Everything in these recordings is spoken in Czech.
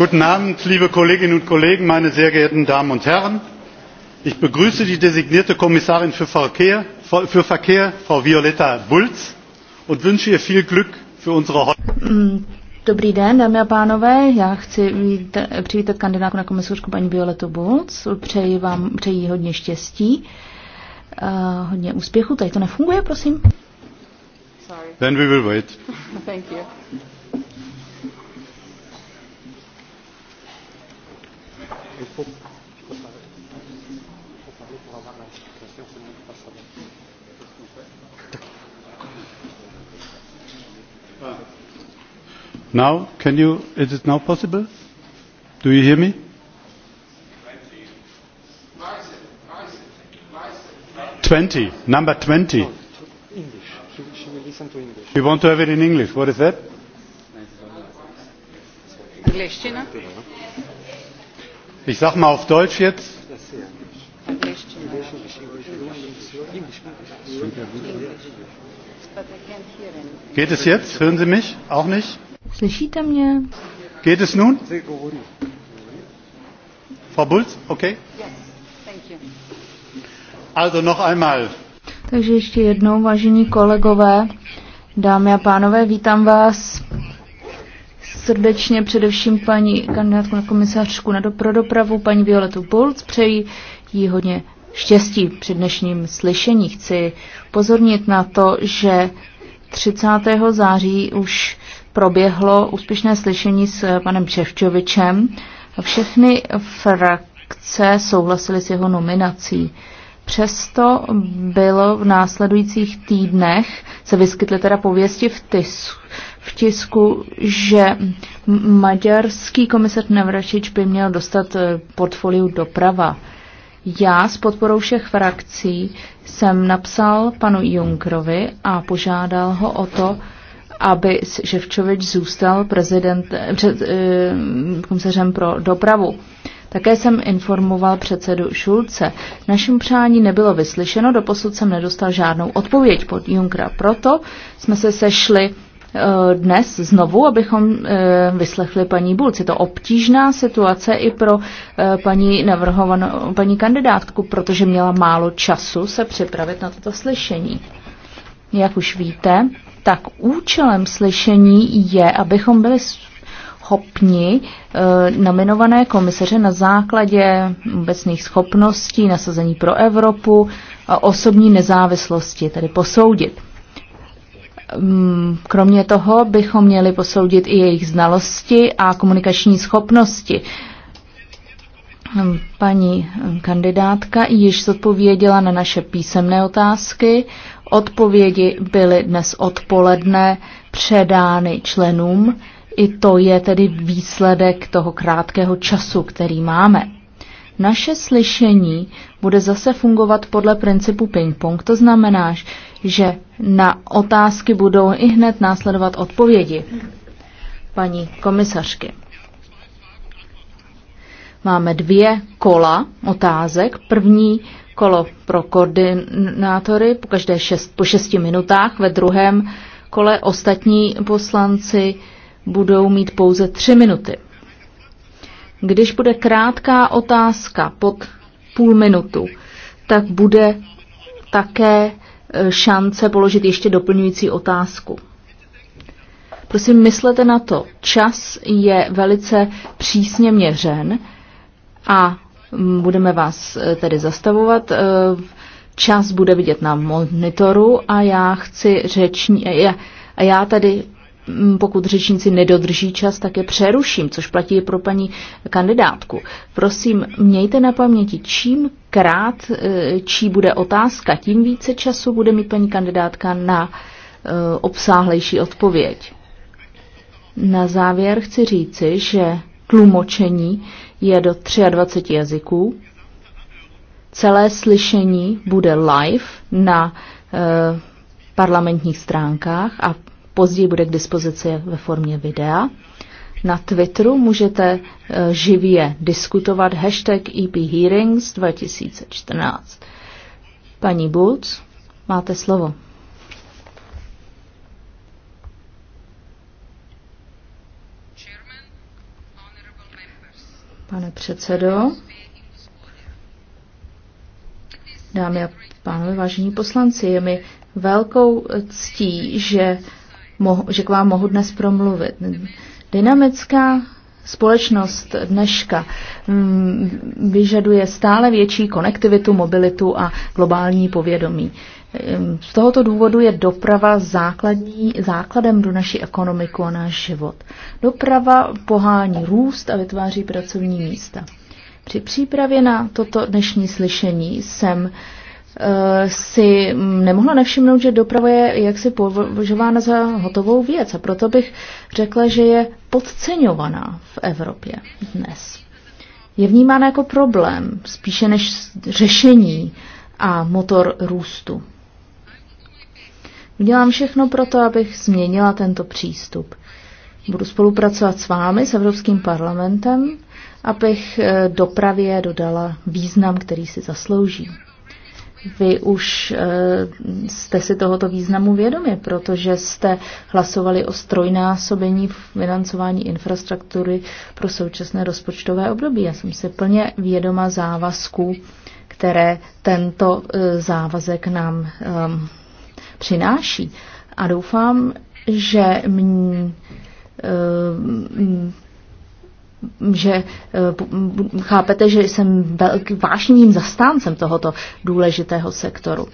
guten abend liebe kolleginnen und kollegen meine sehr geehrten damen und herren! ich begrüße die designierte kommissarin für verkehr frau violeta bulc und wünsche ihr viel glück für unsere mm, Dobrý den, dámy a pánové. Já chci přivítat kandidátku na komisařku paní Violetu Bulc. Přeji vám přeji hodně štěstí, uh, hodně úspěchu. Tady to nefunguje, prosím. Sorry. Then we will wait. Thank you. Il faut, il faut, parler, il faut parler pour avoir la situation, pas Now, can you, is it now possible? Do you hear me? Twenty, number twenty. No, English. She, will listen to English. You want to have it in English? What is that? Angliština ich sage mal auf Deutsch jetzt. Geht es jetzt? Hören Sie mich? Auch nicht? Geht es nun? Frau Bulz, okay? Also noch einmal. Takže ještě jednou, vážení kolegové, dámy a pánové, vítám vás srdečně především paní kandidátku na komisářku na do, pro dopravu, paní Violetu Bolc. Přeji jí hodně štěstí při dnešním slyšení. Chci pozornit na to, že 30. září už proběhlo úspěšné slyšení s panem Čevčovičem a všechny frakce souhlasily s jeho nominací. Přesto bylo v následujících týdnech, se vyskytly teda pověsti v tisku, v tisku, že maďarský komisař Navračič by měl dostat e, portfoliu doprava. Já s podporou všech frakcí jsem napsal panu Junkrovi a požádal ho o to, aby Ševčovič zůstal prezident, e, před, e, komisařem pro dopravu. Také jsem informoval předsedu Šulce. Naším přání nebylo vyslyšeno, doposud jsem nedostal žádnou odpověď pod Junkra. Proto jsme se sešli Eh, dnes znovu, abychom eh, vyslechli paní Bulc. Je to obtížná situace i pro eh, paní, navrhovanou, paní kandidátku, protože měla málo času se připravit na toto slyšení. Jak už víte, tak účelem slyšení je, abychom byli schopni nominované komisaře na základě obecných schopností, nasazení pro Evropu a osobní nezávislosti, tedy posoudit. Mm, kromě toho bychom měli posoudit i jejich znalosti a komunikační schopnosti. Paní kandidátka již zodpověděla na naše písemné otázky. Odpovědi byly dnes odpoledne předány členům. I to je tedy výsledek toho krátkého času, který máme. Naše slyšení bude zase fungovat podle principu ping-pong, to znamená, že na otázky budou i hned následovat odpovědi paní komisařky. Máme dvě kola otázek. První kolo pro koordinátory po každé šest, po šesti minutách, ve druhém kole ostatní poslanci budou mít pouze tři minuty. Když bude krátká otázka pod půl minutu, tak bude také šance položit ještě doplňující otázku. Prosím, myslete na to. Čas je velice přísně měřen a budeme vás eh, tedy zastavovat. Eh, čas bude vidět na monitoru a já chci řeční, eh, a já tady Mm, pokud řečníci nedodrží čas, tak je přeruším, což platí i pro paní kandidátku. Prosím, mějte na paměti, čím krát, e, čí bude otázka, tím více času bude mít paní kandidátka na e, obsáhlejší odpověď. Na závěr chci říci, že tlumočení je do 23 jazyků. Celé slyšení bude live na e, parlamentních stránkách a později bude k dispozici ve formě videa. Na Twitteru můžete e, živě diskutovat hashtag EP Hearings 2014. Paní Bulc, máte slovo. Pane předsedo, dámy a pánové, vážení poslanci, je mi velkou ctí, že mohu, že k vám mohu dnes promluvit. Dynamická společnost dneška mm, vyžaduje stále větší konektivitu, mobilitu a globální povědomí. Ehm, z tohoto důvodu je doprava základní, základem do naší ekonomiku a náš život. Doprava pohání růst a vytváří pracovní místa. Při přípravě na toto dnešní slyšení jsem Eh, si nemohla nevšimnout, že doprava je jaksi považována za hotovou věc a proto bych řekla, že je podceňovaná v Evropě dnes. Je vnímána jako problém, spíše než řešení a motor růstu. Udělám všechno pro to, abych změnila tento přístup. Budu spolupracovat s vámi, s Evropským parlamentem, abych eh, dopravě dodala význam, který si zaslouží vy už eh, jste si tohoto významu vědomi, protože jste hlasovali o strojnásobení financování infrastruktury pro současné rozpočtové období. Já jsem si plně vědoma závazků, které tento eh, závazek nám um, přináší. A doufám, že mě, že eh, chápete, že jsem velkým vášním zastáncem tohoto důležitého sektoru.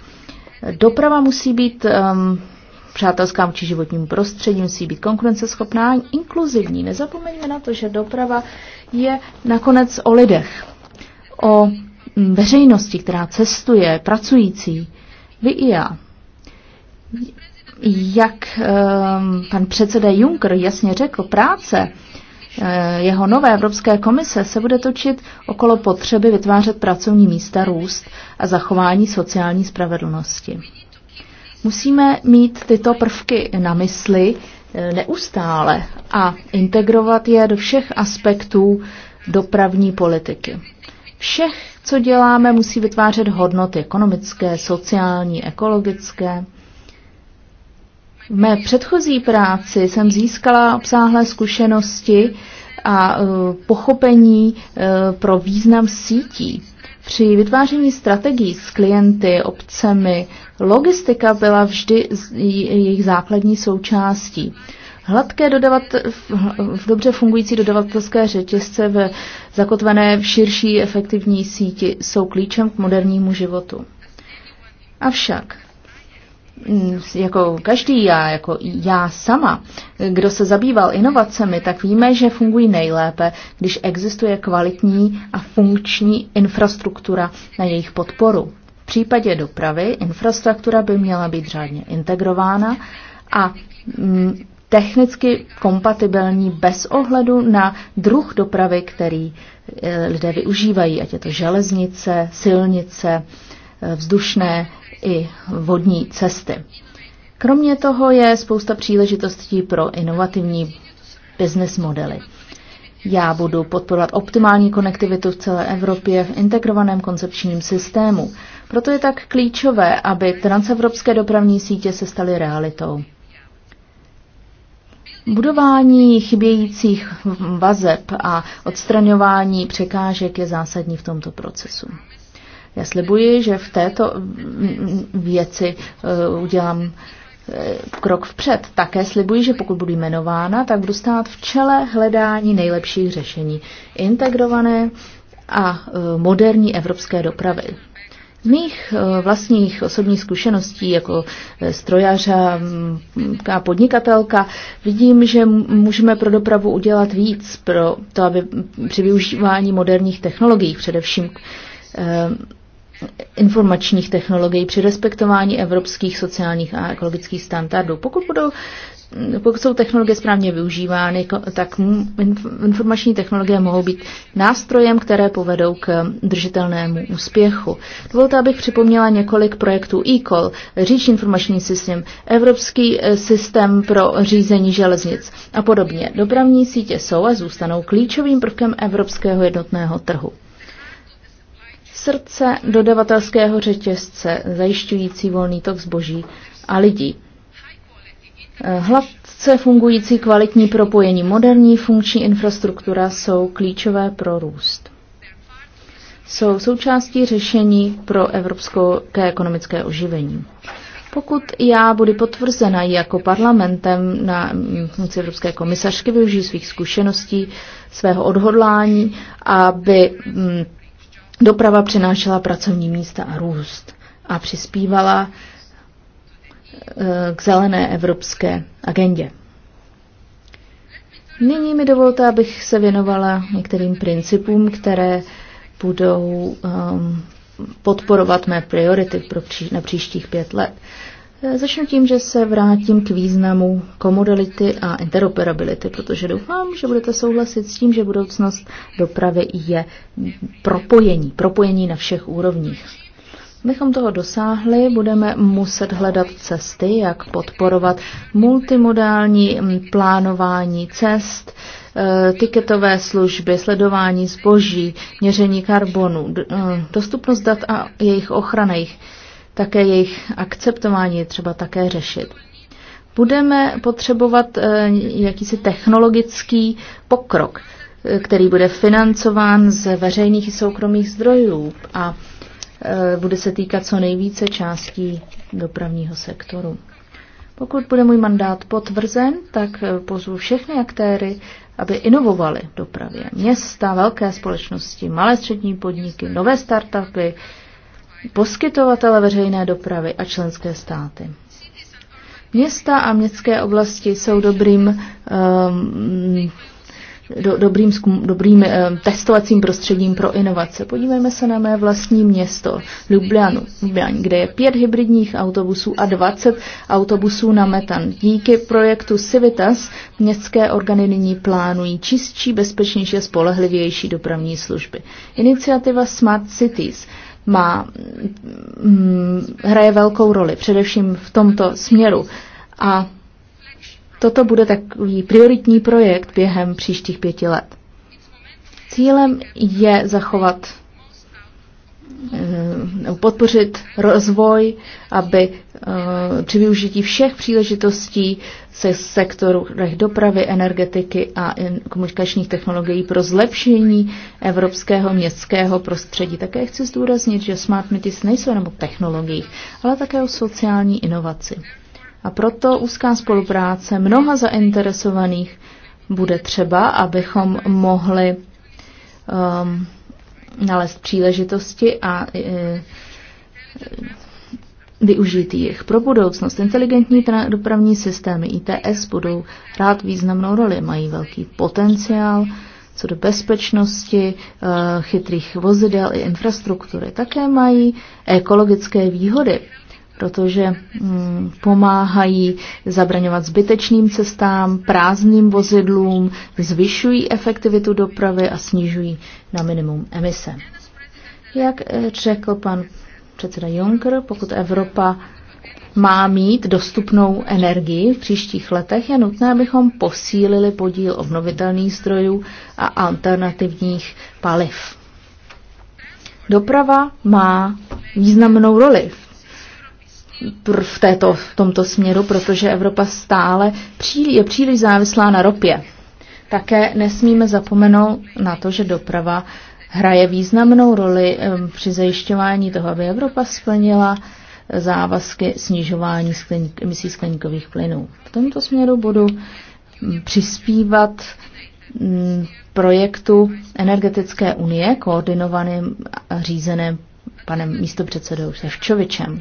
Doprava musí být um, přátelská vůči životnímu prostředí, musí být konkurenceschopná a inkluzivní. Nezapomeňme na to, že doprava je nakonec o lidech, o hm, veřejnosti, která cestuje, pracující, vy i já. Jak um, pan předseda Juncker jasně řekl, práce Eh, jeho nové Evropské komise se bude točit okolo potřeby vytvářet pracovní místa, růst a zachování sociální spravedlnosti. Musíme mít tyto prvky na mysli eh, neustále a integrovat je do všech aspektů dopravní politiky. Všech, co děláme, musí vytvářet hodnoty ekonomické, sociální, ekologické, v mé předchozí práci jsem získala obsáhlé zkušenosti a e, pochopení e, pro význam sítí. Při vytváření strategií s klienty, obcemi, logistika byla vždy jejich základní součástí. Hladké dodavat, v dobře fungující dodavatelské řetězce ve zakotvené v širší efektivní síti jsou klíčem k modernímu životu. Avšak Mm, jako každý já, jako já sama, kdo se zabýval inovacemi, tak víme, že fungují nejlépe, když existuje kvalitní a funkční infrastruktura na jejich podporu. V případě dopravy infrastruktura by měla být řádně integrována a mm, technicky kompatibilní bez ohledu na druh dopravy, který eh, lidé využívají, ať je to železnice, silnice, eh, vzdušné i vodní cesty. Kromě toho je spousta příležitostí pro inovativní business modely. Já budu podporovat optimální konektivitu v celé Evropě v integrovaném koncepčním systému. Proto je tak klíčové, aby transevropské dopravní sítě se staly realitou. Budování chybějících vazeb a odstraňování překážek je zásadní v tomto procesu. Já slibuji, že v této věci eh, udělám eh, krok vpřed. Také slibuji, že pokud budu jmenována, tak budu stát v čele hledání nejlepších řešení integrované a eh, moderní evropské dopravy. Z mých vlastních osobních zkušeností jako strojaře mm, a podnikatelka vidím, že můžeme pro dopravu udělat víc pro to, aby při využívání moderních technologií, především informačních technologií při respektování evropských sociálních a ekologických standardů. Pokud budou pokud jsou technologie správně využívány, tak informační technologie mohou být nástrojem, které povedou k držitelnému úspěchu. Dovolte, abych připomněla několik projektů eCall, říč informační systém, Evropský eh, systém pro řízení železnic a podobně. Dopravní sítě jsou a zůstanou klíčovým prvkem evropského jednotného trhu srdce dodavatelského řetězce, zajišťující volný tok zboží a lidí. Eh, hladce fungující kvalitní propojení, moderní funkční infrastruktura jsou klíčové pro růst. Jsou součástí řešení pro evropské ekonomické oživení. Pokud já budu potvrzena jako parlamentem na funkci Evropské komisařky, využiju svých zkušeností, svého odhodlání, aby mm, Doprava přinášela pracovní místa a růst a přispívala eh, k zelené evropské agendě. Nyní mi dovolte, abych se věnovala některým principům, které budou um, podporovat mé priority pro pří, na příštích pět let. Eh, začnu tím, že se vrátím k významu komodality a interoperability, protože doufám, že budete souhlasit s tím, že budoucnost dopravy je propojení, propojení na všech úrovních. Abychom toho dosáhli, budeme muset hledat cesty, jak podporovat multimodální mm, plánování cest, eh, tiketové služby, sledování zboží, měření karbonu, eh, dostupnost dat a jejich ochrana, jejich také jejich akceptování je třeba také řešit. Budeme potřebovat eh, jakýsi technologický pokrok, eh, který bude financován z veřejných i soukromých zdrojů a eh, bude se týkat co nejvíce částí dopravního sektoru. Pokud bude můj mandát potvrzen, tak pozvu všechny aktéry, aby inovovali v dopravě. Města, velké společnosti, malé střední podniky, nové startupy, poskytovatele veřejné dopravy a členské státy. Města a městské oblasti jsou dobrým, um, do, dobrým, dobrým um, testovacím prostředím pro inovace. Podívejme se na mé vlastní město, Ljubljanu, Ljublján, kde je pět hybridních autobusů a 20 autobusů na metan. Díky projektu Civitas městské organy nyní plánují čistší, bezpečnější a spolehlivější dopravní služby. Iniciativa Smart Cities – má, mm, hraje velkou roli, především v tomto směru. A toto bude takový prioritní projekt během příštích pěti let. Cílem je zachovat Eh, podpořit rozvoj, aby eh, při využití všech příležitostí se sektoru dopravy, energetiky a komunikačních technologií pro zlepšení evropského městského prostředí. Také chci zdůraznit, že smart cities nejsou jenom o technologiích, ale také o sociální inovaci. A proto úzká spolupráce mnoha zainteresovaných bude třeba, abychom mohli um, nalézt příležitosti a e, využít jich. Pro budoucnost inteligentní dopravní systémy ITS budou hrát významnou roli, mají velký potenciál co do bezpečnosti, e, chytrých vozidel i infrastruktury. Také mají ekologické výhody, protože mm, pomáhají zabraňovat zbytečným cestám, prázdným vozidlům, zvyšují efektivitu dopravy a snižují na minimum emise. Jak eh, řekl pan předseda Juncker, pokud Evropa má mít dostupnou energii v příštích letech, je nutné, abychom posílili podíl obnovitelných zdrojů a alternativních paliv. Doprava má významnou roli v v, této, v tomto směru, protože Evropa stále příli, je příliš závislá na ropě. Také nesmíme zapomenout na to, že doprava hraje významnou roli při zajišťování toho, aby Evropa splnila eh, závazky snižování skleník, emisí skleníkových plynů. V tomto směru budu mm, přispívat mm, projektu Energetické unie, koordinovaným a řízeným panem místopředsedou Ševčovičem.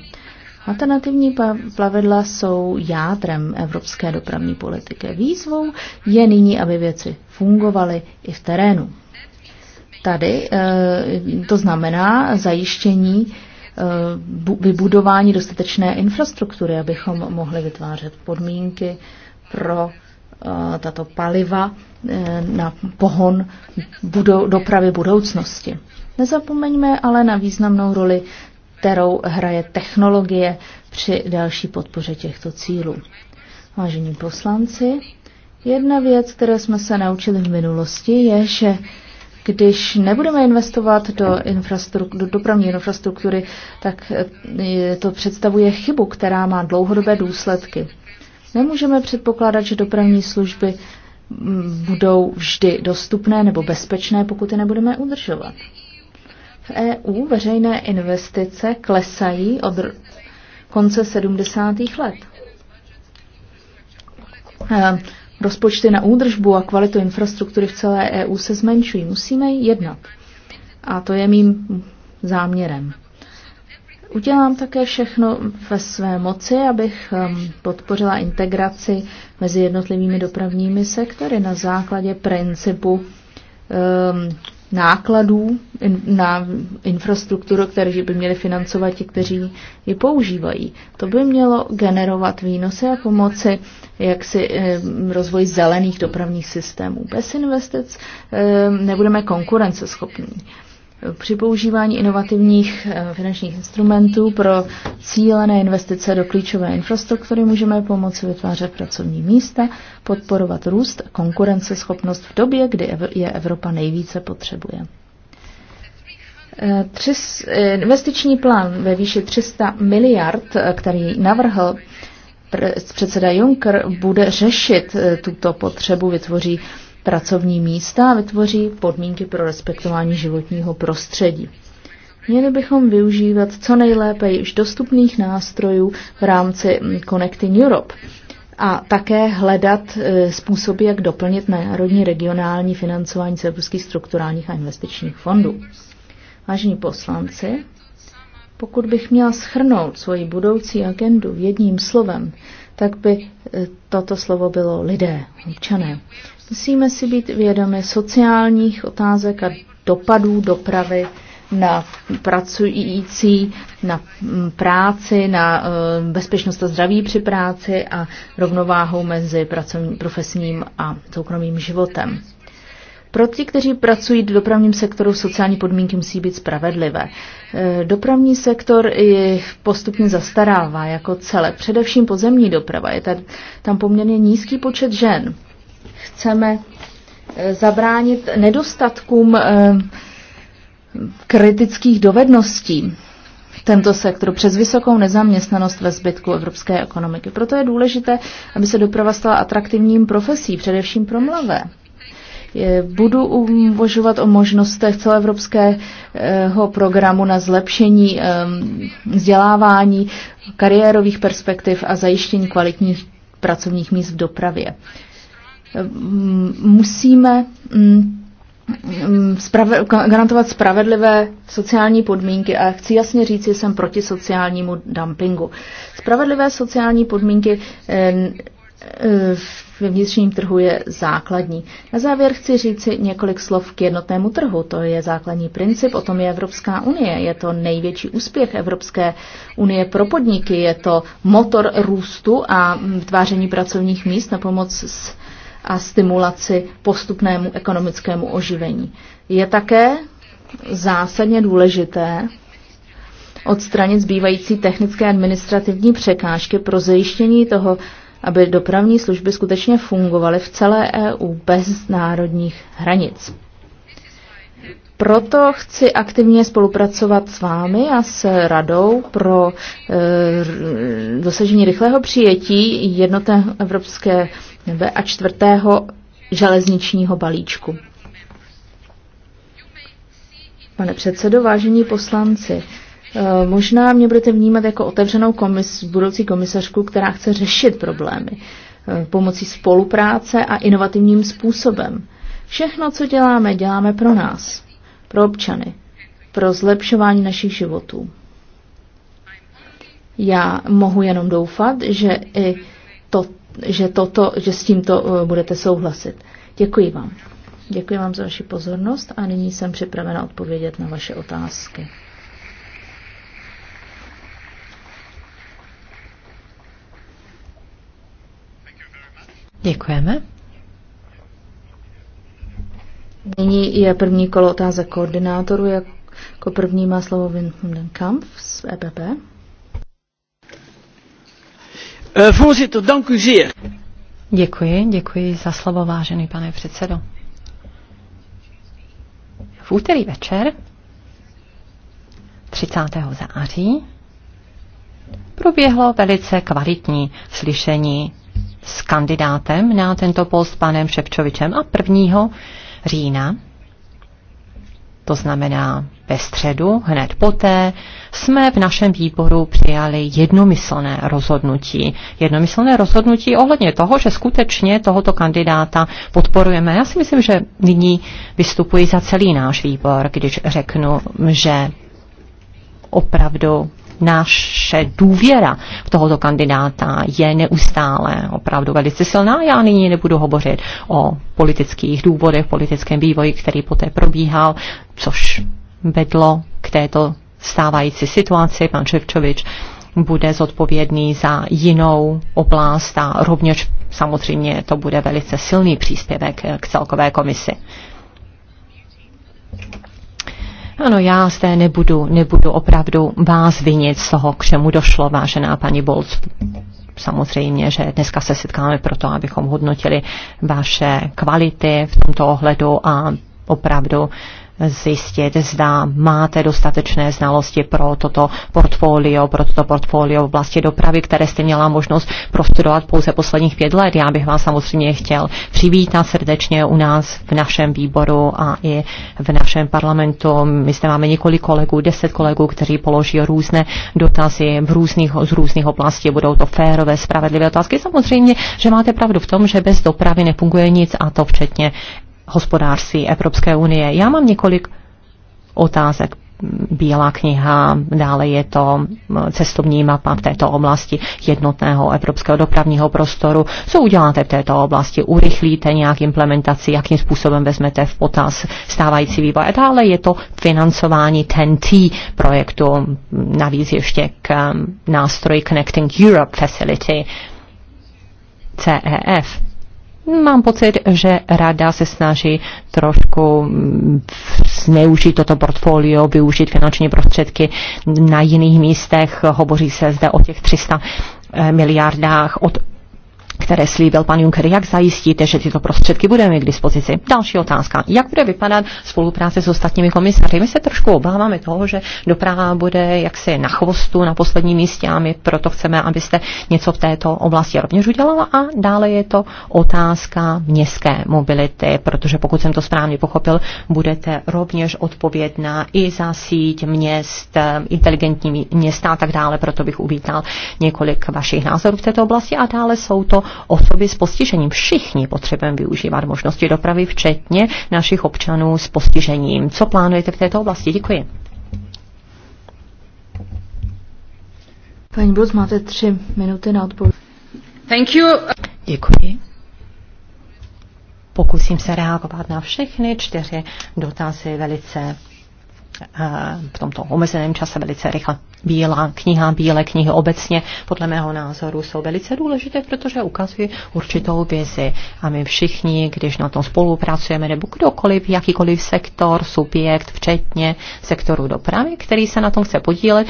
Alternativní plavidla jsou jádrem evropské dopravní politiky. Výzvou je nyní, aby věci fungovaly i v terénu. Tady eh, to znamená zajištění eh, vybudování dostatečné infrastruktury, abychom mohli vytvářet podmínky pro eh, tato paliva na pohon dopravy budoucnosti. Nezapomeňme ale na významnou roli kterou hraje technologie při další podpoře těchto cílů. Vážení poslanci, jedna věc, které jsme se naučili v minulosti, je, že když nebudeme investovat do, do dopravní infrastruktury, tak eh, to představuje chybu, která má dlouhodobé důsledky. Nemůžeme předpokládat, že dopravní služby mm, budou vždy dostupné nebo bezpečné, pokud je nebudeme udržovat. V EU veřejné investice klesají od konce 70. let. E, rozpočty na údržbu a kvalitu infrastruktury v celé EU se zmenšují. Musíme jednat. A to je mým záměrem. Udělám také všechno ve své moci, abych podpořila integraci mezi jednotlivými dopravními sektory na základě principu nákladů na infrastrukturu, které by měli financovat ti, kteří ji používají. To by mělo generovat výnosy a pomoci si rozvoj zelených dopravních systémů. Bez investic nebudeme konkurenceschopní při používání inovativních eh, finančních instrumentů pro cílené investice do klíčové infrastruktury můžeme pomoci vytvářet pracovní místa, podporovat růst a konkurenceschopnost v době, kdy je Evropa nejvíce potřebuje. Eh, Třis, eh, investiční plán ve výši 300 miliard, který navrhl předseda Juncker, bude řešit tuto potřebu, vytvoří pracovní místa a vytvoří podmínky pro respektování životního prostředí. Měli bychom využívat co nejlépe již dostupných nástrojů v rámci Connecting Europe a také hledat e, způsoby, jak doplnit národní regionální financování z evropských strukturálních a investičních fondů. Vážení poslanci, pokud bych měla schrnout svoji budoucí agendu jedním slovem, tak by e, toto slovo bylo lidé, občané. Musíme si být vědomi sociálních otázek a dopadů dopravy na pracující, na mm, práci, na eh, bezpečnost a zdraví při práci a rovnováhu mezi pracovním, profesním a soukromým životem. Pro ty, kteří pracují v dopravním sektoru, sociální podmínky musí být spravedlivé. Eh, dopravní sektor je postupně zastarává jako celek. Především pozemní doprava. Je tam poměrně nízký počet žen chceme eh, zabránit nedostatkům eh, kritických dovedností tento sektor přes vysokou nezaměstnanost ve zbytku evropské ekonomiky. Proto je důležité, aby se doprava stala atraktivním profesí, především pro mladé. Budu uvažovat o možnostech celoevropského programu na zlepšení vzdělávání, kariérových perspektiv a zajištění kvalitních pracovních míst v dopravě. Mm, musíme mm, mm, garantovat spravedlivé sociální podmínky a chci jasně říct, že jsem proti sociálnímu dumpingu. Spravedlivé sociální podmínky eh, eh, ve vnitřním trhu je základní. Na závěr chci říci několik slov k jednotnému trhu. To je základní princip, o tom je Evropská unie. Je to největší úspěch Evropské unie pro podniky. Je to motor růstu a vytváření pracovních míst na pomoc s a stimulaci postupnému ekonomickému oživení. Je také zásadně důležité odstranit zbývající technické administrativní překážky pro zajištění toho, aby dopravní služby skutečně fungovaly v celé EU bez národních hranic. Proto chci aktivně spolupracovat s vámi a s Radou pro e, dosažení rychlého přijetí jednotné evropské nebe a čtvrtého železničního balíčku. Pane předsedo, vážení poslanci, eh, možná mě budete vnímat jako otevřenou komis, budoucí komisařku, která chce řešit problémy eh, pomocí spolupráce a inovativním způsobem. Všechno, co děláme, děláme pro nás, pro občany, pro zlepšování našich životů. Já mohu jenom doufat, že i to že, toto, že s tímto eh, budete souhlasit. Děkuji vám. Děkuji vám za vaši pozornost a nyní jsem připravena odpovědět na vaše otázky. Děkujeme. Nyní je první kolo otázek koordinátoru. Jako první má slovo Wim Kampf z EPP. Eh, voorzitter, dank u zeer. Děkuji, děkuji za slovo, vážený pane předsedo. V úterý večer 30. září proběhlo velice kvalitní slyšení s kandidátem na tento post panem Ševčovičem a 1. října to znamená ve středu, hned poté, jsme v našem výboru přijali jednomyslné rozhodnutí. Jednomyslné rozhodnutí ohledně toho, že skutečně tohoto kandidáta podporujeme. Já si myslím, že nyní vystupuji za celý náš výbor, když řeknu, že opravdu naše důvěra v tohoto kandidáta je neustále opravdu velice silná. Já nyní nebudu hovořit o politických důvodech, politickém vývoji, který poté probíhal, což vedlo k této stávající situaci. Pan Ševčovič bude zodpovědný za jinou oblast a rovněž samozřejmě to bude velice silný příspěvek k celkové komisi. Ano, já zde nebudu, nebudu opravdu vás vinit z toho, k čemu došlo, vážená paní Bolc. Samozřejmě, že dneska se setkáme proto, abychom hodnotili vaše kvality v tomto ohledu a opravdu zjistit, zda máte dostatečné znalosti pro toto portfolio, pro toto portfolio v oblasti dopravy, které jste měla možnost prostudovat pouze posledních pět let. Já bych vás samozřejmě chtěl přivítat srdečně u nás v našem výboru a i v našem parlamentu. My zde máme několik kolegů, deset kolegů, kteří položí různé dotazy v různých, z různých oblastí. Budou to férové, spravedlivé otázky. Samozřejmě, že máte pravdu v tom, že bez dopravy nefunguje nic a to včetně hospodářství Evropské unie. Já mám několik otázek. Bílá kniha, dále je to cestovní mapa v této oblasti jednotného evropského dopravního prostoru. Co uděláte v této oblasti? Urychlíte nějak implementaci? Jakým způsobem vezmete v potaz stávající vývoj? A dále je to financování TEN-T projektu, navíc ještě k nástroji Connecting Europe Facility, CEF. Mám pocit, že rada se snaží trošku mm, zneužít toto portfolio, využít finanční prostředky na jiných místech. Hovoří se zde o těch 300 eh, miliardách od které slíbil pan Juncker. Jak zajistíte, že tyto prostředky budeme mít k dispozici? Další otázka. Jak bude vypadat spolupráce s ostatními komisaři? My se trošku obáváme toho, že doprava bude jaksi na chvostu, na posledním místě a my proto chceme, abyste něco v této oblasti rovněž udělala. A dále je to otázka městské mobility, protože pokud jsem to správně pochopil, budete rovněž odpovědná i za síť měst, inteligentní města a tak dále. Proto bych uvítal několik vašich názorů v této oblasti. A dále jsou to osoby s postižením. Všichni potřebujeme využívat možnosti dopravy, včetně našich občanů s postižením. Co plánujete v této oblasti? Děkuji. Paní Bruce, máte tři minuty na odpověď. Thank you. Děkuji. Pokusím se reagovat na všechny čtyři dotazy velice v tomto omezeném čase velice rychle. Bílá kniha, bílé knihy obecně podle mého názoru jsou velice důležité, protože ukazují určitou vizi. A my všichni, když na tom spolupracujeme, nebo kdokoliv, jakýkoliv sektor, subjekt, včetně sektoru dopravy, který se na tom chce podílet,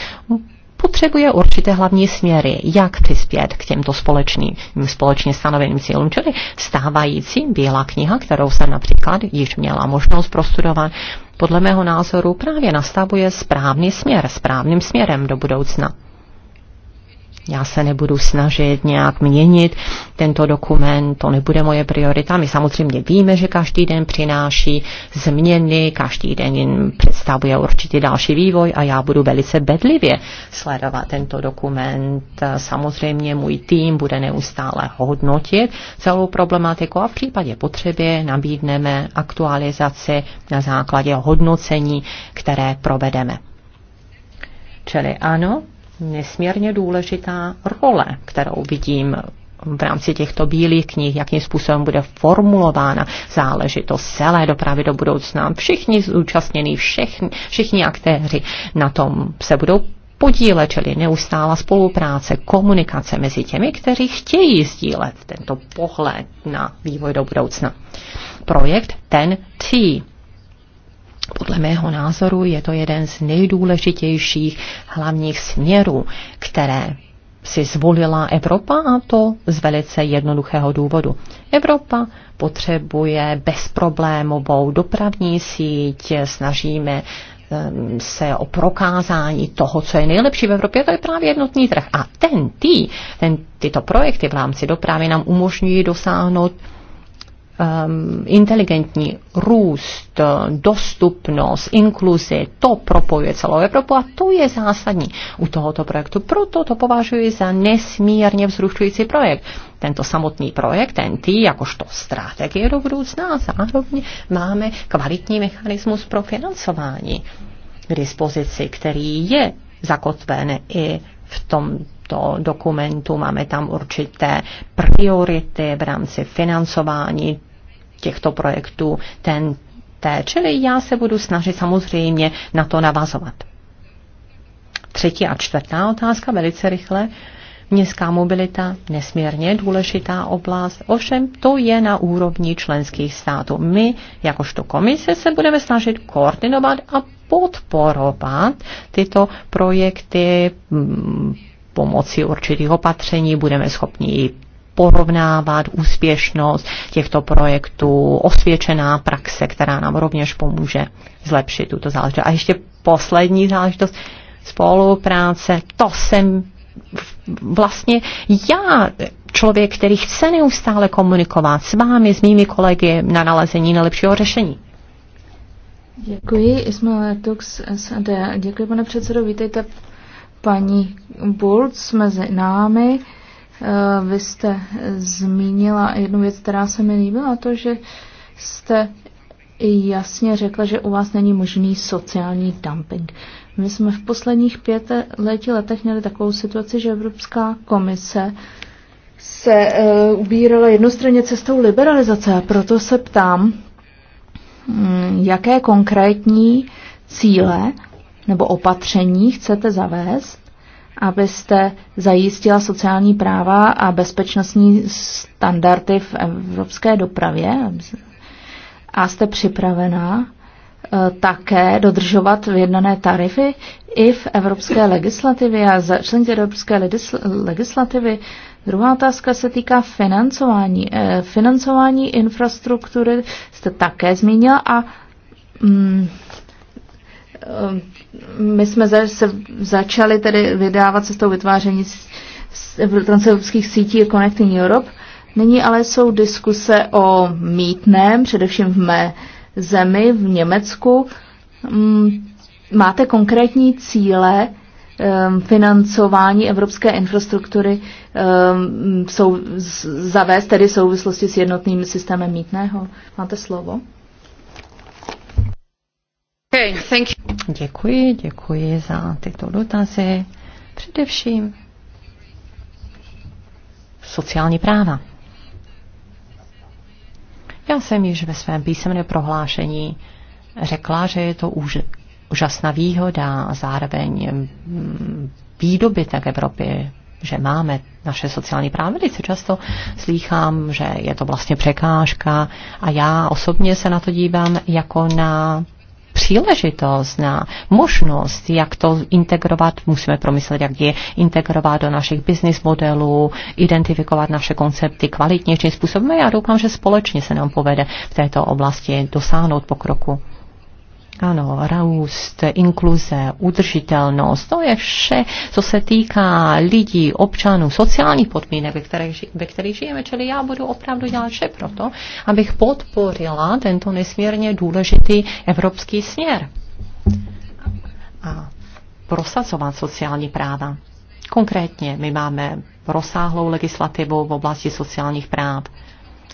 potřebuje určité hlavní směry, jak přispět k těmto společným, společně stanoveným cílům, čili stávající bílá kniha, kterou jsem například již měla možnost prostudovat, podle mého názoru právě nastavuje správný směr, správným směrem do budoucna. Já se nebudu snažit nějak měnit tento dokument, to nebude moje priorita. My samozřejmě víme, že každý den přináší změny, každý den představuje určitě další vývoj a já budu velice bedlivě sledovat tento dokument. Samozřejmě můj tým bude neustále hodnotit celou problematiku a v případě potřeby nabídneme aktualizaci na základě hodnocení, které provedeme. Čili ano, nesmírně důležitá role, kterou vidím v rámci těchto bílých knih, jakým způsobem bude formulována záležitost celé dopravy do budoucna. Všichni zúčastnění, všichni, všichni aktéři na tom se budou podílet, čili neustála spolupráce, komunikace mezi těmi, kteří chtějí sdílet tento pohled na vývoj do budoucna. Projekt ten T podle mého názoru je to jeden z nejdůležitějších hlavních směrů, které si zvolila Evropa a to z velice jednoduchého důvodu. Evropa potřebuje bezproblémovou dopravní síť, snažíme ehm, se o prokázání toho, co je nejlepší v Evropě, to je právě jednotný trh. A ten, ty, ten, tyto projekty v rámci dopravy nám umožňují dosáhnout um, inteligentní růst, dostupnost, inkluzi, to propojuje celou Evropu a to je zásadní u tohoto projektu. Proto to považuji za nesmírně vzrušující projekt. Tento samotný projekt, ten tý, jakožto strategie do budoucna a zároveň máme kvalitní mechanismus pro financování k dispozici, který je zakotven i v tom tomto dokumentu máme tam určité priority v rámci financování těchto projektů ten té. Čili já se budu snažit samozřejmě na to navazovat. Třetí a čtvrtá otázka, velice rychle. Městská mobilita, nesmírně důležitá oblast, ovšem to je na úrovni členských států. My, jakožto komise, se budeme snažit koordinovat a podporovat tyto projekty, mm, pomocí určitých opatření budeme schopni porovnávat úspěšnost těchto projektů, osvědčená praxe, která nám rovněž pomůže zlepšit tuto záležitost. A ještě poslední záležitost, spolupráce, to jsem vlastně já, člověk, který chce neustále komunikovat s vámi, s mými kolegy na nalezení nejlepšího řešení. Děkuji, Ismail Tux SAD. Děkuji, pane předsedo. Vítejte paní Bulc mezi námi. Eh, vy jste zmínila jednu věc, která se mi líbila, to, že jste jasně řekla, že u vás není možný sociální dumping. My jsme v posledních pěti letech měli takovou situaci, že Evropská komise se uh, ubírala jednostranně cestou liberalizace a proto se ptám, hm, jaké konkrétní cíle nebo opatření chcete zavést, abyste zajistila sociální práva a bezpečnostní standardy v evropské dopravě? A jste připravená eh, také dodržovat vyjednané tarify i v evropské legislativě a začlenit evropské legislativy. Druhá otázka se týká financování. Eh, financování infrastruktury jste také zmínila a mm, Um, my jsme za, se začali tedy vydávat tou vytváření transevropských sítí Connecting Europe. Nyní ale jsou diskuse o mítném, především v mé zemi, v Německu. Um, máte konkrétní cíle um, financování evropské infrastruktury jsou, zavést tedy v souvislosti s jednotným systémem mítného? Máte slovo? Okay, thank you. Děkuji, děkuji za tyto dotazy. Především sociální práva. Já jsem již ve svém písemném prohlášení řekla, že je to už úžasná výhoda a zároveň mm, výdobytek Evropy, že máme naše sociální práva. Velice často slýchám, že je to vlastně překážka a já osobně se na to dívám jako na příležitost, na možnost, jak to integrovat. Musíme promyslet, jak je integrovat do našich business modelů, identifikovat naše koncepty kvalitnějším způsobem. Já doufám, že společně se nám povede v této oblasti dosáhnout pokroku ano, růst, inkluze, udržitelnost, to je vše, co se týká lidí, občanů, sociálních podmínek, ve kterých, ve kterých žijeme. Čili já budu opravdu dělat vše proto, abych podporila tento nesmírně důležitý evropský směr a prosazovat sociální práva. Konkrétně my máme rozsáhlou legislativu v oblasti sociálních práv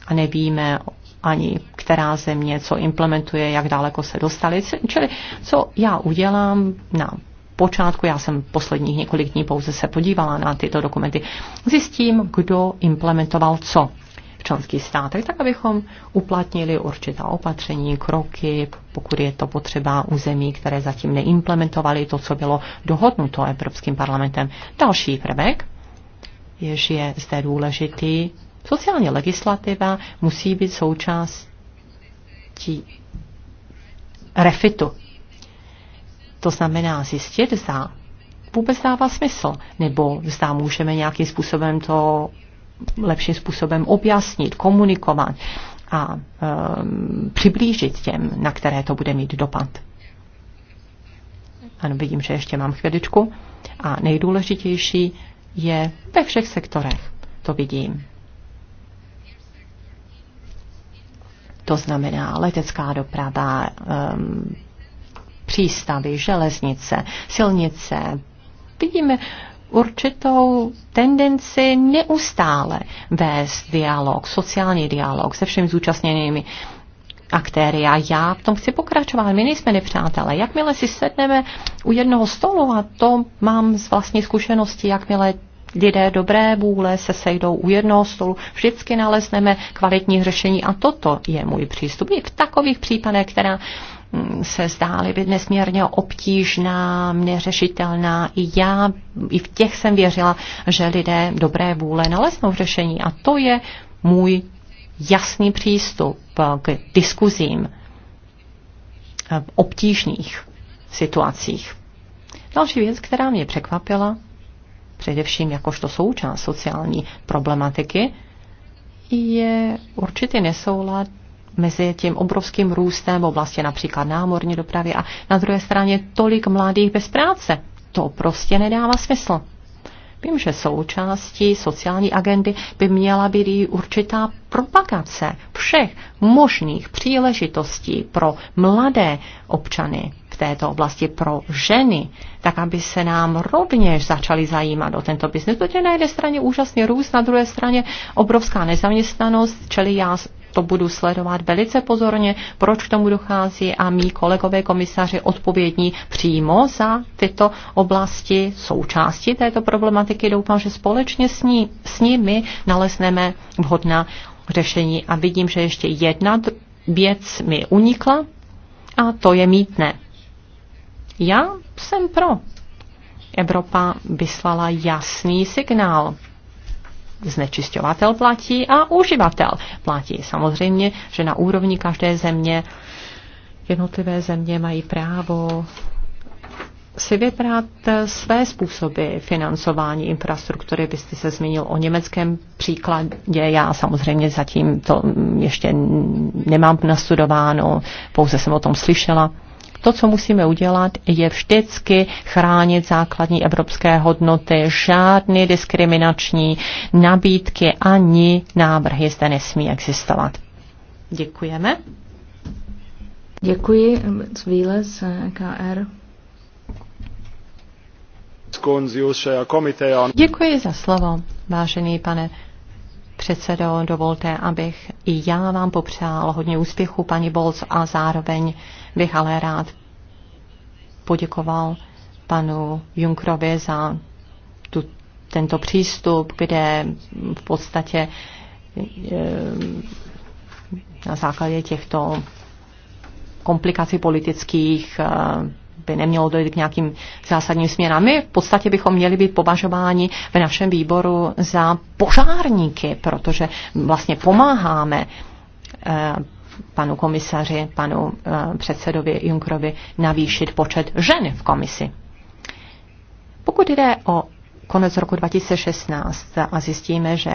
a nevíme ani která země co implementuje, jak daleko se dostali. Čili co já udělám na počátku, já jsem posledních několik dní pouze se podívala na tyto dokumenty, zjistím, kdo implementoval co v členských státech, tak abychom uplatnili určitá opatření, kroky, pokud je to potřeba u zemí, které zatím neimplementovaly to, co bylo dohodnuto Evropským parlamentem. Další prvek, jež je zde důležitý, sociální legislativa musí být součást použití refitu. To znamená zjistit, zda vůbec dává smysl, nebo zda můžeme nějakým způsobem to lepším způsobem objasnit, komunikovat a um, přiblížit těm, na které to bude mít dopad. Ano, vidím, že ještě mám chviličku. A nejdůležitější je ve všech sektorech. To vidím. to znamená letecká doprava, um, přístavy, železnice, silnice. Vidíme určitou tendenci neustále vést dialog, sociální dialog se všemi zúčastněnými aktéry a já v tom chci pokračovat. My nejsme nepřátelé. Jakmile si sedneme u jednoho stolu a to mám z vlastní zkušenosti, jakmile lidé dobré vůle se sejdou u jednoho stolu, vždycky nalezneme kvalitní řešení a toto je můj přístup. I v takových případech, která mm, se zdály být nesmírně obtížná, neřešitelná. I já, i v těch jsem věřila, že lidé dobré vůle naleznou řešení. A to je můj jasný přístup k diskuzím v obtížných situacích. Další věc, která mě překvapila, především jakožto součást sociální problematiky, je určitý nesoulad mezi tím obrovským růstem v oblasti například námorní dopravy a na druhé straně tolik mladých bez práce. To prostě nedává smysl. Vím, že součástí sociální agendy by měla být i určitá propagace všech možných příležitostí pro mladé občany, této oblasti pro ženy, tak aby se nám rovněž začaly zajímat o tento biznis. je na jedné straně úžasný růst, na druhé straně obrovská nezaměstnanost, čili já to budu sledovat velice pozorně, proč k tomu dochází a mý kolegové komisaři odpovědní přímo za tyto oblasti, součásti této problematiky. Doufám, že společně s, ní, s nimi nalezneme vhodná řešení. A vidím, že ještě jedna věc mi unikla a to je mítné. Já jsem pro. Evropa vyslala jasný signál. Znečišťovatel platí a uživatel platí. Samozřejmě, že na úrovni každé země jednotlivé země mají právo si vybrat své způsoby financování infrastruktury. Vy jste se zmínil o německém příkladě. Já samozřejmě zatím to ještě nemám nastudováno, pouze jsem o tom slyšela. To, co musíme udělat, je vždycky chránit základní evropské hodnoty. Žádné diskriminační nabídky ani návrhy zde nesmí existovat. Děkujeme. Děkuji, Zvíle z KR. Děkuji za slovo, vážený pane předsedo, dovolte, abych i já vám popřál hodně úspěchu, paní Bolc, a zároveň bych ale rád poděkoval panu Junkrovi za tu, tento přístup, kde v podstatě e, na základě těchto komplikací politických e, by nemělo dojít k nějakým zásadním směnám. My v podstatě bychom měli být považováni v našem výboru za požárníky, protože vlastně pomáháme eh, panu komisaři, panu eh, předsedovi Junkrovi navýšit počet žen v komisi. Pokud jde o konec roku 2016 a zjistíme, že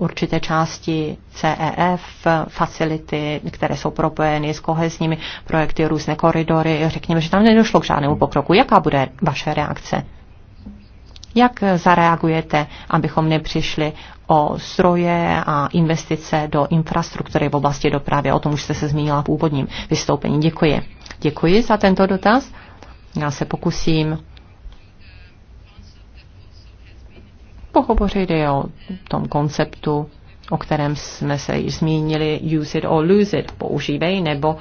určité části CEF, facility, které jsou propojeny s kohezními projekty, různé koridory. Řekněme, že tam nedošlo k žádnému pokroku. Jaká bude vaše reakce? Jak zareagujete, abychom nepřišli o stroje a investice do infrastruktury v oblasti dopravy? O tom už jste se zmínila v úvodním vystoupení. Děkuji. Děkuji za tento dotaz. Já se pokusím pohovořit jako i o tom konceptu, o kterém jsme se již zmínili, use it or lose it, používej nebo,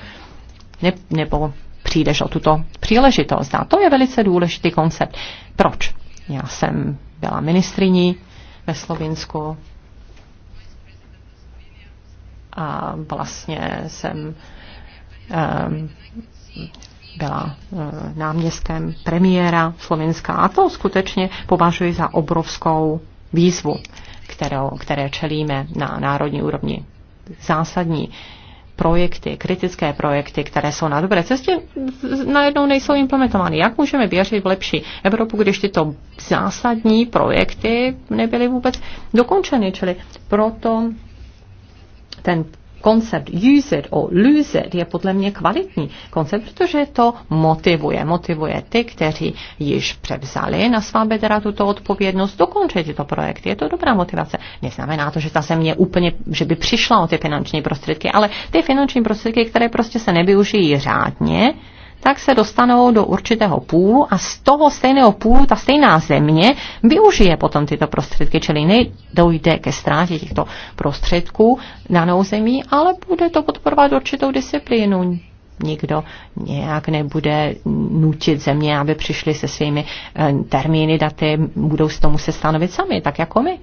ne, nebo přijdeš o tuto příležitost. A to je velice důležitý koncept. Proč? Já jsem byla ministriní ve Slovinsku a vlastně jsem um, byla eh, náměstkem premiéra Slovenska. A to skutečně považuji za obrovskou výzvu, kterou, které čelíme na národní úrovni. Zásadní projekty, kritické projekty, které jsou na dobré cestě, najednou nejsou implementovány. Jak můžeme věřit v lepší Evropu, když tyto zásadní projekty nebyly vůbec dokončeny? Čili proto ten koncept use it or lose it je podle mě kvalitní koncept, protože to motivuje. Motivuje ty, kteří již převzali na svá bedra tuto odpovědnost, dokončit tyto projekty. Je to dobrá motivace. Neznamená to, že ta země úplně, že by přišla o ty finanční prostředky, ale ty finanční prostředky, které prostě se nevyužijí řádně, tak se dostanou do určitého půlu a z toho stejného půlu ta stejná země využije potom tyto prostředky, čili nedojde ke ztrátě těchto prostředků danou zemí, ale bude to podporovat určitou disciplínu nikdo nějak nebude nutit země, aby přišli se svými eh, termíny, daty, budou z to muset stanovit sami, tak jako my.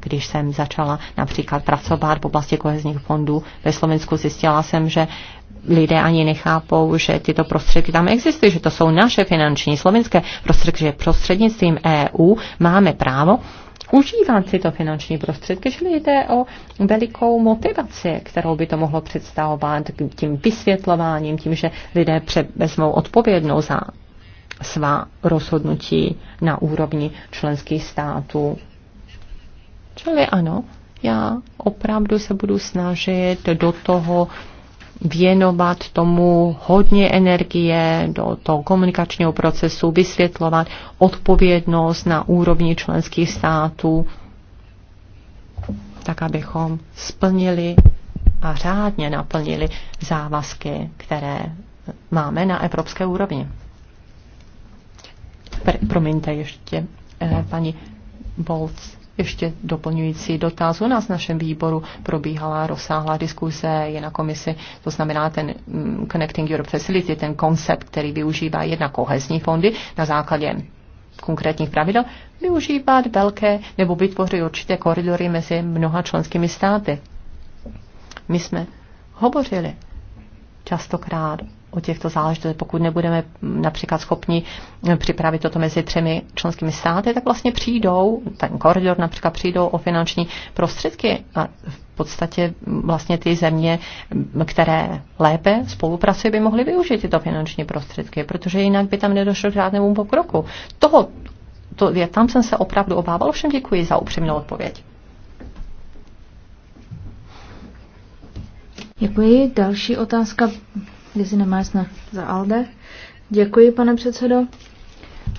Když jsem začala například pracovat v oblasti kohezních fondů ve Slovensku, zjistila jsem, že lidé ani nechápou, že tyto prostředky tam existují, že to jsou naše finanční slovenské prostředky, že prostřednictvím EU máme právo užívat tyto finanční prostředky, že jde o velikou motivaci, kterou by to mohlo představovat tím vysvětlováním, tím, že lidé převezmou odpovědnost za svá rozhodnutí na úrovni členských států. Čili ano, já opravdu se budu snažit do toho věnovat tomu hodně energie do toho komunikačního procesu, vysvětlovat odpovědnost na úrovni členských států, tak abychom splnili a řádně naplnili závazky, které máme na evropské úrovni. Pr- promiňte ještě, eh, paní Bolc ještě doplňující dotaz. U nás v našem výboru probíhala rozsáhlá diskuse, je na komisi, to znamená ten mm, Connecting Europe Facility, ten koncept, který využívá jedna kohezní fondy na základě konkrétních pravidel, využívat velké nebo vytvořit určité koridory mezi mnoha členskými státy. My jsme hovořili častokrát o těchto záležitostech, pokud nebudeme například schopni připravit toto mezi třemi členskými státy, tak vlastně přijdou, ten koridor například přijdou o finanční prostředky a v podstatě vlastně ty země, které lépe spolupracují, by mohly využít tyto finanční prostředky, protože jinak by tam nedošlo k žádnému pokroku. Toho, to, já tam jsem se opravdu obával, všem děkuji za upřímnou odpověď. Děkuji. Další otázka Lizina Meissner za ALDE. Děkuji, pane předsedo.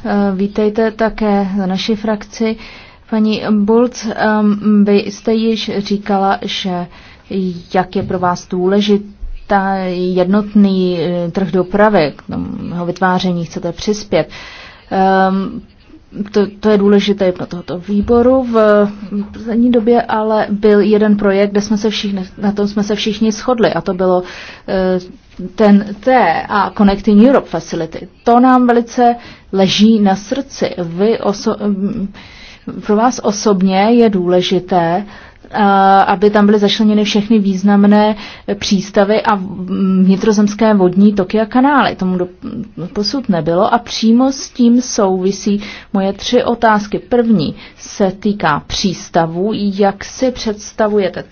Eh, vítejte také za naši frakci. Paní Bulc, ehm, vy jste již říkala, že jak je pro vás důležitá jednotný eh, trh dopravy, k tomu vytváření chcete přispět. Ehm, to, to je důležité pro tohoto výboru v poslední době, ale byl jeden projekt, kde jsme se všichni, na tom jsme se všichni shodli a to bylo eh, ten T a Connecting Europe Facility. To nám velice leží na srdci. Vy oso- mm, pro vás osobně je důležité uh, aby tam byly zašleněny všechny významné přístavy a vnitrozemské vodní toky a kanály. Tomu do, posud nebylo a přímo s tím souvisí moje tři otázky. První se týká přístavu. Jak si představujete,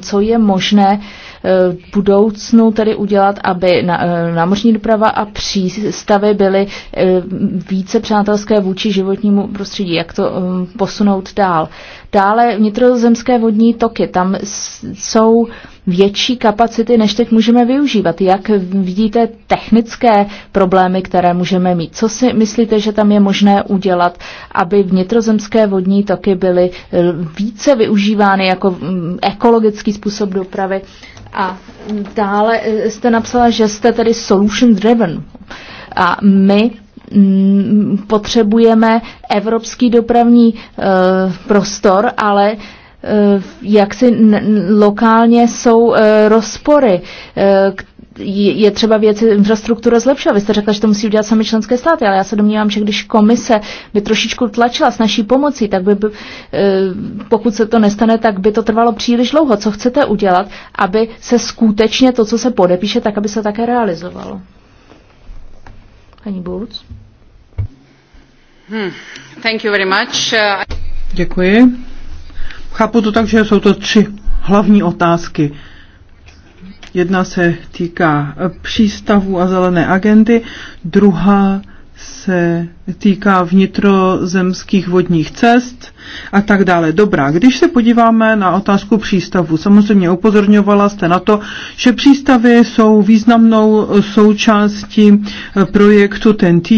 co je možné E, v budoucnu tedy udělat, aby e, námořní doprava a přístavy byly e, více přátelské vůči životnímu prostředí, jak to posunout dál. Dále vnitrozemské vodní toky, tam jsou větší kapacity, než teď můžeme využívat. Jak vidíte technické problémy, které můžeme mít? Co si myslíte, že tam je možné udělat, aby vnitrozemské vodní toky byly více využívány jako mm, ekologický způsob dopravy? A dále eh, jste napsala, že jste tedy solution driven. A my mm, potřebujeme evropský dopravní eh, prostor, ale eh, jak si lokálně jsou rozpory, je třeba věci, infrastruktura zlepšila. Vy jste řekla, že to musí udělat sami členské státy, ale já se domnívám, že když komise by trošičku tlačila s naší pomocí, tak by, by eh, pokud se to nestane, tak by to trvalo příliš dlouho. Co chcete udělat, aby se skutečně to, co se podepíše, tak aby se také realizovalo? Paní Bulc? Hmm. Thank you very much. Děkuji. Chápu to tak, že jsou to tři hlavní otázky Jedna se týká eh, přístavu a zelené agendy, druhá se týká vnitrozemských vodních cest a tak dále. Dobrá, když se podíváme na otázku přístavu, samozřejmě upozorňovala jste na to, že přístavy jsou významnou součástí eh, projektu TNT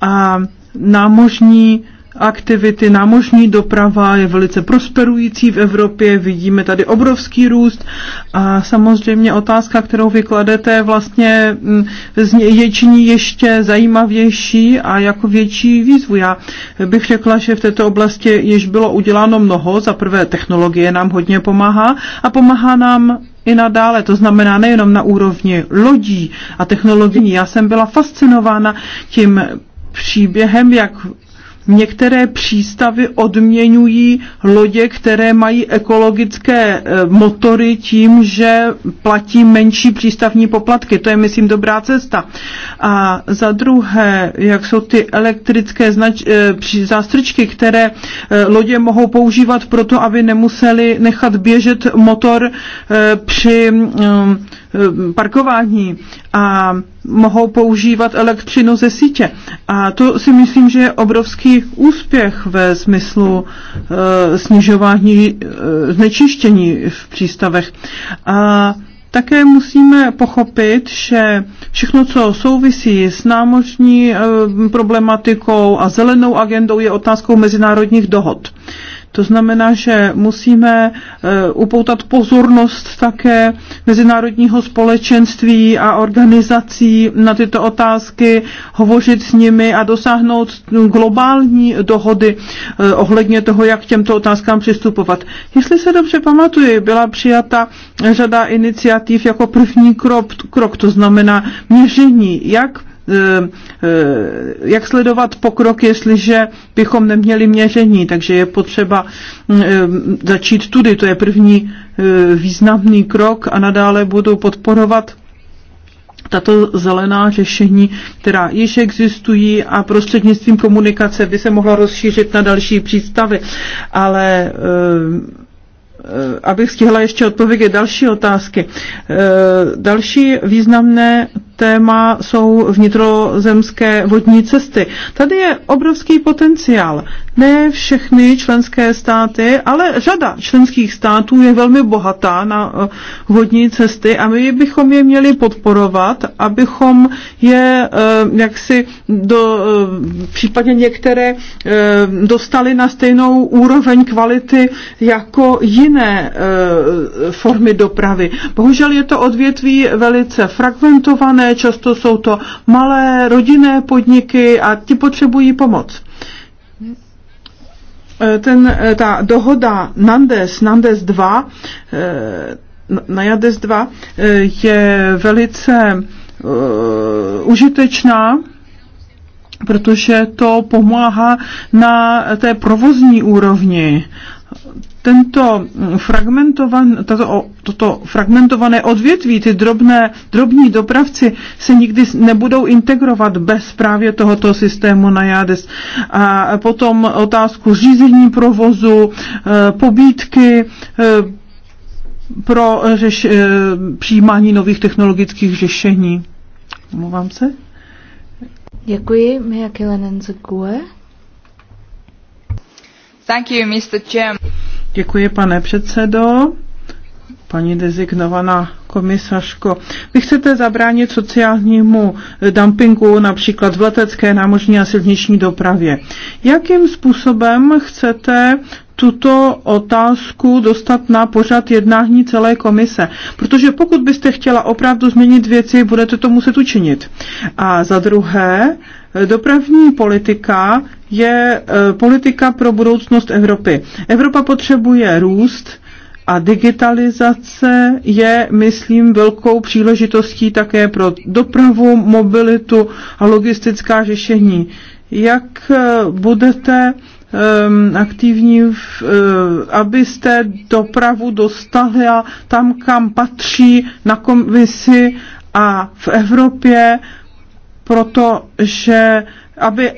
a námožní aktivity, námožní doprava je velice prosperující v Evropě, vidíme tady obrovský růst a samozřejmě otázka, kterou vykladete, vlastně mm, je činí ještě zajímavější a jako větší výzvu. Já bych řekla, že v této oblasti již bylo uděláno mnoho, za prvé technologie nám hodně pomáhá a pomáhá nám i nadále, to znamená nejenom na úrovni lodí a technologií. Já jsem byla fascinována tím příběhem, jak některé přístavy odměňují lodě, které mají ekologické e, motory tím, že platí menší přístavní poplatky. To je, myslím, dobrá cesta. A za druhé, jak jsou ty elektrické znač- e, zástrčky, které e, lodě mohou používat proto, aby nemuseli nechat běžet motor při mm, parkování. A mohou používat elektřinu ze sítě. A to si myslím, že je obrovský úspěch ve smyslu e, snižování e, znečištění v přístavech. A také musíme pochopit, že všechno, co souvisí s námořní e, problematikou a zelenou agendou, je otázkou mezinárodních dohod. E, to znamená, že musíme eh, upoutat pozornost také mezinárodního společenství a organizací na tyto otázky, hovořit s nimi a dosáhnout globální dohody eh, ohledně toho, jak k těmto otázkám přistupovat. Jestli se dobře pamatuju, byla přijata řada iniciativ jako první krok, krok to znamená měření, jak Eh, eh, jak sledovat pokrok, jestliže bychom neměli měření, takže je potřeba mm, eh, začít tudy, to je první významný krok a nadále budu podporovat tato zelená řešení, která již existují a prostřednictvím komunikace by se mohla rozšířit na další přístavy. Ale abych stihla ještě odpovědět další otázky. Další významné téma jsou vnitrozemské vodní cesty. Tady je obrovský potenciál. Ne všechny členské státy, ale řada členských států je velmi bohatá na eh, vodní cesty a my bychom je měli podporovat, abychom je eh, jaksi do, eh, případně některé dostali na stejnou úroveň kvality jako jiné formy dopravy. Bohužel je to odvětví velice fragmentované, často jsou to malé rodinné podniky a ti potřebují pomoc e, ten, e, ta dohoda Nandes, Nandes 2, e, najades 2 je velice uh, užitečná, protože to pomáhá na té provozní úrovni tento mm, fragmentovan, tato, toto fragmentované odvětví, ty drobné, drobní dopravci se nikdy nebudou integrovat bez právě tohoto systému na JADES. A potom otázku řízení provozu, eh, pobítky eh, pro řeš, eh, přijímání nových technologických řešení. Mluvám se. Děkuji, Mia Kilenen Thank you, Mr. Chairman. Děkuji, pane předsedo. Paní dezignovaná komisařko, vy chcete zabránit sociálnímu dumpingu například v letecké, námořní a silniční dopravě. Jakým způsobem chcete tuto otázku dostat na pořad jednání celé komise. Protože pokud byste chtěla opravdu změnit věci, budete to muset učinit. A za druhé, Dopravní politika je eh, politika pro budoucnost Evropy. Evropa potřebuje růst, a digitalizace je, myslím, velkou příležitostí také pro dopravu, mobilitu a logistická řešení. Jak eh, budete ehm, aktivní, eh, abyste dopravu dostali a tam, kam patří na komisi a v Evropě protože aby e,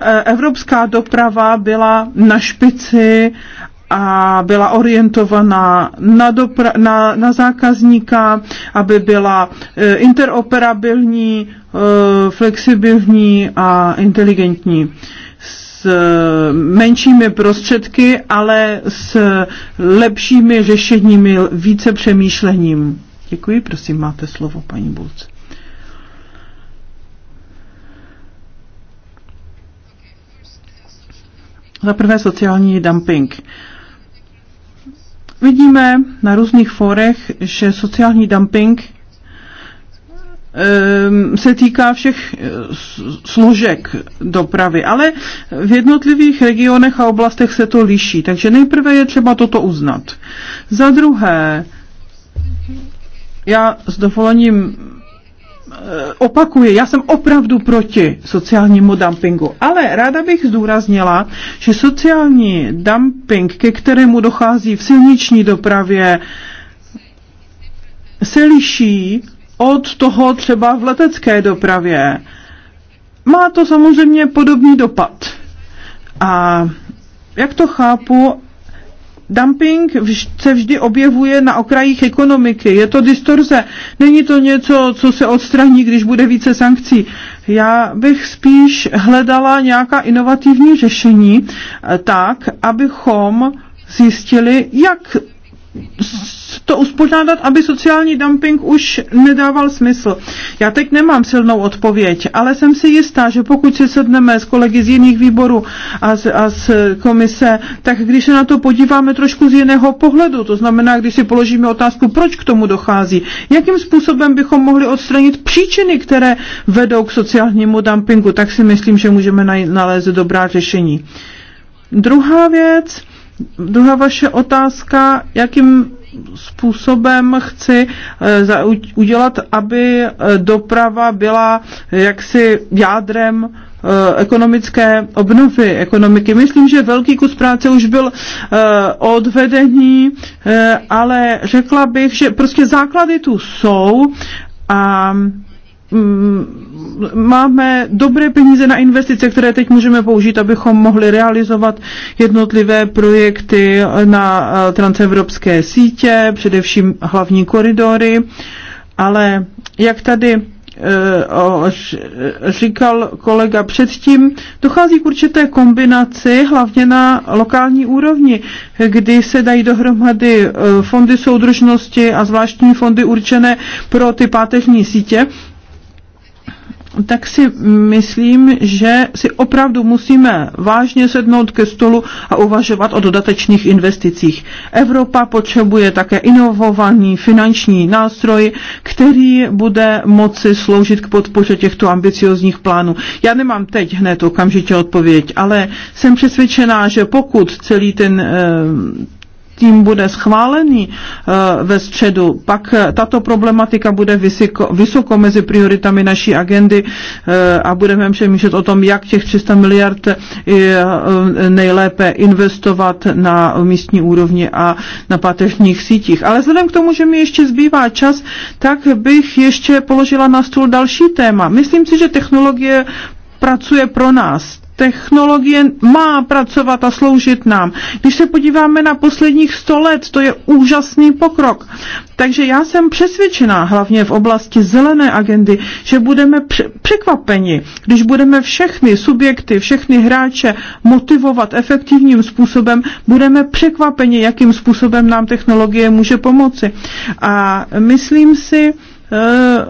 e, evropská doprava byla na špici a byla orientovaná na, dopra- na, na zákazníka, aby byla e, interoperabilní, flexibilní a inteligentní. S menšími prostředky, ale s lepšími řešeními, více přemýšlením. Děkuji, prosím, máte slovo, paní Bulce. Za prvé sociální dumping. Vidíme na různých fórech, že sociální dumping ehm, se týká všech eh, složek dopravy, ale v jednotlivých regionech a oblastech se to liší, takže nejprve je třeba toto uznat. Za druhé, já s dovolením Eh, opakuje, já jsem opravdu proti sociálnímu dumpingu, ale ráda bych zdůraznila, že sociální dumping, ke kterému dochází v silniční dopravě, se liší od toho třeba v letecké dopravě. Má to samozřejmě podobný dopad. A jak to chápu, dumping se vždy objevuje na okrajích ekonomiky. Je to distorze. Není to něco, co se odstraní, když bude více sankcí. Já bych spíš hledala nějaká inovativní řešení eh, tak, abychom zjistili, jak to uspořádat, aby sociální dumping už nedával smysl. Já teď nemám silnou odpověď, ale jsem si jistá, že pokud se sedneme s kolegy z jiných výborů a z, a z komise, tak když se na to podíváme trošku z jiného pohledu, to znamená, když si položíme otázku, proč k tomu dochází, jakým způsobem bychom mohli odstranit příčiny, které vedou k sociálnímu dumpingu, tak si myslím, že můžeme nalézt dobrá řešení. Druhá věc, druhá vaše otázka, jakým způsobem chci eh, udělat, aby eh, doprava byla eh, jaksi jádrem ekonomické obnovy ekonomiky. Myslím, že velký kus práce už byl odvedený, ale řekla bych, že prostě základy tu jsou a Mm, máme dobré peníze na investice, které teď můžeme použít, abychom mohli realizovat jednotlivé projekty na eh, transevropské sítě, především hlavní koridory, ale jak tady eh, říkal kolega předtím, dochází k určité kombinaci, hlavně na lokální úrovni, kdy se dají dohromady eh, fondy soudržnosti a zvláštní fondy určené pro ty páteřní sítě tak si myslím, že si opravdu musíme vážně sednout ke stolu a uvažovat o dodatečných investicích. Evropa potřebuje také inovovaný finanční nástroj, který bude moci sloužit k podpoře těchto ambiciozních plánů. Já nemám teď hned okamžitě odpověď, ale jsem přesvědčená, že pokud celý ten eh, tím bude schválený eh, ve středu, pak eh, tato problematika bude vysoko, vysoko mezi prioritami naší agendy eh, a budeme přemýšlet o tom, jak těch 300 miliard nejlépe investovat na místní úrovni a na páteřních sítích. Ale vzhledem k tomu, že mi ještě zbývá čas, tak bych ještě položila na stůl další téma. Myslím si, že technologie pracuje pro nás technologie má pracovat a sloužit nám. Když se podíváme na posledních 100 let, to je úžasný pokrok. Takže já jsem přesvědčená, hlavně v oblasti zelené agendy, že budeme překvapeni, když budeme všechny subjekty, všechny hráče motivovat efektivním způsobem, budeme překvapeni, jakým způsobem nám technologie může pomoci. A myslím si, Eh,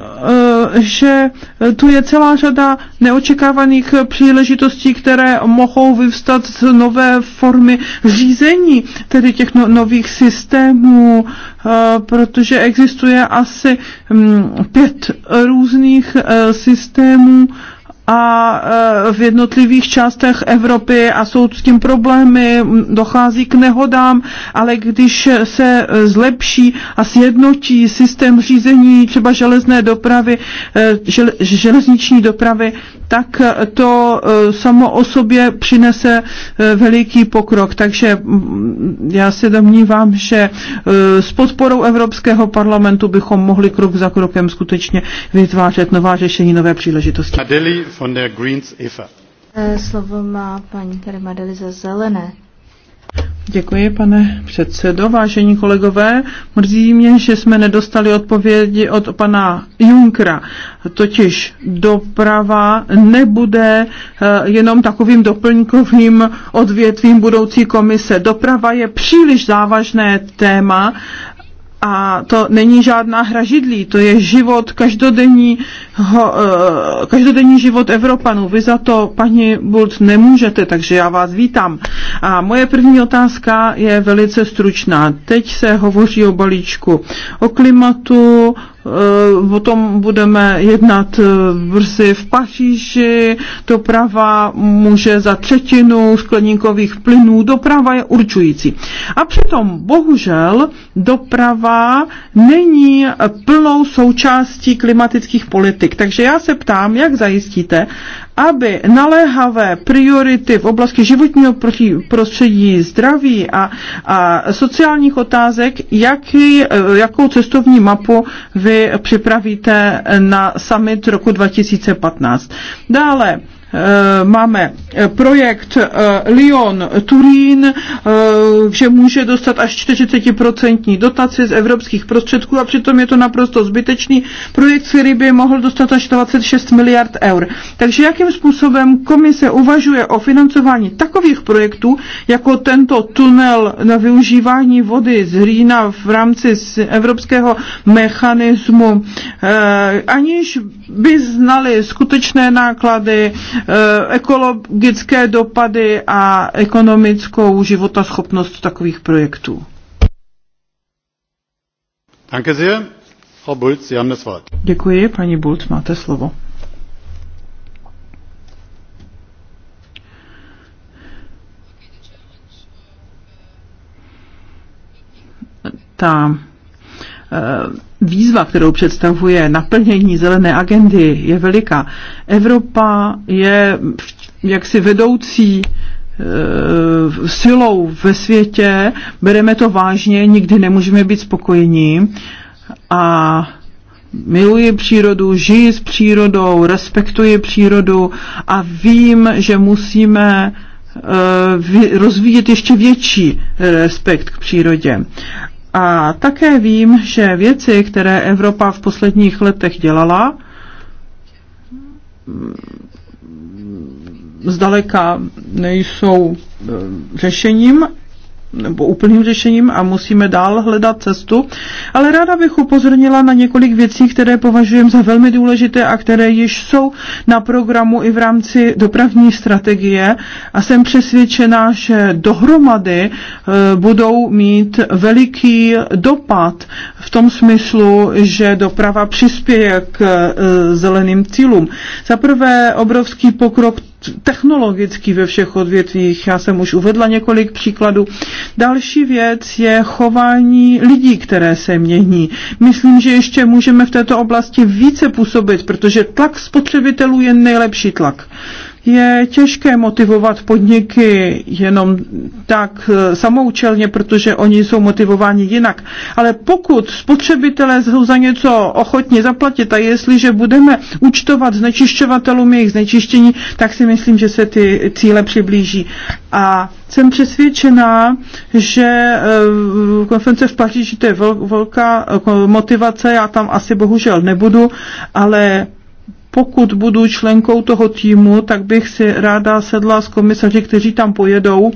eh, že tu je celá řada neočekávaných příležitostí, které mohou vyvstat z nové formy řízení, tedy těch no, nových systémů, eh, protože existuje asi hm, pět různých systémů a e, v jednotlivých částech Evropy a jsou s tím problémy, dochází k nehodám, ale když se zlepší a sjednotí systém řízení třeba železné dopravy, e, železniční dopravy, tak to e, samo o sobě přinese veliký pokrok. Takže já se domnívám, že s podporou Evropského parlamentu bychom mohli krok za krokem skutečně vytvářet nová řešení, nové příležitosti. Adeli von der Greens Eva. Eh, slovo má paní Karimadeli zelené. Děkuji, pane předsedo. Vážení kolegové, mrzí mě, že jsme nedostali odpovědi od pana Junkra. Totiž doprava nebude eh, jenom takovým doplňkovým odvětvím budoucí komise. Doprava je příliš závažné téma a to není žádná hra židlí, to je život každodenní, ho, eh, každodenní život Evropanů. Vy za to, paní Bult, nemůžete, takže já vás vítám. A moje první otázka je velice stručná. Teď se hovoří o balíčku, o klimatu, Eh, tom budeme jednat eh, brzy v Paříži, doprava může za třetinu skleníkových plynů, doprava je určující. A přitom bohužel doprava není plnou součástí klimatických politik. Takže já se ptám, jak zajistíte, aby naléhavé priority v oblasti životního prostředí, zdraví a, a sociálních otázek, jaký, eh, jakou cestovní mapu vy připravíte na summit roku 2015. Dále, Eh, máme eh, projekt eh, Lyon-Turín, že může dostat až 40% dotaci z evropských prostředků a přitom je to naprosto zbytečný projekt, který by mohl dostat až 26 miliard eur. Takže jakým způsobem komise uvažuje o financování takových projektů, jako tento tunel na využívání vody z Rýna v rámci evropského mechanismu, aniž by znali skutečné náklady, eh, ekologické dopady a ekonomickou životaschopnost takových projektů. Danke sehr. Frau Bulc, Sie haben das Wort. Děkuji, paní Bulc, máte slovo. Ta Eh, výzva, kterou představuje naplnění zelené agendy, je veliká. Evropa je jaksi vedoucí eh, silou ve světě, bereme to vážně, nikdy nemůžeme být spokojení a miluji přírodu, žiji s přírodou, respektuji přírodu a vím, že musíme eh, rozvíjet ještě větší respekt k přírodě. A také vím, že věci, které Evropa v posledních letech dělala, zdaleka nejsou e, řešením nebo úplným řešením a musíme dál hledat cestu. Ale ráda bych upozornila na několik věcí, které považujeme za velmi důležité a které již jsou na programu i v rámci dopravní strategie a jsem přesvědčená, že dohromady eh, budou mít veliký dopad v tom smyslu, že doprava přispěje k eh, zeleným cílům. Za prvé obrovský pokrok technologický ve všech odvětvích. Já jsem už uvedla několik příkladů. Další věc je chování lidí, které se mění. Myslím, že ještě můžeme v této oblasti více působit, protože tlak spotřebitelů je nejlepší tlak je těžké motivovat podniky jenom tak e, samoučelně, protože oni jsou motivováni jinak. Ale pokud spotřebitelé jsou za něco ochotně zaplatit a jestliže budeme účtovat znečišťovatelům jejich znečištění, tak si myslím, že se ty cíle přiblíží. A jsem přesvědčená, že e, konference v Paříži to je velká e, motivace, já tam asi bohužel nebudu, ale pokud budu členkou toho týmu, tak bych si ráda sedla s komisaři, kteří tam pojedou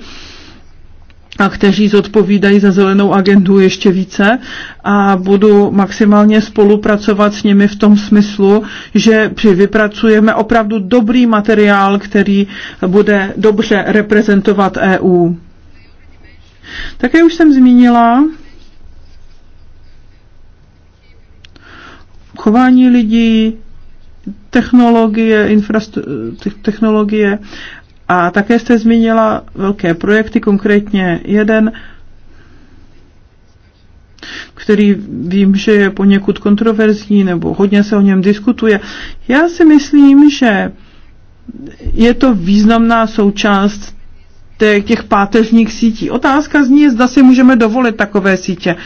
a kteří zodpovídají za zelenou agendu ještě více a budu maximálně spolupracovat s nimi v tom smyslu, že při vypracujeme opravdu dobrý materiál, který bude dobře reprezentovat EU. Také už jsem zmínila chování lidí, technologie, infrastru- technologie a také jste zmínila velké projekty, konkrétně jeden, který vím, že je poněkud kontroverzní nebo hodně se o něm diskutuje. Já si myslím, že je to významná součást těch páteřních sítí. Otázka zní je, zda si můžeme dovolit takové sítě.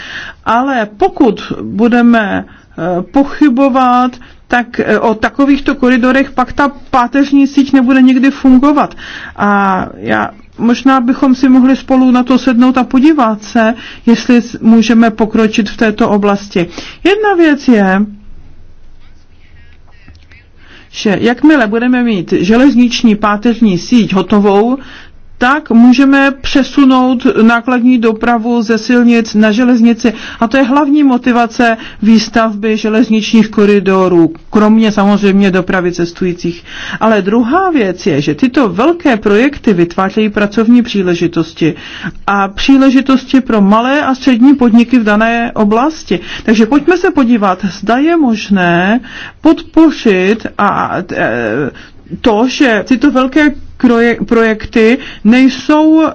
Ale pokud budeme eh, pochybovat, tak eh, o takovýchto koridorech pak ta páteřní síť nebude nikdy fungovat. A já možná bychom si mohli spolu na to sednout a podívat se, jestli můžeme pokročit v této oblasti. Jedna věc je, že jakmile budeme mít železniční páteřní síť hotovou, tak můžeme přesunout nákladní dopravu ze silnic na železnici. A to je hlavní motivace výstavby železničních koridorů, kromě samozřejmě dopravy cestujících. Ale druhá věc je, že tyto velké projekty vytvářejí pracovní příležitosti a příležitosti pro malé a střední podniky v dané oblasti. Takže pojďme se podívat, zda je možné podpořit a e, to, že tyto velké projekty nejsou uh,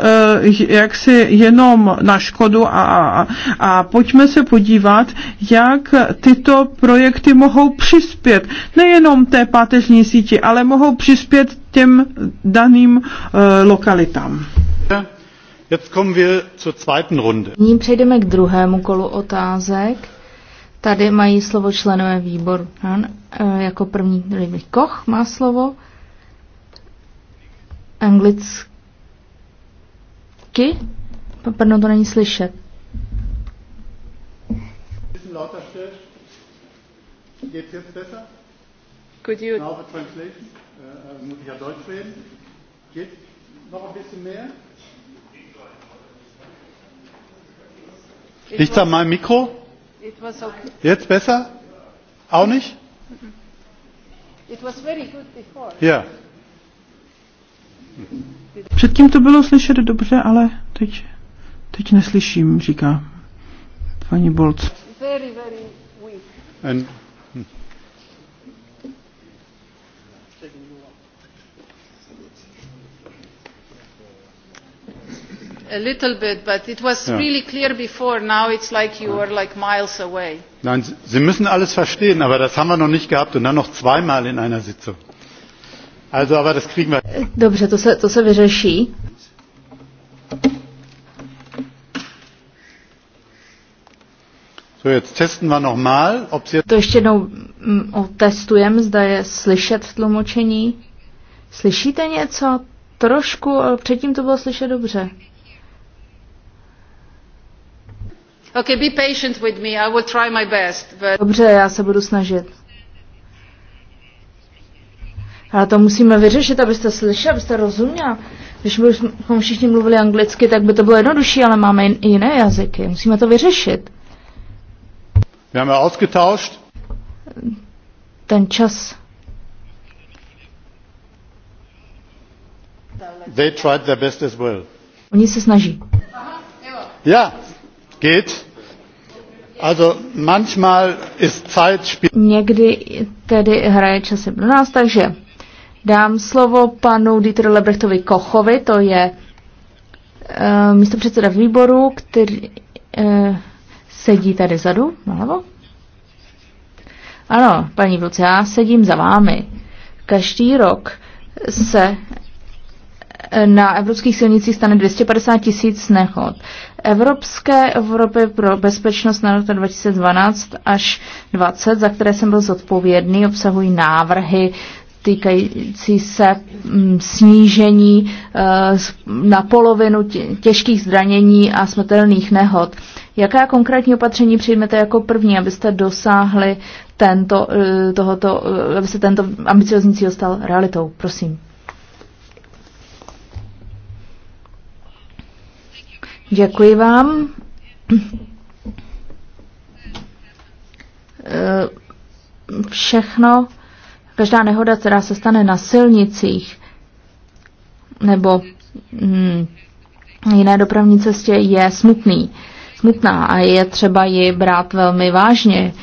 jaksi jenom na škodu a, a a pojďme se podívat, jak tyto projekty mohou přispět nejenom té páteřní síti, ale mohou přispět těm daným uh, lokalitám. Nyní přejdeme k druhému kolu otázek. Tady mají slovo členové výboru. Eh, jako první David Koch má slovo anglicky? Pardon, to není slyšet. Could you... Now the translation. Uh, uh, ich ja Deutsch reden. Geht noch ein bisschen mehr? an meinem Mikro? Okay. Jetzt besser? Auch nicht? It was very good before. Yeah. Předtím to bylo slyšet dobře, ale teď, teď neslyším, říká paní Bolc. Very, very weak. And, hmm. a little bit but it was yeah. really clear before now it's like you were like miles away. Nein, Sie müssen alles verstehen, aber das haben wir noch nicht gehabt und dann noch zweimal in einer Sitzung. Dobře, to se, to se vyřeší. To ještě jednou mm, otestujeme, zda je slyšet v tlumočení. Slyšíte něco? Trošku, ale předtím to bylo slyšet dobře. Okay, be patient with me. I will try my best, but... Dobře, já se budu snažit. Ale to musíme vyřešit, abyste slyšeli, abyste rozuměli. Když bychom všichni mluvili anglicky, tak by to bylo jednodušší, ale máme i jiné jazyky. Musíme to vyřešit. Wir haben ausgetauscht. Ten čas. They tried their best as well. Oni se snaží. Ja, geht. Also manchmal ist Zeit Někdy tedy hraje čas. pro nás, takže Dám slovo panu Dieteru Lebrechtovi Kochovi, to je uh, místo předseda výboru, který uh, sedí tady zadu, nalevo. Ano, paní Vlce, já sedím za vámi. Každý rok se eh, na evropských silnicích stane 250 tisíc nehod. Evropské Evropy pro bezpečnost na rok 2012 až 20, za které jsem byl zodpovědný, obsahují návrhy týkající se mm, snížení eh, na polovinu těžkých zranění a smrtelných nehod. Jaká konkrétní opatření přijmete jako první, abyste dosáhli tento, eh, tohoto, eh, aby se tento ambiciozní cíl stal realitou? Prosím. Děkuji vám. Všechno každá nehoda, která se stane na silnicích nebo hm, jiné dopravní cestě, je smutný, smutná a je třeba ji brát velmi vážně.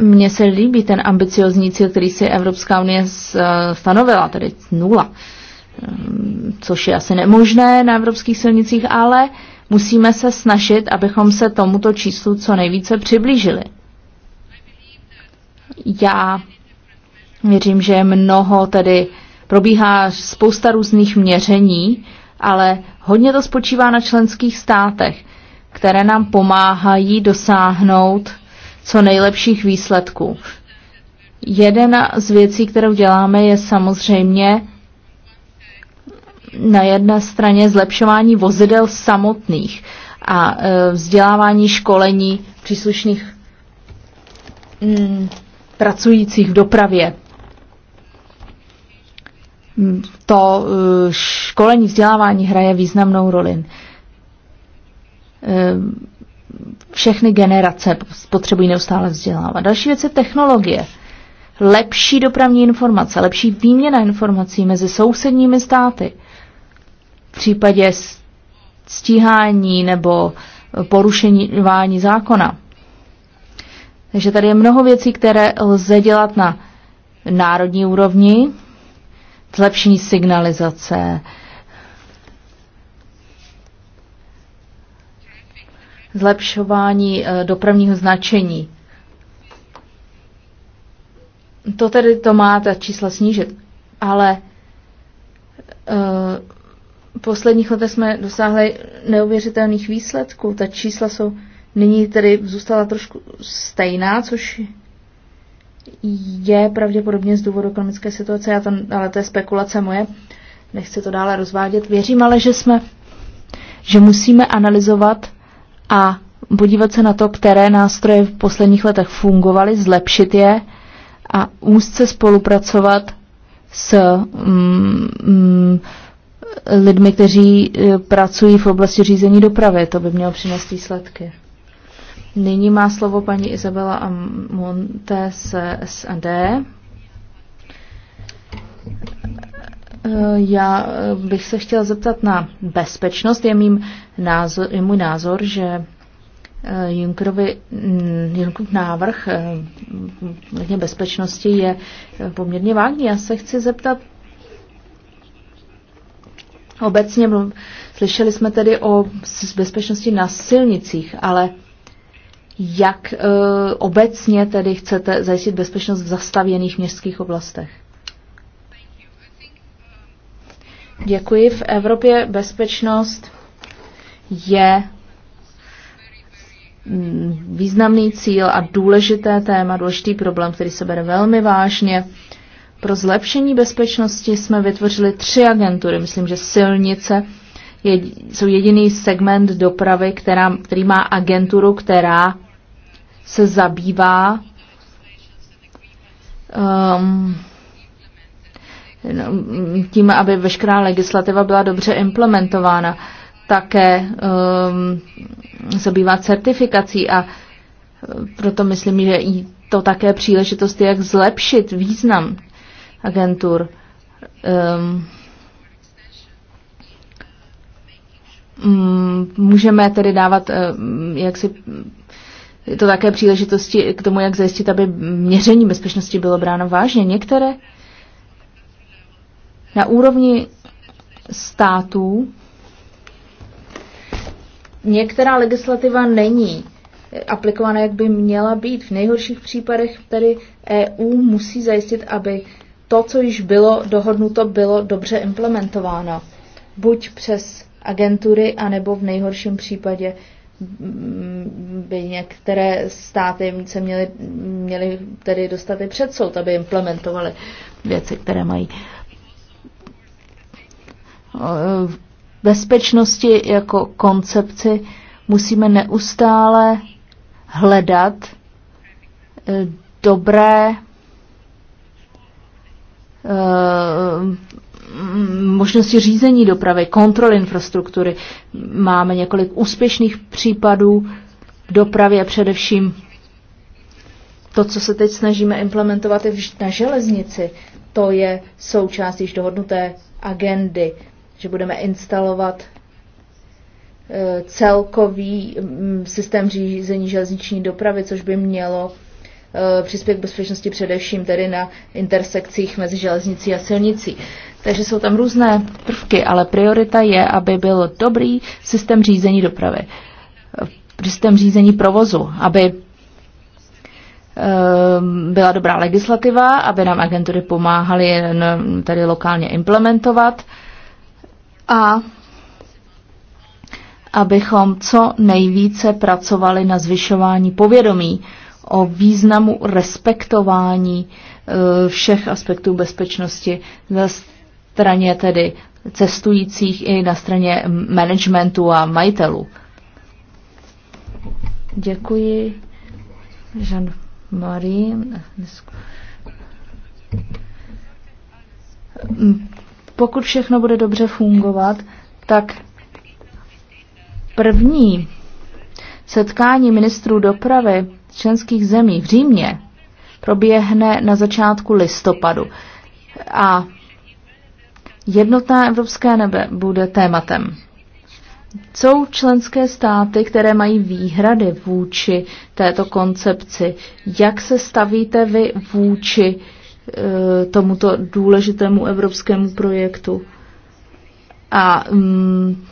Mně se líbí ten ambiciozní cíl, který si Evropská unie eh, stanovila, tedy nula, mm, což je asi nemožné na evropských silnicích, ale musíme se snažit, abychom se tomuto číslu co nejvíce přiblížili. Já Věřím, že je mnoho tedy probíhá spousta různých měření, ale hodně to spočívá na členských státech, které nám pomáhají dosáhnout co nejlepších výsledků. Jedna z věcí, kterou děláme, je samozřejmě na jedné straně zlepšování vozidel samotných a e, vzdělávání školení příslušných mm, pracujících v dopravě to eh, školení, vzdělávání hraje významnou roli. Eh, všechny generace potřebují neustále vzdělávat. Další věc je technologie. Lepší dopravní informace, lepší výměna informací mezi sousedními státy. V případě stíhání nebo porušení zákona. Takže tady je mnoho věcí, které lze dělat na národní úrovni, zlepšení signalizace, zlepšování eh, dopravního značení. To tedy to má ta čísla snížit, ale eh, v posledních letech jsme dosáhli neuvěřitelných výsledků. Ta čísla jsou nyní tedy zůstala trošku stejná, což je pravděpodobně z důvodu ekonomické situace, já tam, ale to je spekulace moje, nechci to dále rozvádět. Věřím ale, že jsme, že musíme analyzovat a podívat se na to, které nástroje v posledních letech fungovaly, zlepšit je a úzce spolupracovat s mm, mm, lidmi, kteří eh, pracují v oblasti řízení dopravy. To by mělo přinést výsledky. Nyní má slovo paní Izabela Monte z SND. Eh, já eh, bych se chtěla zeptat na bezpečnost. Je, mým názor, je můj názor, že eh, Junkerovi, mm, Junkerův návrh eh, bezpečnosti je poměrně vágní. Já se chci zeptat obecně, slyšeli jsme tedy o bezpečnosti na silnicích, ale jak eh, obecně tedy chcete zajistit bezpečnost v zastavěných městských oblastech? Děkuji. V Evropě bezpečnost je mm, významný cíl a důležité téma, důležitý problém, který se bere velmi vážně. Pro zlepšení bezpečnosti jsme vytvořili tři agentury. Myslím, že silnice je, jsou jediný segment dopravy, která, který má agenturu, která se zabývá um, tím, aby veškerá legislativa byla dobře implementována. Také um, zabývá certifikací a uh, proto myslím, že i to také příležitost je, jak zlepšit význam agentur. Um, mm, můžeme tedy dávat um, jaksi je to také příležitosti k tomu, jak zajistit, aby měření bezpečnosti bylo bráno vážně. Některé na úrovni států některá legislativa není aplikovaná, jak by měla být. V nejhorších případech tedy EU musí zajistit, aby to, co již bylo dohodnuto, bylo dobře implementováno. Buď přes agentury, anebo v nejhorším případě by některé státy se měly, měly tedy dostat i před soud, aby implementovaly věci, které mají. Bezpečnosti jako koncepci musíme neustále hledat eh, dobré eh, Mm, možnosti řízení dopravy, kontrol infrastruktury. Máme několik úspěšných případů v dopravě, především to, co se teď snažíme implementovat na železnici. To je součást již dohodnuté agendy, že budeme instalovat e, celkový mm, systém řízení železniční dopravy, což by mělo e, přispět k bezpečnosti především tedy na intersekcích mezi železnicí a silnicí. Takže jsou tam různé prvky, ale priorita je, aby byl dobrý systém řízení dopravy, systém řízení provozu, aby ehm, byla dobrá legislativa, aby nám agentury pomáhaly tady lokálně implementovat a abychom co nejvíce pracovali na zvyšování povědomí o významu respektování eh, všech aspektů bezpečnosti straně tedy cestujících i na straně managementu a majitelů. Děkuji. Jean-Marie. Pokud všechno bude dobře fungovat, tak první setkání ministrů dopravy členských zemí v Římě proběhne na začátku listopadu. A Jednotná evropské nebe bude tématem. Jsou členské státy, které mají výhrady vůči této koncepci. Jak se stavíte vy vůči e, tomuto důležitému evropskému projektu? A mm,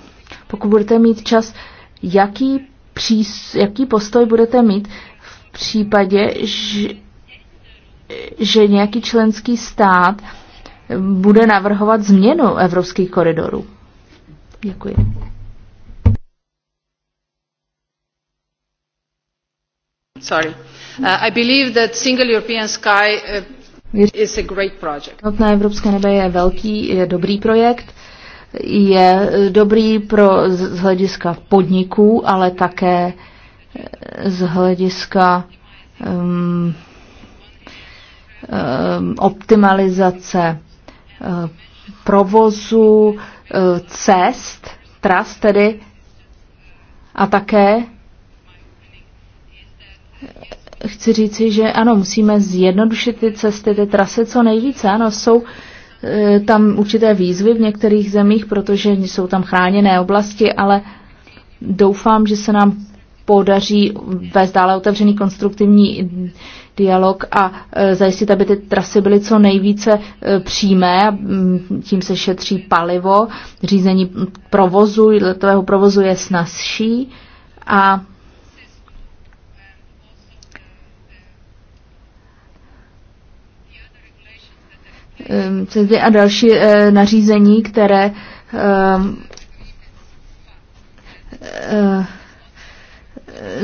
pokud budete mít čas, jaký, přís, jaký postoj budete mít v případě, že, že nějaký členský stát bude navrhovat změnu evropských koridorů. Děkuji. Sorry. Uh, I believe that single European sky uh, is a great project. Notné evropské nebe je velký, je dobrý projekt. Je dobrý pro z hlediska podniků, ale také eh, z hlediska um, um, optimalizace Eh, provozu eh, cest, tras tedy, a také chci říci, že ano, musíme zjednodušit ty cesty, ty trasy co nejvíce. Ano, jsou eh, tam určité výzvy v některých zemích, protože jsou tam chráněné oblasti, ale doufám, že se nám podaří vést dále otevřený konstruktivní dialog a e, zajistit, aby ty trasy byly co nejvíce e, přímé, tím se šetří palivo, řízení provozu, letového provozu je snazší a e, a další nařízení, které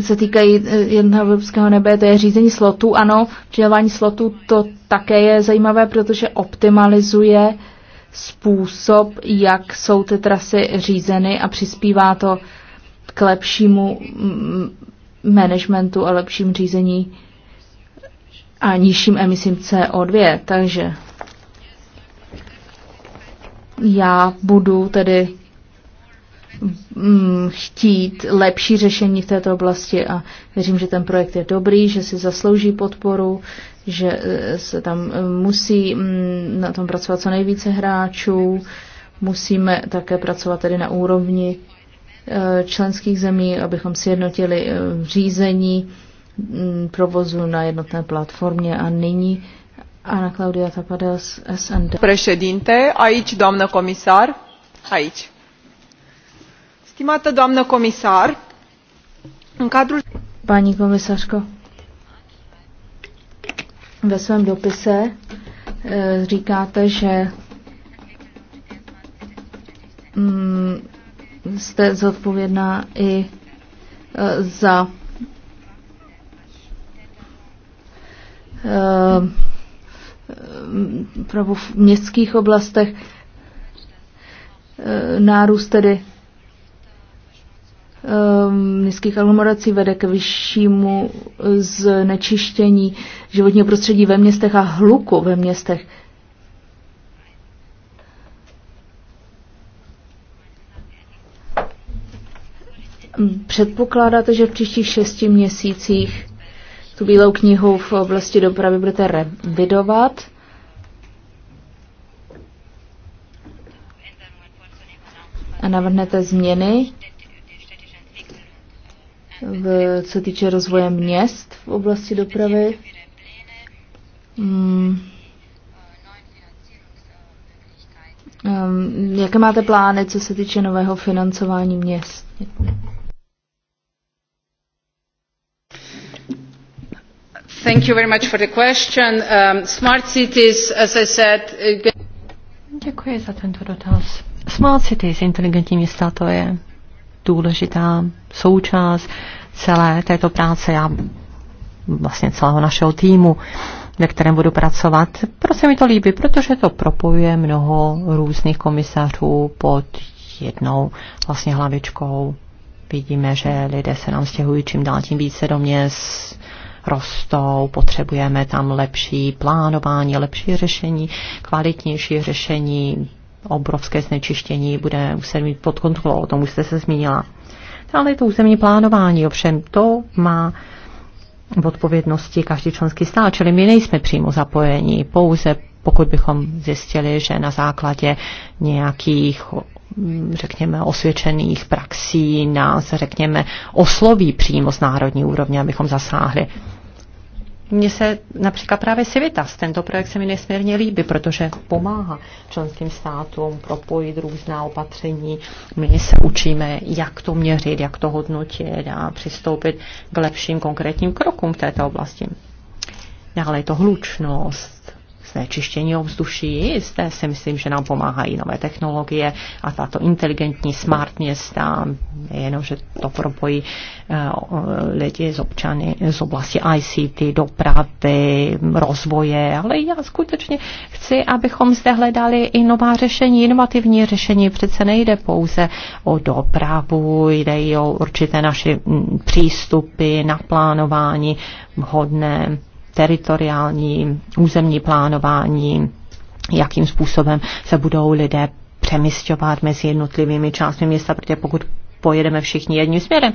se týkají eh, jednoho evropského nebe, to je řízení slotů. Ano, přidělování slotů to také je zajímavé, protože optimalizuje způsob, jak jsou ty trasy řízeny a přispívá to k lepšímu mm, managementu a lepším řízení a nižším emisím CO2. Takže já budu tedy Mm, chtít lepší řešení v této oblasti a věřím, že ten projekt je dobrý, že si zaslouží podporu, že eh, se tam eh, musí mm, na tom pracovat co nejvíce hráčů, musíme také pracovat tedy na úrovni eh, členských zemí, abychom si jednotili řízení mm, provozu na jednotné platformě a nyní Ana Claudia Tapadel z SND. Președinte, aici, doamnă comisar, aici. Stimată doamnă comisar, în cadrul... Paní komisařko, ve svém dopise e, říkáte, že mm, jste zodpovědná i e, za e, v městských oblastech nárůst tedy um, nízkých aglomerací vede k vyššímu znečištění životního prostředí ve městech a hluku ve městech. Předpokládáte, že v příštích šesti měsících tu bílou knihu v oblasti dopravy budete revidovat? A navrhnete změny? v, co týče rozvoje měst v oblasti dopravy. Hmm. Um, jaké máte plány, co se týče nového financování měst? Thank you very much for the question. Um, smart cities, as I said... Uh, Děkuji za tento dotaz. Smart cities, inteligentní města, to je důležitá součást celé této práce, já vlastně celého našeho týmu, ve kterém budu pracovat. Proč se mi to líbí? Protože to propojuje mnoho různých komisařů pod jednou vlastně hlavičkou. Vidíme, že lidé se nám stěhují čím dál tím více do měst, rostou, potřebujeme tam lepší plánování, lepší řešení, kvalitnější řešení, obrovské znečištění bude muset mít pod kontrolou, o tom už jste se zmínila. Ale je to územní plánování, ovšem to má v odpovědnosti každý členský stát, čili my nejsme přímo zapojeni, pouze pokud bychom zjistili, že na základě nějakých řekněme, osvědčených praxí nás, řekněme, osloví přímo z národní úrovně, abychom zasáhli. Mně se například právě Civitas, tento projekt se mi nesmírně líbí, protože pomáhá členským státům propojit různá opatření. My se učíme, jak to měřit, jak to hodnotit a přistoupit k lepším konkrétním krokům v této oblasti. Dále je to hlučnost, čištění ovzduší. jisté si myslím, že nám pomáhají nové technologie a tato inteligentní smart města, jenom, že to propojí eh, lidi z občany z oblasti ICT, dopravy, rozvoje, ale já skutečně chci, abychom zde hledali i nová řešení, inovativní řešení. Přece nejde pouze o dopravu, jde i o určité naše mm, přístupy, naplánování vhodné teritoriální, územní plánování, jakým způsobem se budou lidé přemysťovat mezi jednotlivými částmi města, protože pokud pojedeme všichni jedním směrem,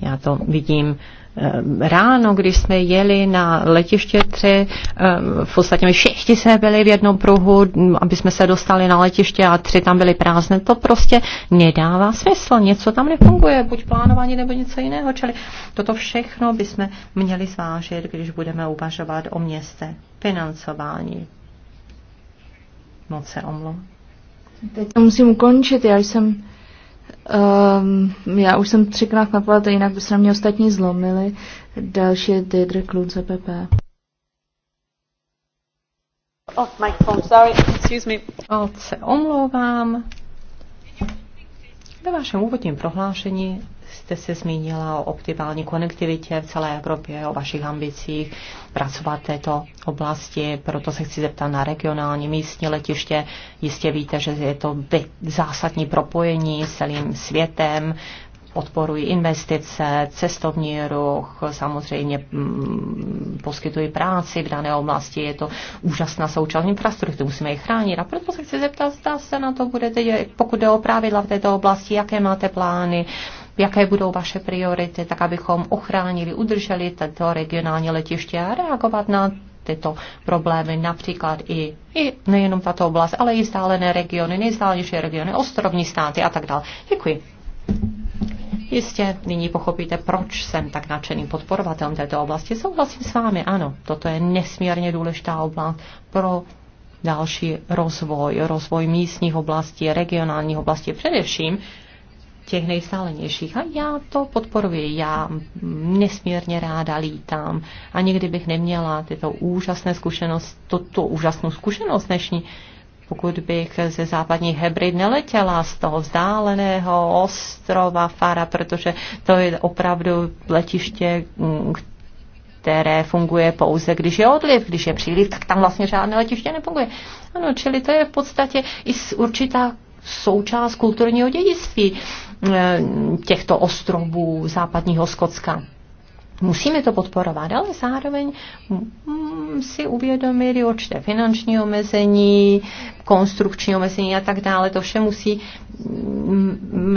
já to vidím Ehm, ráno, když jsme jeli na letiště tři, ehm, v podstatě všichni jsme byli v jednom pruhu, aby jsme se dostali na letiště a tři tam byly prázdné. To prostě nedává smysl. Něco tam nefunguje, buď plánování nebo něco jiného. Čili toto všechno bychom měli zvážit, když budeme uvažovat o městě. Financování. Moc se omlouvám. Teď to musím ukončit, já jsem Um, já už jsem třikrát napadla, jinak by se na mě ostatní zlomili. Další je Deidre Klun z EPP. Oh, my phone, sorry. Excuse me. Oh, se omlouvám. Ve vašem úvodním prohlášení jste se zmínila o optimální konektivitě v celé Evropě, o vašich ambicích pracovat v této oblasti, proto se chci zeptat na regionální místní letiště. Jistě víte, že je to zásadní propojení s celým světem, podporují investice, cestovní ruch, samozřejmě mm, poskytují práci v dané oblasti, je to úžasná součást infrastruktury, musíme ji chránit. A proto se chci zeptat, zda se na to budete pokud jde o pravidla v této oblasti, jaké máte plány, jaké budou vaše priority, tak abychom ochránili, udrželi tato regionální letiště a reagovat na tyto problémy, například i, i nejenom tato oblast, ale i stálené regiony, nejzdálenější regiony, ostrovní státy a tak dále. Děkuji. Jistě nyní pochopíte, proč jsem tak nadšeným podporovatelem této oblasti. Souhlasím s vámi, ano, toto je nesmírně důležitá oblast pro další rozvoj, rozvoj místních oblastí, regionálních oblastí, především těch nejstálenějších. A já to podporuji. Já nesmírně ráda lítám. A nikdy bych neměla tyto úžasné zkušenosti, tuto úžasnou zkušenost dnešní, pokud bych ze západní Hebrid neletěla z toho vzdáleného ostrova Fara, protože to je opravdu letiště, mm, které funguje pouze, když je odliv, když je příliv, tak tam vlastně žádné letiště nefunguje. Ano, čili to je v podstatě i určitá součást kulturního dědictví mm, těchto ostrovů západního Skotska musíme to podporovat, ale zároveň mm, si uvědomit určité finanční omezení, konstrukční omezení a tak dále. To vše musíme mm,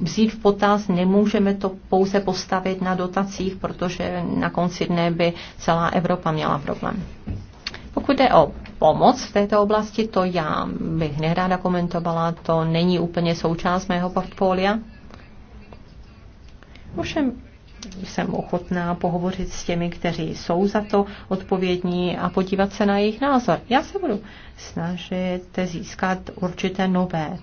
vzít v potaz. Nemůžeme to pouze postavit na dotacích, protože na konci dne by celá Evropa měla problém. Pokud jde o pomoc v této oblasti, to já bych nehráda komentovala, to není úplně součást mého portfolia. Ovšem, jsem ochotná pohovořit s těmi, kteří jsou za to odpovědní a podívat se na jejich názor. Já se budu snažit získat určité nové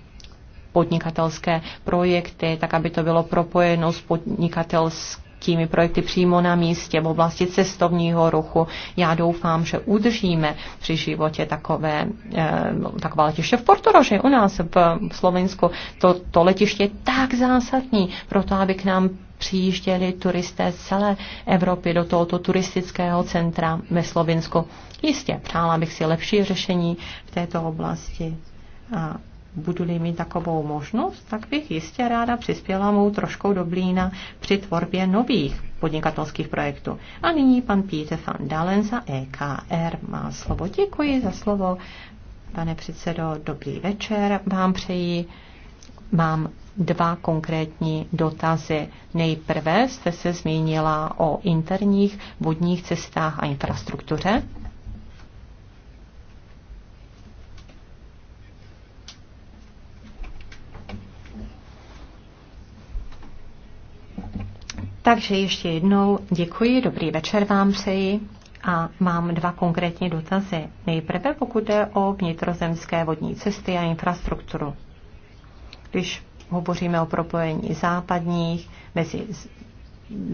podnikatelské projekty, tak aby to bylo propojeno s podnikatelským projekty přímo na místě v oblasti cestovního ruchu. Já doufám, že udržíme při životě takové, eh, takové letiště v Portoroži u nás v Slovensku. To, to letiště je tak zásadní pro to, aby k nám přijížděli turisté z celé Evropy do tohoto turistického centra ve Slovinsku. Jistě, přála bych si lepší řešení v této oblasti. A budu-li mít takovou možnost, tak bych jistě ráda přispěla mu troškou do blína při tvorbě nových podnikatelských projektů. A nyní pan Peter van Dalen za EKR má slovo. Děkuji za slovo, pane předsedo. Dobrý večer vám přeji. Mám dva konkrétní dotazy. Nejprve jste se zmínila o interních vodních cestách a infrastruktuře. Takže ještě jednou děkuji, dobrý večer vám přeji a mám dva konkrétní dotazy. Nejprve pokud jde o vnitrozemské vodní cesty a infrastrukturu. Když hovoříme o propojení západních mezi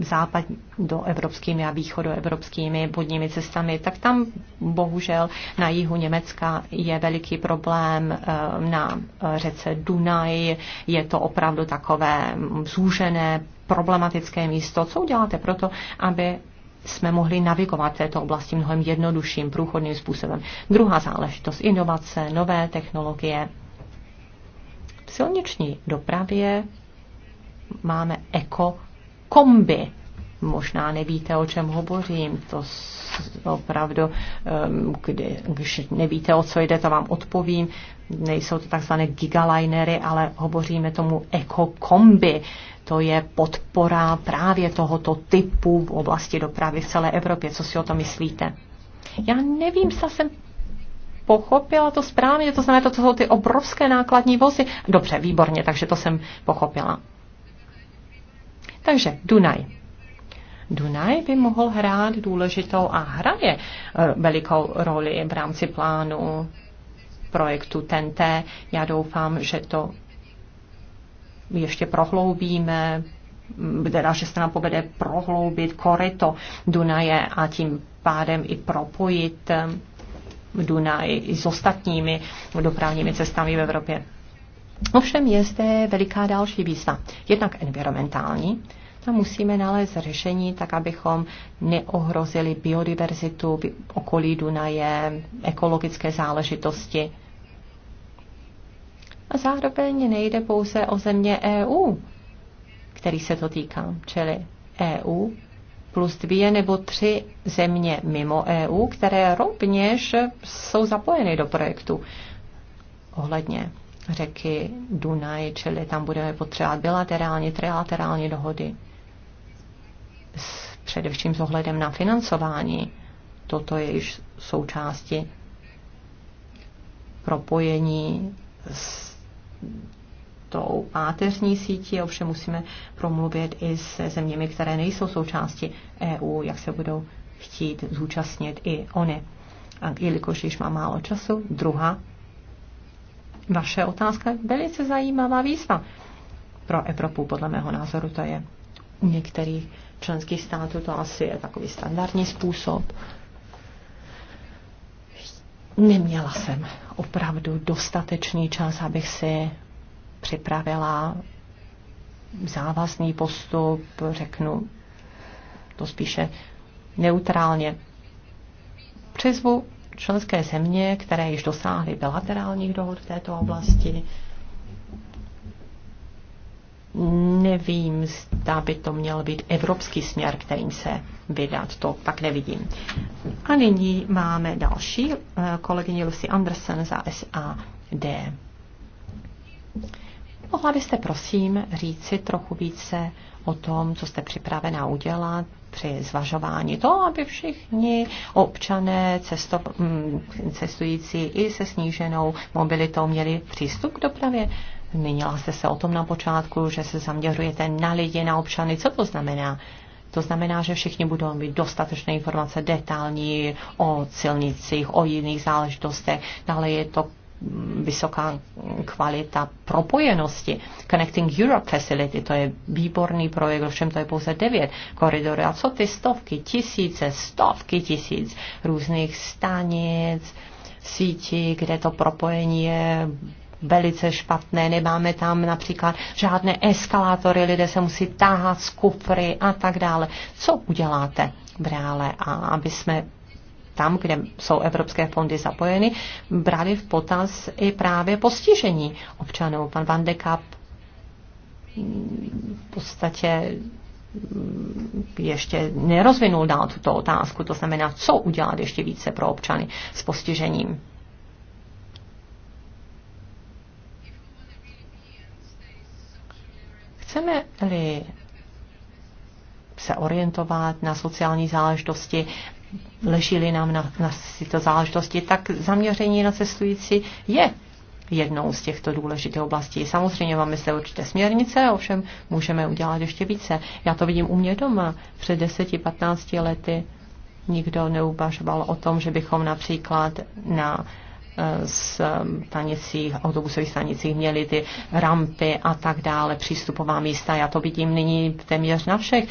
západ do evropskými a východoevropskými vodními cestami, tak tam bohužel na jihu Německa je veliký problém eh, na eh, řece Dunaj. Je to opravdu takové zúžené, problematické místo. Co uděláte proto, aby jsme mohli navigovat této oblasti mnohem jednodušším, průchodným způsobem. Druhá záležitost, inovace, nové technologie, v silniční dopravě máme eko kombi. Možná nevíte, o čem hovořím. To opravdu, kdy, když nevíte, o co jde, to vám odpovím. Nejsou to takzvané gigalinery, ale hovoříme tomu eko kombi. To je podpora právě tohoto typu v oblasti dopravy v celé Evropě. Co si o to myslíte? Já nevím, zase jsem pochopila to správně, to znamená, to jsou ty obrovské nákladní vozy. Dobře, výborně, takže to jsem pochopila. Takže Dunaj. Dunaj by mohl hrát důležitou a hraje eh, velikou roli v rámci plánu projektu TNT. Já doufám, že to ještě prohloubíme, mm, teda, že se nám povede prohloubit koryto Dunaje a tím pádem i propojit eh, Dunaji i s ostatními dopravními cestami v Evropě. Ovšem je zde veliká další výzva, jednak environmentální, Tam musíme nalézt řešení tak, abychom neohrozili biodiverzitu okolí Dunaje, ekologické záležitosti. A zároveň nejde pouze o země EU, který se to týká, čili EU plus dvě nebo tři země mimo EU, které rovněž jsou zapojeny do projektu ohledně řeky Dunaj, čili tam budeme potřebovat bilaterální, trilaterální dohody. S, především s ohledem na financování. Toto je již součástí propojení s tou páteřní sítí, ovšem musíme promluvit i se zeměmi, které nejsou součástí EU, jak se budou chtít zúčastnit i oni. A jelikož již má málo času, druhá vaše otázka je velice zajímavá výzva pro Evropu, podle mého názoru to je u některých členských států to asi je takový standardní způsob. Neměla jsem opravdu dostatečný čas, abych si připravila závazný postup, řeknu to spíše neutrálně. Přizvu členské země, které již dosáhly bilaterálních dohod v této oblasti. Nevím, zda by to měl být evropský směr, kterým se vydat. To tak nevidím. A nyní máme další eh, kolegyně Lucy Andersen za SAD. Mohla byste prosím říci trochu více o tom, co jste připravena udělat při zvažování to, aby všichni občané cesto, mm, cestující i se sníženou mobilitou měli přístup k dopravě? Zmínila jste se o tom na počátku, že se zaměřujete na lidi, na občany. Co to znamená? To znamená, že všichni budou mít dostatečné informace detailní o silnicích, o jiných záležitostech. Dále je to vysoká kvalita propojenosti. Connecting Europe Facility, to je výborný projekt, ovšem to je pouze devět koridorů. A co ty stovky, tisíce, stovky tisíc různých stanic, sítí, kde to propojení je velice špatné, nemáme tam například žádné eskalátory, lidé se musí táhat z kufry a tak dále. Co uděláte? brále a aby jsme tam, kde jsou evropské fondy zapojeny, brali v potaz i právě postižení občanů. Pan Van de Kapp mm, v podstatě mm, ještě nerozvinul dál tuto otázku, to znamená, co udělat ještě více pro občany s postižením. Chceme-li se orientovat na sociální záležitosti ležili nám na, na tyto záležitosti, tak zaměření na cestující je jednou z těchto důležitých oblastí. Samozřejmě máme se určité směrnice, ovšem můžeme udělat ještě více. Já to vidím u mě doma. Před 10-15 lety nikdo neubažoval o tom, že bychom například na z stanicích, autobusových stanicích měli ty rampy a tak dále, přístupová místa. Já to vidím nyní téměř na všech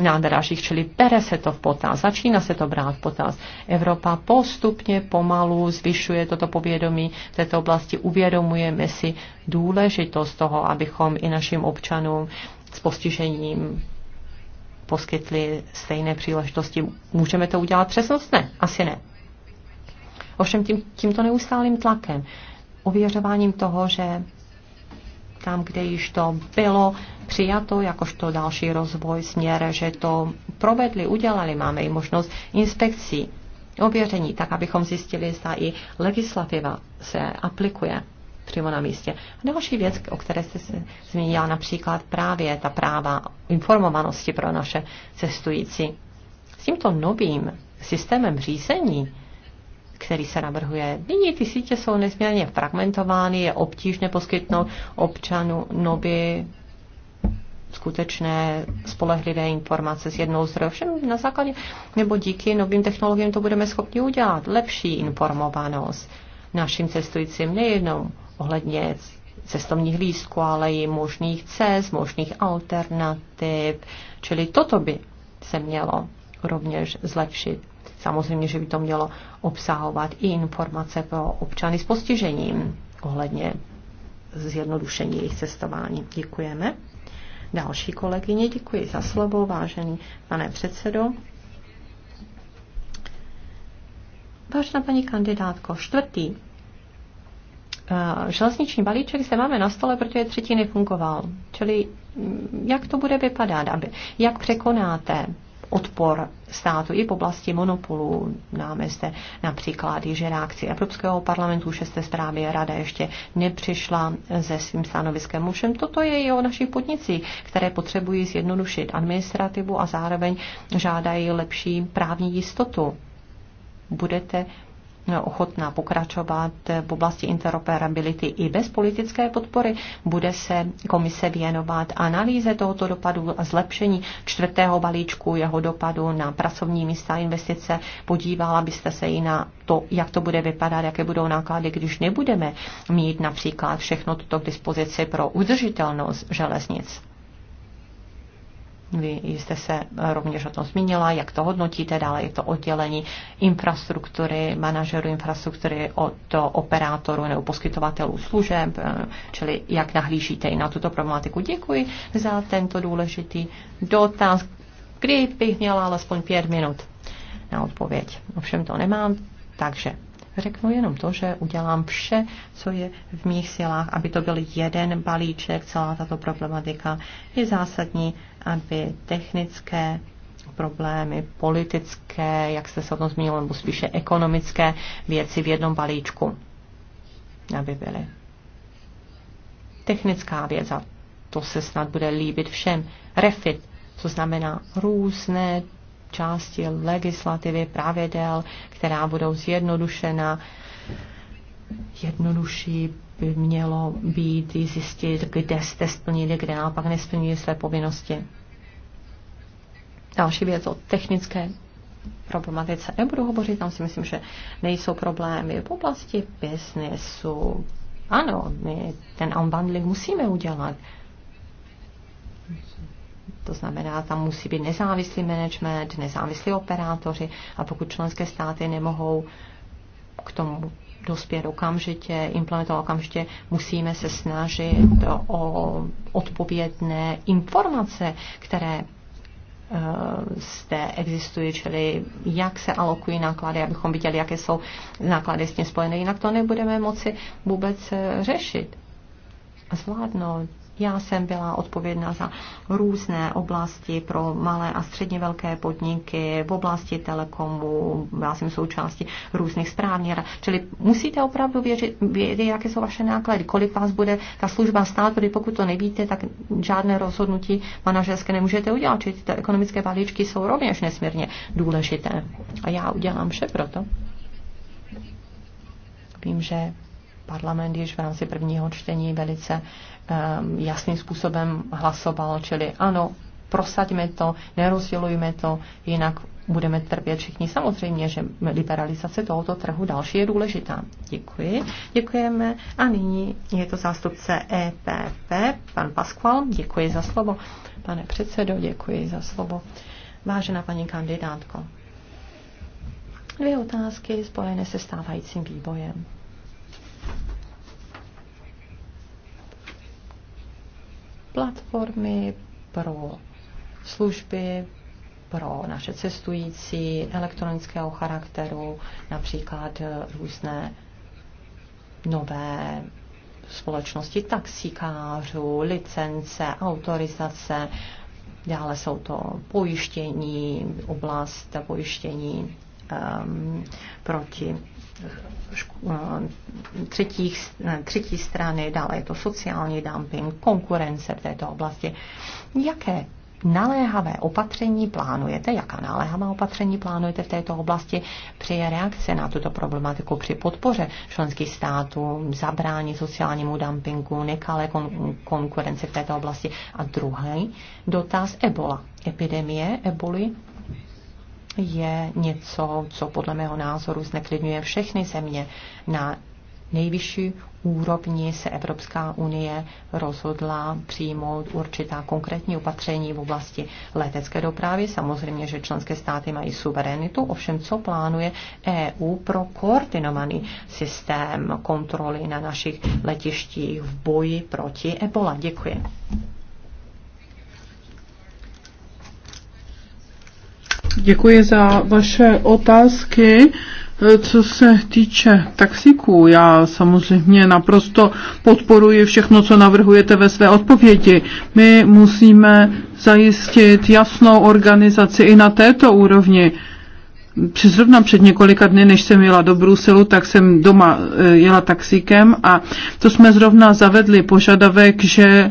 nádražích, čili bere se to v potaz, začíná se to brát v potaz. Evropa postupně, pomalu zvyšuje toto povědomí v této oblasti, uvědomujeme si důležitost toho, abychom i našim občanům s postižením poskytli stejné příležitosti. Můžeme to udělat přesnost? Ne, asi ne. Ovšem tím, tímto neustálým tlakem, ověřováním toho, že tam, kde již to bylo přijato, jakožto další rozvoj směr, že to provedli, udělali, máme i možnost inspekcí, ověření, tak abychom zjistili, zda i legislativa se aplikuje přímo na místě. A další věc, o které jste se zmínila, například právě ta práva informovanosti pro naše cestující. S tímto novým systémem řízení který se navrhuje. Nyní ty sítě jsou nesmírně fragmentovány, je obtížné poskytnout občanu nově skutečné spolehlivé informace s jednou zdroje. Všem na základě nebo díky novým technologiím to budeme schopni udělat. Lepší informovanost našim cestujícím nejenom ohledně cestovních lístků, ale i možných cest, možných alternativ. Čili toto by se mělo rovněž zlepšit. Samozřejmě, že by to mělo obsahovat i informace pro občany s postižením ohledně zjednodušení jejich cestování. Děkujeme. Další kolegyně, děkuji za slovo, vážený pane předsedo. Vážená paní kandidátko, čtvrtý eh, železniční balíček se máme na stole, protože třetí nefungoval. Čili mm, jak to bude vypadat, aby, jak překonáte odpor státu i v oblasti monopolu. Máme zde například že reakci Evropského parlamentu, šesté zprávy rada ještě nepřišla se svým stanoviskem. Ovšem toto je i o našich podnicích, které potřebují zjednodušit administrativu a zároveň žádají lepší právní jistotu. Budete ochotná pokračovat v oblasti interoperability i bez politické podpory. Bude se komise věnovat analýze tohoto dopadu a zlepšení čtvrtého balíčku, jeho dopadu na pracovní místa investice. Podívala byste se i na to, jak to bude vypadat, jaké budou náklady, když nebudeme mít například všechno toto k dispozici pro udržitelnost železnic. Vy jste se rovněž o tom zmínila, jak to hodnotíte, dále je to oddělení infrastruktury, manažerů infrastruktury od operátorů nebo poskytovatelů služeb, eh, čili jak nahlížíte i na tuto problematiku. Děkuji za tento důležitý dotaz. bych měla alespoň pět minut na odpověď. Ovšem to nemám, takže řeknu jenom to, že udělám vše, co je v mých silách, aby to byl jeden balíček, celá tato problematika je zásadní aby technické problémy, politické, jak jste se o tom zmínil, nebo spíše ekonomické věci v jednom balíčku, aby byly. Technická věc, a to se snad bude líbit všem, refit, co znamená různé části legislativy, pravidel, která budou zjednodušena, jednodušší, by mělo být i zjistit, kde jste splnili, kde naopak nesplnili své povinnosti. Další věc o technické problematice nebudu hovořit, tam si myslím, že nejsou problémy v oblasti biznesu. Ano, my ten unbundling musíme udělat. To znamená, tam musí být nezávislý management, nezávislí operátoři a pokud členské státy nemohou k tomu dospět okamžitě, implementovat okamžitě, musíme se snažit o odpovědné informace, které eh, zde existují, čili jak se alokují náklady, abychom viděli, jaké jsou náklady s tím spojené. Jinak to nebudeme moci vůbec eh, řešit a zvládnout. Já jsem byla odpovědná za různé oblasti pro malé a středně velké podniky v oblasti telekomu, já jsem součástí různých správních rad. Čili musíte opravdu věřit, vědět, jaké jsou vaše náklady, kolik vás bude ta služba stát, protože pokud to nevíte, tak žádné rozhodnutí manažerské nemůžete udělat. Čili ty ekonomické balíčky jsou rovněž nesmírně důležité. A já udělám vše proto. Vím, že parlament již v rámci prvního čtení velice ehm, jasným způsobem hlasoval, čili ano, prosaďme to, nerozdělujme to, jinak budeme trpět všichni. Samozřejmě, že liberalizace tohoto trhu další je důležitá. Děkuji. Děkujeme. A nyní je to zástupce EPP, pan Pasqual. Děkuji za slovo. Pane předsedo, děkuji za slovo. Vážená paní kandidátko, dvě otázky spojené se stávajícím výbojem. Platformy pro služby pro naše cestující elektronického charakteru, například různé nové společnosti taxikářů, licence, autorizace, dále jsou to pojištění, oblast pojištění um, proti Eh, třetí, třetí strany, dále je to sociální dumping, konkurence v této oblasti. Jaké naléhavé opatření plánujete, jaká naléhavá opatření plánujete v této oblasti při reakci na tuto problematiku, při podpoře členských států, zabrání sociálnímu dumpingu, nekalé kon- konkurence v této oblasti. A druhý dotaz Ebola. Epidemie eboli je něco, co podle mého názoru zneklidňuje všechny země. Na nejvyšší úrovni se Evropská unie rozhodla přijmout určitá konkrétní opatření v oblasti letecké dopravy. Samozřejmě, že členské státy mají suverenitu, ovšem co plánuje EU pro koordinovaný systém kontroly na našich letištích v boji proti ebola. Děkuji. Děkuji za vaše otázky. Eh, co se týče taxíků, já samozřejmě naprosto podporuji všechno, co navrhujete ve své odpovědi. My musíme zajistit jasnou organizaci i na této úrovni. Zrovna před několika dny, než jsem jela do Bruselu, tak jsem doma eh, jela taxíkem a to jsme zrovna zavedli požadavek, že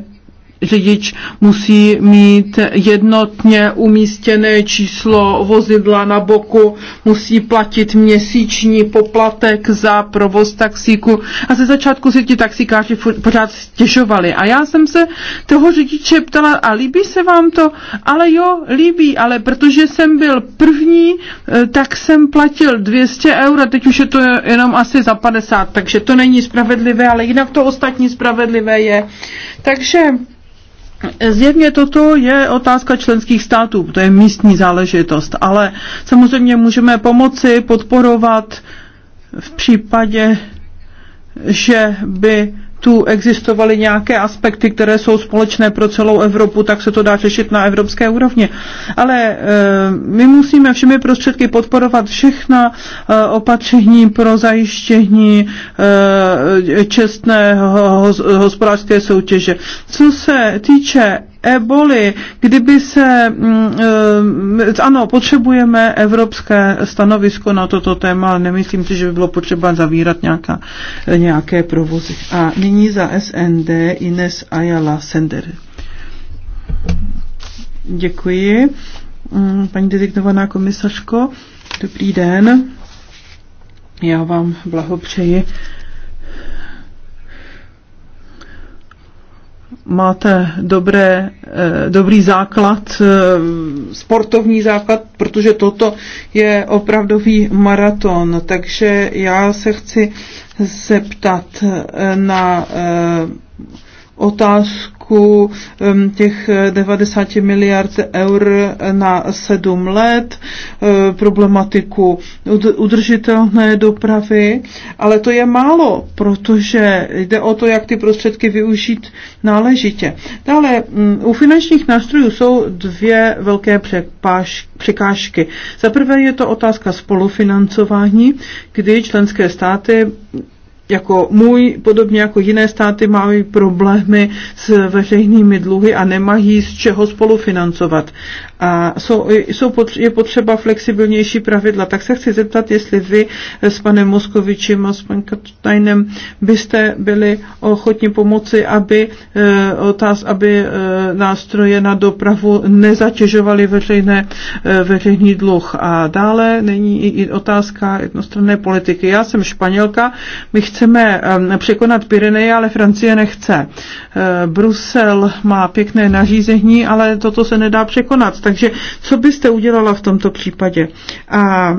řidič musí mít jednotně umístěné číslo vozidla na boku, musí platit měsíční poplatek za provoz taxíku a ze začátku si ti taxikáři pořád stěžovali. A já jsem se toho řidiče ptala, a líbí se vám to? Ale jo, líbí, ale protože jsem byl první, eh, tak jsem platil 200 eur a teď už je to jenom asi za 50, takže to není spravedlivé, ale jinak to ostatní spravedlivé je. Takže Zjevně toto je otázka členských států, to je místní záležitost, ale samozřejmě můžeme pomoci podporovat v případě, že by tu existovaly nějaké aspekty, které jsou společné pro celou Evropu, tak se to dá řešit na evropské úrovni. Ale eh, my musíme všemi prostředky podporovat všechna eh, opatření pro zajištění eh, čestné hospodářské soutěže. Co se týče eboli. Kdyby se, mm, eh, ano, potřebujeme evropské stanovisko na toto téma, ale nemyslím si, že by bylo potřeba zavírat nějaká, nějaké provozy. A nyní za SND Ines Ayala Sender. Děkuji. Mm, paní designovaná komisařko, dobrý den. Já vám blahopřeji máte dobré, eh, dobrý základ, eh, sportovní základ, protože toto je opravdový maraton. Takže já se chci zeptat eh, na otázku, balíčku těch 90 eh, miliard eur na sedm let, eh, problematiku udržitelné dopravy, ale to je málo, protože jde o to, jak ty prostředky využít náležitě. Dále mm, u finančních nástrojů jsou dvě velké překážky. Za prvé je to otázka spolufinancování, kdy členské státy jako můj, podobně jako jiné státy, mají problémy s veřejnými dluhy a nemají z čeho spolufinancovat. A jsou, jsou potře- je potřeba flexibilnější pravidla. Tak se chci zeptat, jestli vy s panem Moskovičem a s panem Katajnem byste byli ochotni pomoci, aby, e, otáz, aby e, nástroje na dopravu nezatěžovaly veřejné, e, veřejný dluh. A dále není i otázka jednostranné politiky. Já jsem Španělka, my chceme chceme ehm, překonat Pyreneje, ale Francie nechce. Ehm, Brusel má pěkné nařízení, ale toto se nedá překonat. Takže co byste udělala v tomto případě? A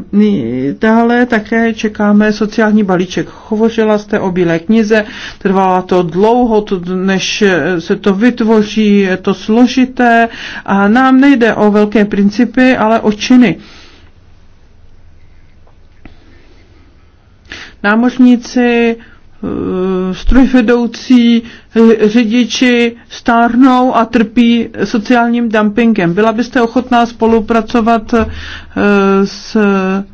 dále také čekáme sociální balíček. Hovořila jste o Bílé knize, trvala to dlouho, než se to vytvoří, je to složité a nám nejde o velké principy, ale o činy. námořníci, eh, strojvedoucí, řidiči stárnou a trpí sociálním dumpingem. Byla byste ochotná spolupracovat eh, s eh,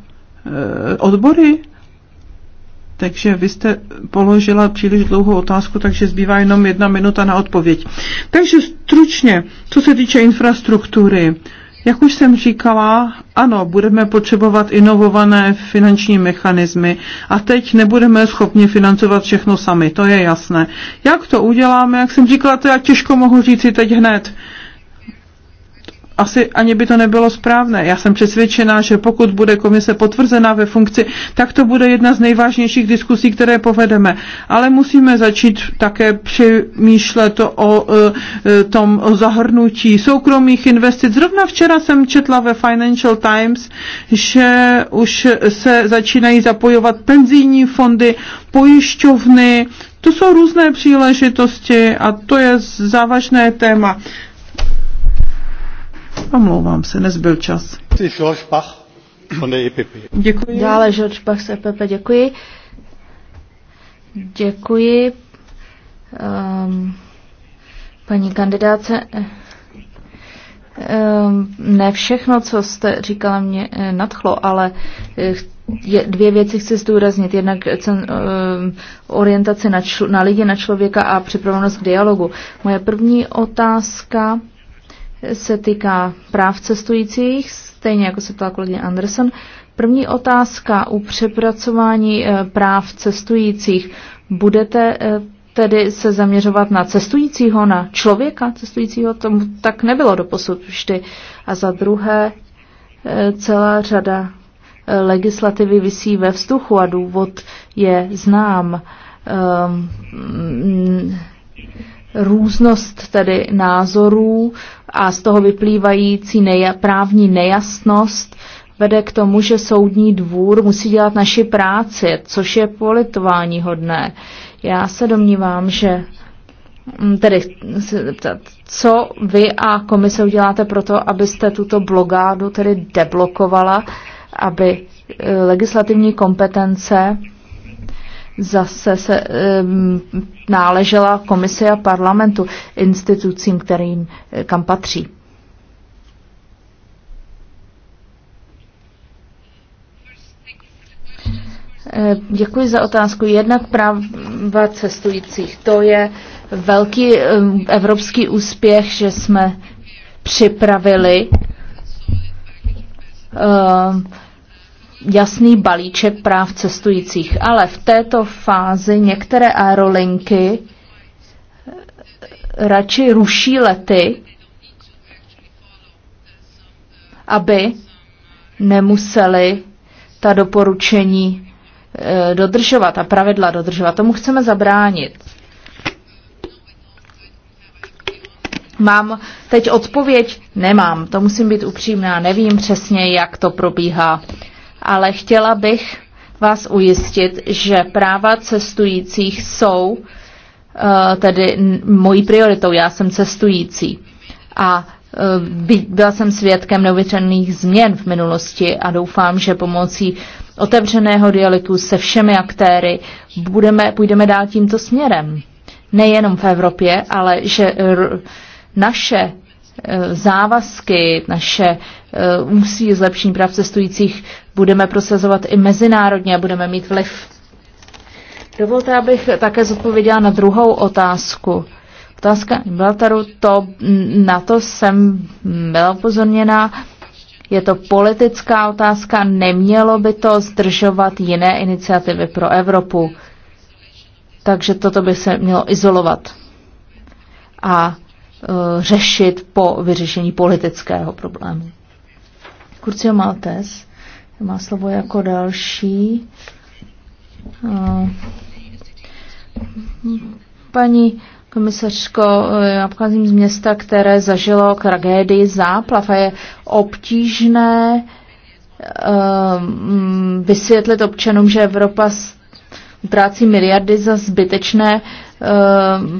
odbory? Takže vy jste položila příliš dlouhou otázku, takže zbývá jenom jedna minuta na odpověď. Takže stručně, co se týče infrastruktury, jak už jsem říkala, ano, budeme potřebovat inovované finanční mechanismy a teď nebudeme schopni financovat všechno sami, to je jasné. Jak to uděláme, jak jsem říkala, to já těžko mohu říct si teď hned asi ani by to nebylo správné. Já jsem přesvědčená, že pokud bude komise potvrzená ve funkci, tak to bude jedna z nejvážnějších diskusí, které povedeme. Ale musíme začít také přemýšlet o o e, e, tom o zahrnutí soukromých investic. Zrovna včera jsem četla ve Financial Times, že už se začínají zapojovat penzijní fondy, pojišťovny, to jsou různé příležitosti a to je závažné téma. Omlouvám se, nezbyl čas. E děkuji. Dále George Bach z EPP, děkuji. Děkuji um, paní kandidáce. Um, ne všechno, co jste říkala, mě eh, nadchlo, ale eh, je, dvě věci chci zdůraznit. Jednak cen, um, orientace na, čl, na lidi, na člověka a připravenost k dialogu. Moje první otázka se týká práv cestujících, stejně jako se ptala kolegyně Anderson. První otázka u přepracování eh, práv cestujících. Budete eh, tedy se zaměřovat na cestujícího, na člověka cestujícího, tomu tak nebylo doposud vždy. A za druhé, eh, celá řada legislativy vysí ve vzduchu a důvod je znám. Ehm, různost tedy názorů a z toho vyplývající neja, právní nejasnost vede k tomu, že soudní dvůr musí dělat naši práci, což je politování hodné. Já se domnívám, že mm, tedy co vy a komise uděláte pro to, abyste tuto blokádu tedy deblokovala, aby eh, legislativní kompetence zase se e, náležela komise a parlamentu institucím, kterým e, kam patří. E, děkuji za otázku. Jednak práva cestujících. To je velký evropský úspěch, že jsme připravili uh, jasný balíček práv cestujících, ale v této fázi některé aerolinky eh, radši ruší lety, aby nemuseli ta doporučení eh, dodržovat a pravidla dodržovat. Tomu chceme zabránit. Mám teď odpověď? Nemám. To musím být upřímná. Nevím přesně, jak to probíhá ale chtěla bych vás ujistit, že práva cestujících jsou eh, tedy mojí prioritou. Já jsem cestující a eh, byla jsem svědkem neuvěřených změn v minulosti a doufám, že pomocí otevřeného dialogu se všemi aktéry budeme, půjdeme dál tímto směrem. Nejenom v Evropě, ale že naše Eh, závazky, naše úsilí eh, zlepšení práv cestujících budeme prosazovat i mezinárodně a budeme mít vliv. Dovolte, abych také zodpověděla na druhou otázku. Otázka Gibraltaru, to, mm, na to jsem byla upozorněna. Je to politická otázka, nemělo by to zdržovat jiné iniciativy pro Evropu. Takže toto by se mělo izolovat. A Eh, řešit po vyřešení politického problému. Curcio Maltes má slovo jako další. Eh, paní komisařko, eh, já pocházím z města, které zažilo tragédii záplav a je obtížné vysvětlit občanům, že Evropa utrácí miliardy za zbytečné e,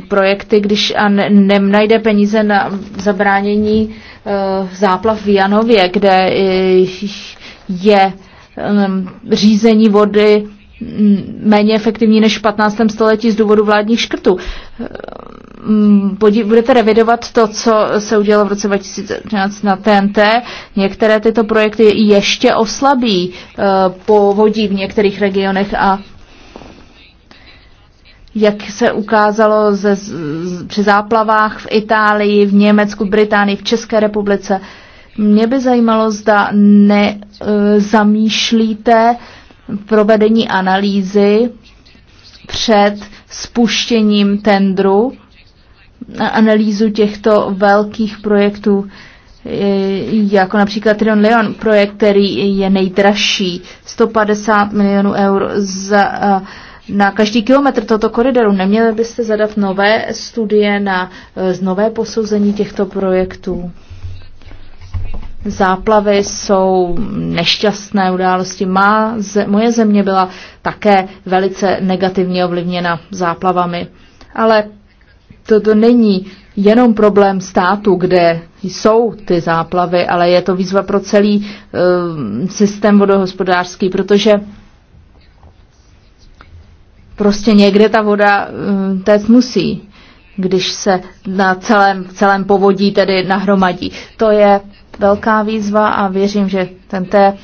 projekty, když a ne, najde peníze na zabránění e, záplav v Janově, kde eh, je e, řízení vody mm, méně efektivní než v 15. století z důvodu vládních škrtů. Mm, budete revidovat to, co se udělalo v roce 2013 na TNT. Některé tyto projekty ještě oslabí povodí v některých regionech a jak se ukázalo ze, z, při záplavách v Itálii, v Německu, Británii, v České republice. Mě by zajímalo, zda nezamýšlíte e, provedení analýzy před spuštěním tendru, na analýzu těchto velkých projektů, e, jako například Trion Leon, projekt, který je nejdražší, 150 milionů eur za e, na každý kilometr tohoto koridoru. Neměli byste zadat nové studie na e, nové posouzení těchto projektů? Záplavy jsou nešťastné události. Má, ze, moje země byla také velice negativně ovlivněna záplavami. Ale toto není jenom problém státu, kde jsou ty záplavy, ale je to výzva pro celý uh, systém vodohospodářský, protože Prostě někde ta voda eh, téct musí, když se na celém, celém povodí tedy nahromadí. To je velká výzva a věřím, že ten té,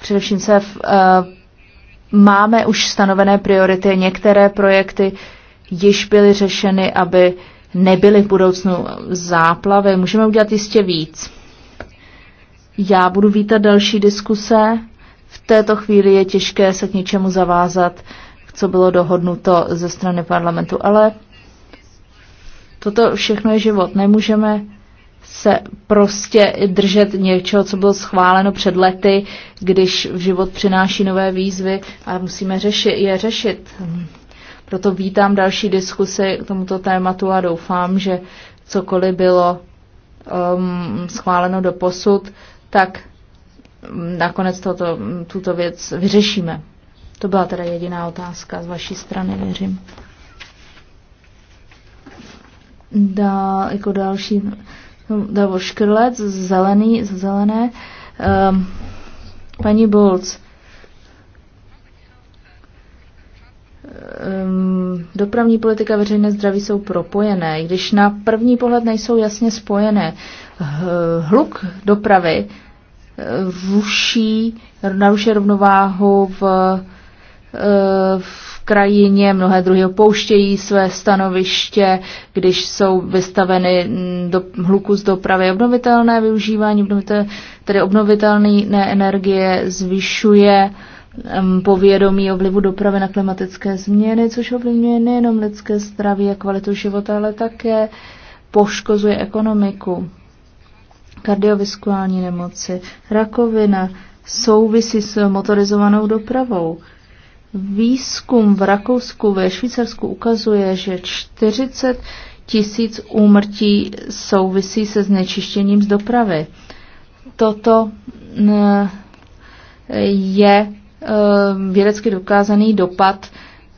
především se v, eh, máme už stanovené priority. Některé projekty již byly řešeny, aby nebyly v budoucnu záplavy. Můžeme udělat jistě víc. Já budu vítat další diskuse. V této chvíli je těžké se k něčemu zavázat co bylo dohodnuto ze strany parlamentu, ale toto všechno je život. Nemůžeme se prostě držet něčeho, co bylo schváleno před lety, když v život přináší nové výzvy a musíme řešit, je řešit. Proto vítám další diskusy k tomuto tématu a doufám, že cokoliv bylo um, schváleno do posud, tak nakonec toto, tuto věc vyřešíme. To byla teda jediná otázka z vaší strany, věřím. Dá, jako další, dalo no, škrlec, zelený, zelené. Um, paní Bolc, um, dopravní politika a veřejné zdraví jsou propojené, když na první pohled nejsou jasně spojené. Hluk dopravy eh, ruší, naruší rovnováhu v v krajině, mnohé druhy opouštějí své stanoviště, když jsou vystaveny do hluku z dopravy. Obnovitelné využívání, obnovitelné, tedy obnovitelné energie zvyšuje povědomí o vlivu dopravy na klimatické změny, což ovlivňuje nejenom lidské zdraví a kvalitu života, ale také poškozuje ekonomiku, kardiovaskulární nemoci, rakovina, souvisí s motorizovanou dopravou. Výzkum v Rakousku, ve Švýcarsku ukazuje, že 40 tisíc úmrtí souvisí se znečištěním z dopravy. Toto mm, je e, vědecky dokázaný dopad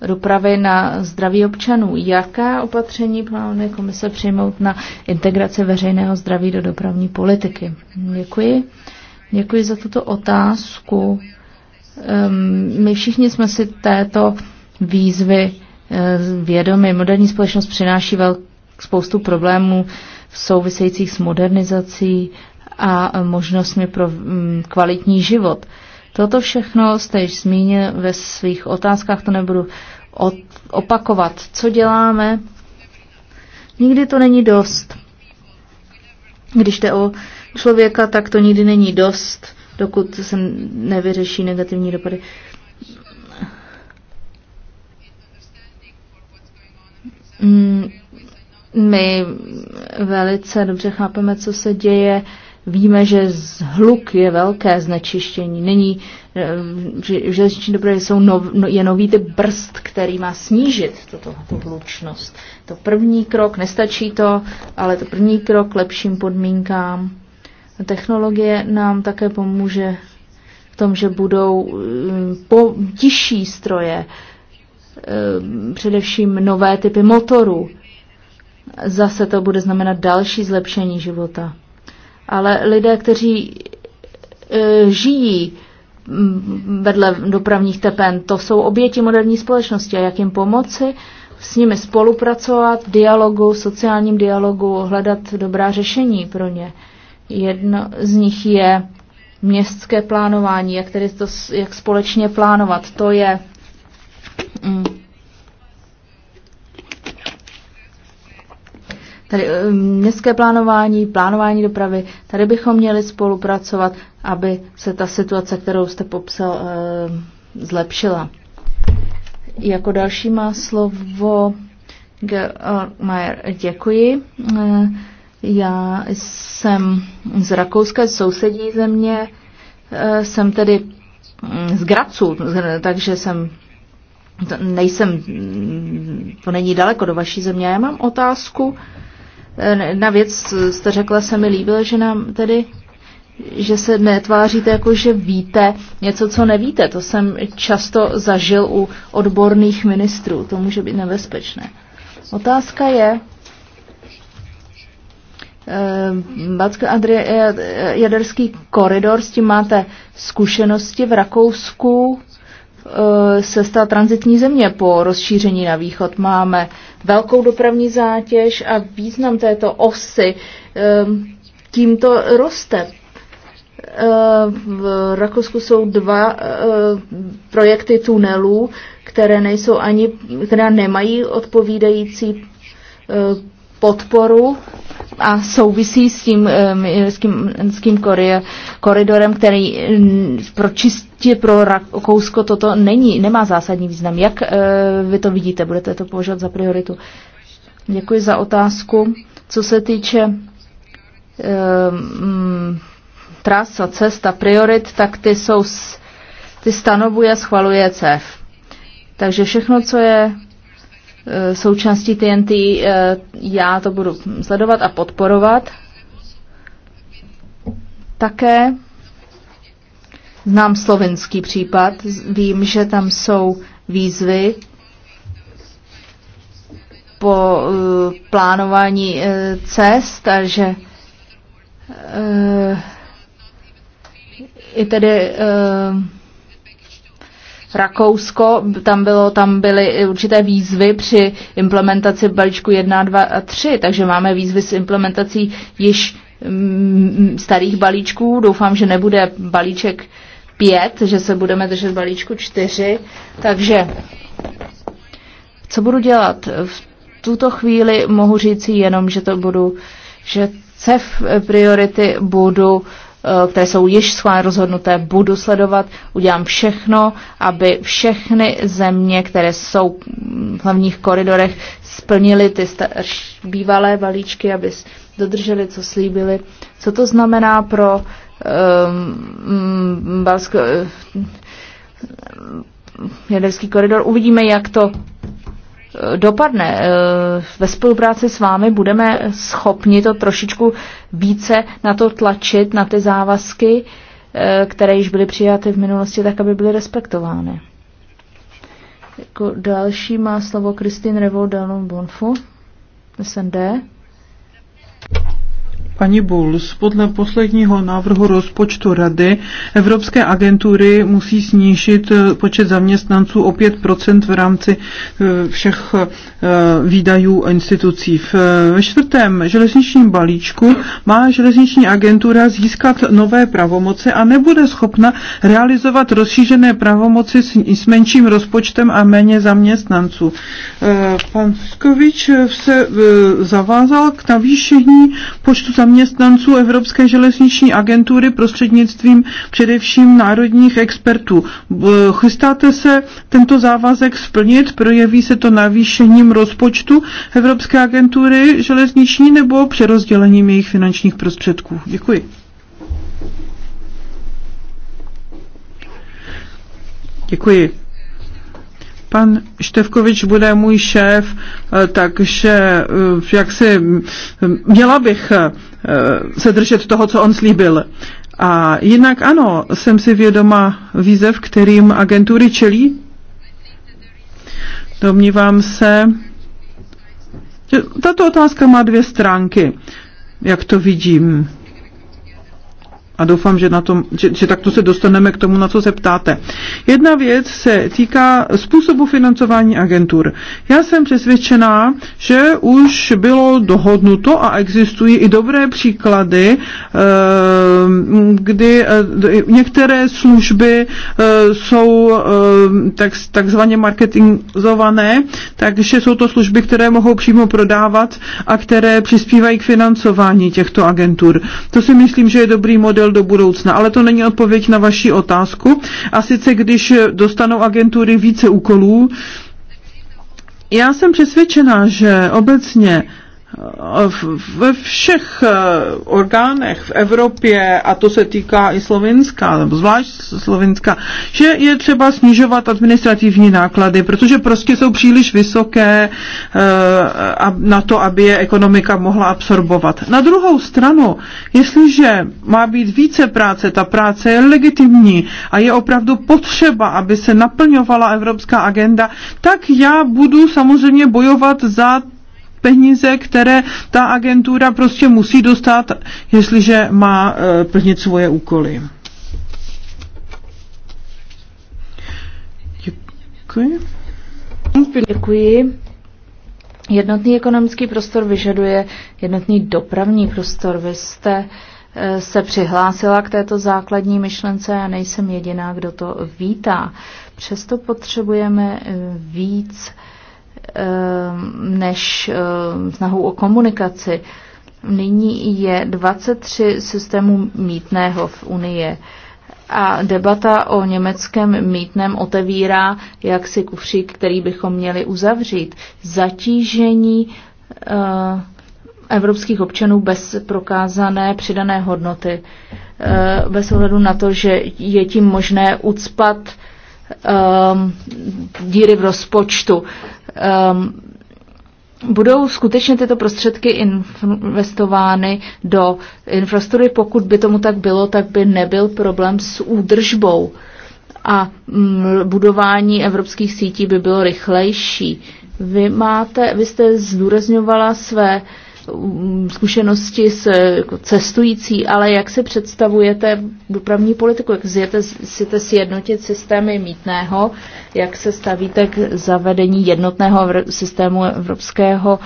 dopravy na zdraví občanů. Jaká opatření plánuje komise přijmout na integraci veřejného zdraví do dopravní politiky? Děkuji. Děkuji za tuto otázku. Ehm, my všichni jsme si této výzvy ehm, vědomi. Moderní společnost přináší velkou spoustu problémů souvisejících s modernizací a ehm, možnostmi pro kvalitní život. Toto všechno jste již zmínil ve svých otázkách, to nebudu opakovat. Co děláme? Nikdy to není dost. Když jde o člověka, tak to nikdy není dost dokud se nevyřeší negativní dopady. Mm, my velice dobře chápeme, co se děje. Víme, že hluk je velké znečištění. Není, eh, že železniční dopravy jsou nov, no, je nový typ brzd, který má snížit toto, hlučnost. To první krok, nestačí to, ale to první krok k lepším podmínkám Technologie nám také pomůže v tom, že budou eh, po, tižší stroje, eh, především nové typy motorů. Zase to bude znamenat další zlepšení života. Ale lidé, kteří eh, žijí mm, vedle dopravních tepen, to jsou oběti moderní společnosti a jak jim pomoci, s nimi spolupracovat, dialogu, sociálním dialogu, hledat dobrá řešení pro ně. Jedno z nich je městské plánování, jak, tedy to, jak společně plánovat. To je mm, tady mm, městské plánování, plánování dopravy, tady bychom měli spolupracovat, aby se ta situace, kterou jste popsal, eh, zlepšila. Jako další má slovo Mayer. Děkuji. Eh, já jsem z Rakouska, z sousední země, eh, jsem tedy mm, z Gracu, takže jsem nejsem, mm, to není daleko do vaší země. Já mám otázku eh, na věc, jste řekla, se mi líbilo, že nám tedy že se netváříte jako, že víte něco, co nevíte. To jsem často zažil u odborných ministrů. To může být nebezpečné. Otázka je, Eh, Andrie, eh, jaderský koridor, s tím máte zkušenosti v Rakousku, eh, se stala transitní země po rozšíření na východ. Máme velkou dopravní zátěž a význam této osy tímto roste. V Rakousku jsou dva projekty tunelů, které nejsou ani, které nemají odpovídající podporu a souvisí s tím eh, irským koridorem, který mm, pro čistě pro Rakousko toto není, nemá zásadní význam. Jak eh, vy to vidíte? Budete to považovat za prioritu? Děkuji za otázku. Co se týče um, tras a cest a priorit, tak ty jsou ty stanovuje, schvaluje CEF. Takže všechno, co je Eh, součástí TNT. Eh, já to budu sledovat a podporovat. Také znám slovenský případ. Vím, že tam jsou výzvy po eh, plánování cest, takže i tedy Rakousko, tam, bylo, tam byly určité výzvy při implementaci balíčku 1, 2 a 3, takže máme výzvy s implementací již mm, starých balíčků. Doufám, že nebude balíček 5, že se budeme držet balíčku 4. Takže co budu dělat? V tuto chvíli mohu říct jenom, že to budu, že CEF priority budu Eh, které jsou již schválně rozhodnuté, budu sledovat, udělám všechno, aby všechny země, které jsou v hlavních koridorech, splnily ty bývalé balíčky, aby dodrželi, co slíbili. Co to znamená pro um, Balsko, eh, jaderský koridor? Uvidíme, jak to Eh, dopadne. Eh, ve spolupráci s vámi budeme schopni to trošičku více na to tlačit, na ty závazky, eh, které již byly přijaty v minulosti, tak aby byly respektovány. Jako další má slovo Kristin Revo Dalon Bonfu, SND. Pani Bulls, podle posledního návrhu rozpočtu Rady evropské agentury musí snížit eh, počet zaměstnanců o 5 v rámci eh, všech eh, výdajů institucí. Ve čtvrtém železničním balíčku má železniční agentura získat nové pravomoci a nebude schopna realizovat rozšířené pravomoci s menším rozpočtem a méně zaměstnanců. Pan Skovič se zavázal k navýšení počtu zaměstnanců zaměstnanců Evropské železniční agentury prostřednictvím především národních expertů. Chystáte se tento závazek splnit? Projeví se to navýšením rozpočtu Evropské agentury železniční nebo přerozdělením jejich finančních prostředků? Děkuji. Děkuji pan Števkovič bude můj šéf, eh, takže eh, jak si měla bych eh, se držet toho, co on slíbil. A jinak ano, jsem si vědoma výzev, kterým agentury čelí. Domnívám se, tato otázka má dvě stránky, jak to vidím a doufám, že, na tom, že, že takto se dostaneme k tomu, na co se ptáte. Jedna věc se týká způsobu financování agentur. Já jsem přesvědčená, že už bylo dohodnuto a existují i dobré příklady, eh, kdy eh, některé služby eh, jsou tak, takzvaně marketingzované, takže jsou to služby, které mohou přímo prodávat a které přispívají k financování těchto agentur. To si myslím, že je dobrý model viděl do budoucna. Ale to není odpověď na vaši otázku. A sice, když dostanou agentury více úkolů, já jsem přesvědčená, že obecně ve všech eh, orgánech v Evropě, a to se týká i Slovenska, nebo zvlášť Slovenska, že je třeba snižovat administrativní náklady, protože prostě jsou příliš vysoké eh, na to, aby je ekonomika mohla absorbovat. Na druhou stranu, jestliže má být více práce, ta práce je legitimní a je opravdu potřeba, aby se naplňovala evropská agenda, tak já budu samozřejmě bojovat za peníze, které ta agentura prostě musí dostat, jestliže má e, plnit svoje úkoly. Děkuji. Děkuji. Jednotný ekonomický prostor vyžaduje jednotný dopravní prostor. Vy jste e, se přihlásila k této základní myšlence a nejsem jediná, kdo to vítá. Přesto potřebujeme e, víc uh, Um, než um, snahou o komunikaci. Nyní je 23 systémů mítného v Unii a debata o německém mítném otevírá jaksi kufřík, který bychom měli uzavřít. Zatížení uh, evropských občanů bez prokázané přidané hodnoty, uh, bez ohledu na to, že je tím možné ucpat um, díry v rozpočtu. Um, budou skutečně tyto prostředky investovány do infrastruktury? Pokud by tomu tak bylo, tak by nebyl problém s údržbou a mm, budování evropských sítí by bylo rychlejší. Vy, máte, vy jste zdůrazňovala své uh, Mm, zkušenosti s jako, cestující, ale jak si představujete dopravní politiku, jak chcete sjednotit systémy mítného, jak se stavíte k zavedení jednotného systému evropského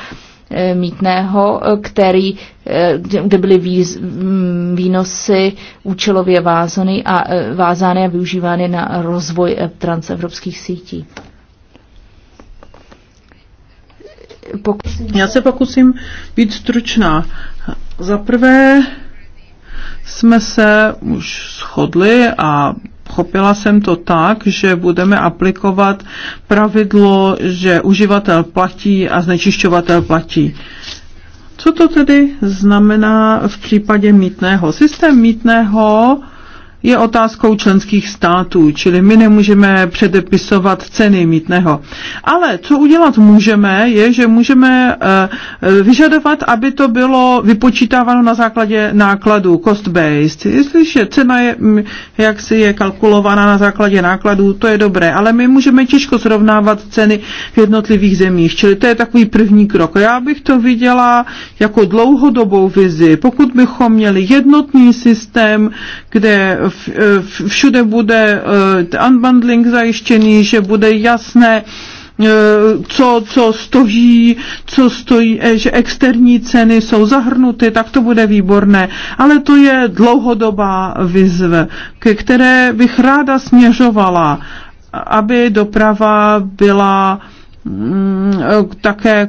eh, mítného, eh, který, eh, kde byly výz, mm, výnosy účelově vázány a, vázány a využívány na rozvoj transevropských sítí. pokusím. Já se pokusím být stručná. Za prvé jsme se už shodli a pochopila jsem to tak, že budeme aplikovat pravidlo, že uživatel platí a znečišťovatel platí. Co to tedy znamená v případě mítného? Systém mítného je otázkou členských států, čili my nemůžeme předepisovat ceny mítného. Ale co udělat můžeme, je, že můžeme eh, vyžadovat, aby to bylo vypočítáváno na základě nákladů, cost-based. Jestliže cena je, mm, jak si je kalkulovaná na základě nákladů, to je dobré, ale my můžeme těžko srovnávat ceny v jednotlivých zemích, čili to je takový první krok. Já bych to viděla jako dlouhodobou vizi. Pokud bychom měli jednotný systém, kde Eh, všude bude eh, unbundling zajištěný, že bude jasné, eh, co, co stojí, co stojí, že externí ceny jsou zahrnuty, tak to bude výborné. Ale to je dlouhodobá výzva, ke které bych ráda směřovala, aby doprava byla Mm, také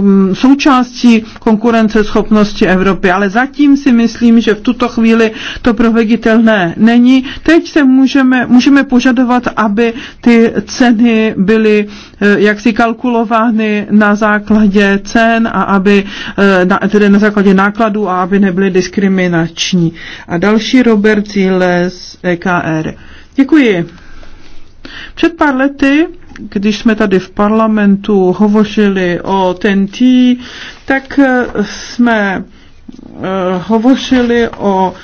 mm, součástí konkurenceschopnosti Evropy, ale zatím si myslím, že v tuto chvíli to proveditelné není. Teď se můžeme, můžeme požadovat, aby ty ceny byly eh, jaksi kalkulovány na základě cen a aby eh, na, tedy na základě nákladů a aby nebyly diskriminační. A další Robert Zíle z EKR. Děkuji. Před pár lety když jsme tady v parlamentu hovořili o TNT, tak eh, jsme eh, hovořili o,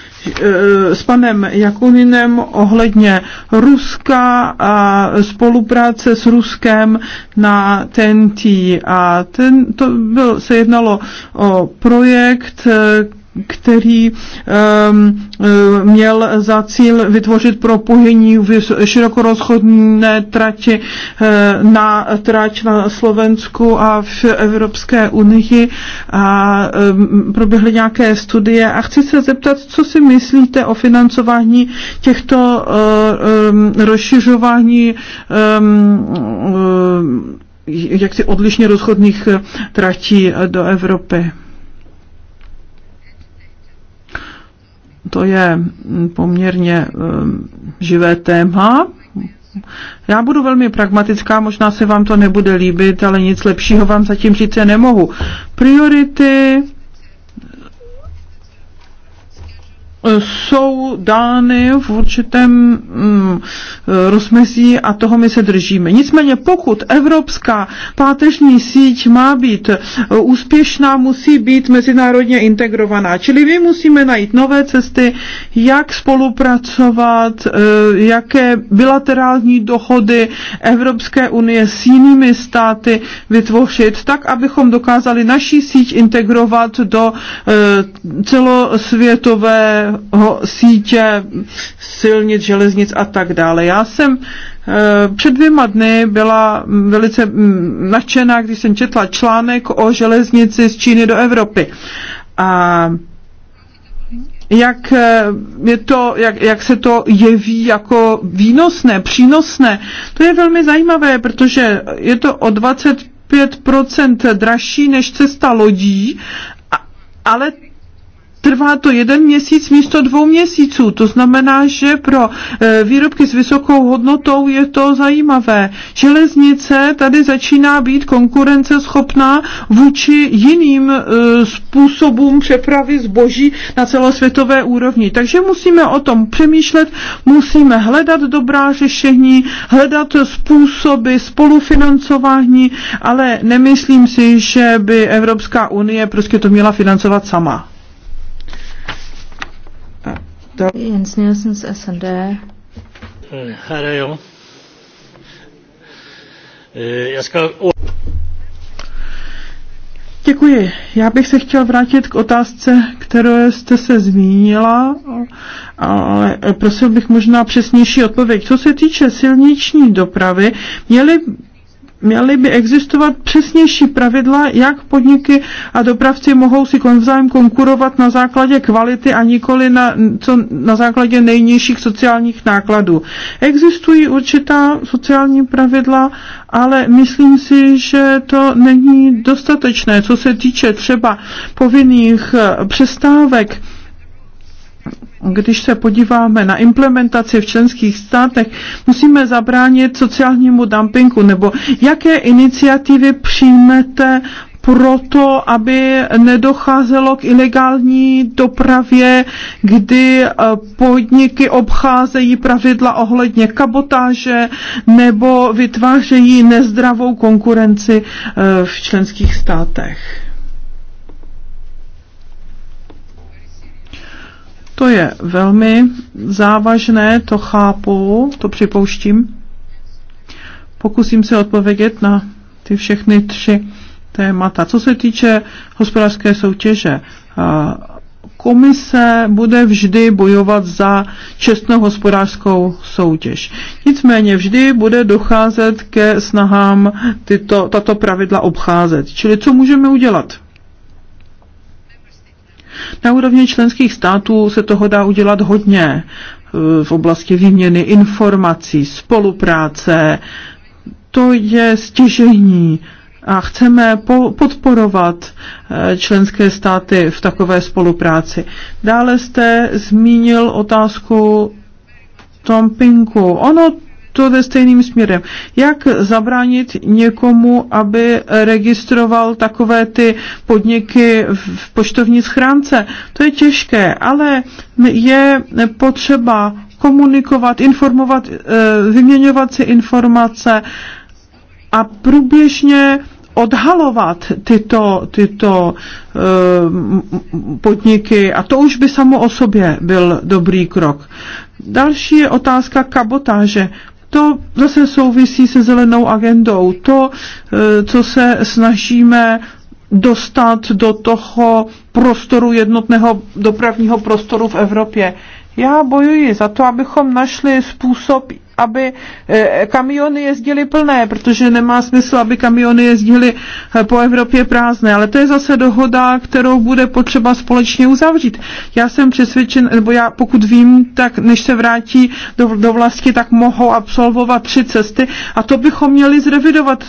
eh, s panem Jakuninem ohledně Ruska a spolupráce s Ruskem na TNT. A ten, to byl, se jednalo o projekt, který um, měl za cíl vytvořit propojení v širokorozchodné trati eh, na trať na Slovensku a v Evropské unii a um, proběhly nějaké studie a chci se zeptat, co si myslíte o financování těchto um, rozšiřování um, jaksi odlišně rozchodných tratí do Evropy. to je poměrně eh, živé téma. Já budu velmi pragmatická, možná se vám to nebude líbit, ale nic lepšího vám zatím říct nemohu. Priority jsou dány v určitém mm, rozmezí a toho my se držíme. Nicméně pokud evropská páteřní síť má být eh, úspěšná, musí být mezinárodně integrovaná. Čili my musíme najít nové cesty, jak spolupracovat, eh, jaké bilaterální dohody Evropské unie s jinými státy vytvořit, tak, abychom dokázali naší síť integrovat do eh, celosvětové ho sítě silnic, železnic a tak dále. Já jsem eh, před dvěma dny byla velice mm, nadšená, když jsem četla článek o železnici z Číny do Evropy. A jak, eh, je to, jak, jak se to jeví jako výnosné, přínosné. To je velmi zajímavé, protože je to o 25% dražší než cesta lodí, ale trvá to jeden měsíc místo dvou měsíců. To znamená, že pro e, výrobky s vysokou hodnotou je to zajímavé. Železnice tady začíná být konkurenceschopná vůči jiným e, způsobům přepravy zboží na celosvětové úrovni. Takže musíme o tom přemýšlet, musíme hledat dobrá řešení, hledat způsoby spolufinancování, ale nemyslím si, že by Evropská unie prostě to měla financovat sama. Jens Nielsen SND. Her eh, er jag. Eh, Jeg skal... Děkuji. Já bych se chtěl vrátit k otázce, kterou jste se zmínila, ale prosil bych možná přesnější odpověď. Co se týče silniční dopravy, měli měly by existovat přesnější pravidla, jak podniky a dopravci mohou si konzájem konkurovat na základě kvality a nikoli na, co, na základě nejnižších sociálních nákladů. Existují určitá sociální pravidla, ale myslím si, že to není dostatečné, co se týče třeba povinných eh, přestávek když se podíváme na implementaci v členských státech, musíme zabránit sociálnímu dumpingu, nebo jaké iniciativy přijmete proto, aby nedocházelo k ilegální dopravě, kdy eh, podniky obcházejí pravidla ohledně kabotáže nebo vytvářejí nezdravou konkurenci eh, v členských státech. To je velmi závažné, to chápu, to připouštím. Pokusím se odpovědět na ty všechny tři témata. Co se týče hospodářské soutěže, komise bude vždy bojovat za čestnou hospodářskou soutěž. Nicméně vždy bude docházet ke snahám tyto, tato pravidla obcházet. Čili co můžeme udělat? Na úrovni členských států se toho dá udělat hodně eh, v oblasti výměny informací, spolupráce. To je stěžení a chceme po- podporovat eh, členské státy v takové spolupráci. Dále jste zmínil otázku dumpingu. Ono to jde stejným směrem. Jak zabránit někomu, aby registroval takové ty podniky v poštovní schránce? To je těžké, ale je potřeba komunikovat, informovat, eh, vyměňovat si informace a průběžně odhalovat tyto, tyto eh, podniky a to už by samo o sobě byl dobrý krok. Další je otázka kabotáže. To zase souvisí se zelenou agendou. To, eh, co se snažíme dostat do toho prostoru jednotného dopravního prostoru v Evropě. Já bojuji za to, abychom našli způsob, aby eh, kamiony jezdily plné, protože nemá smysl, aby kamiony jezdily eh, po Evropě prázdné. Ale to je zase dohoda, kterou bude potřeba společně uzavřít. Já jsem přesvědčen, nebo já pokud vím, tak než se vrátí do, do vlasti, tak mohou absolvovat tři cesty a to bychom měli zrevidovat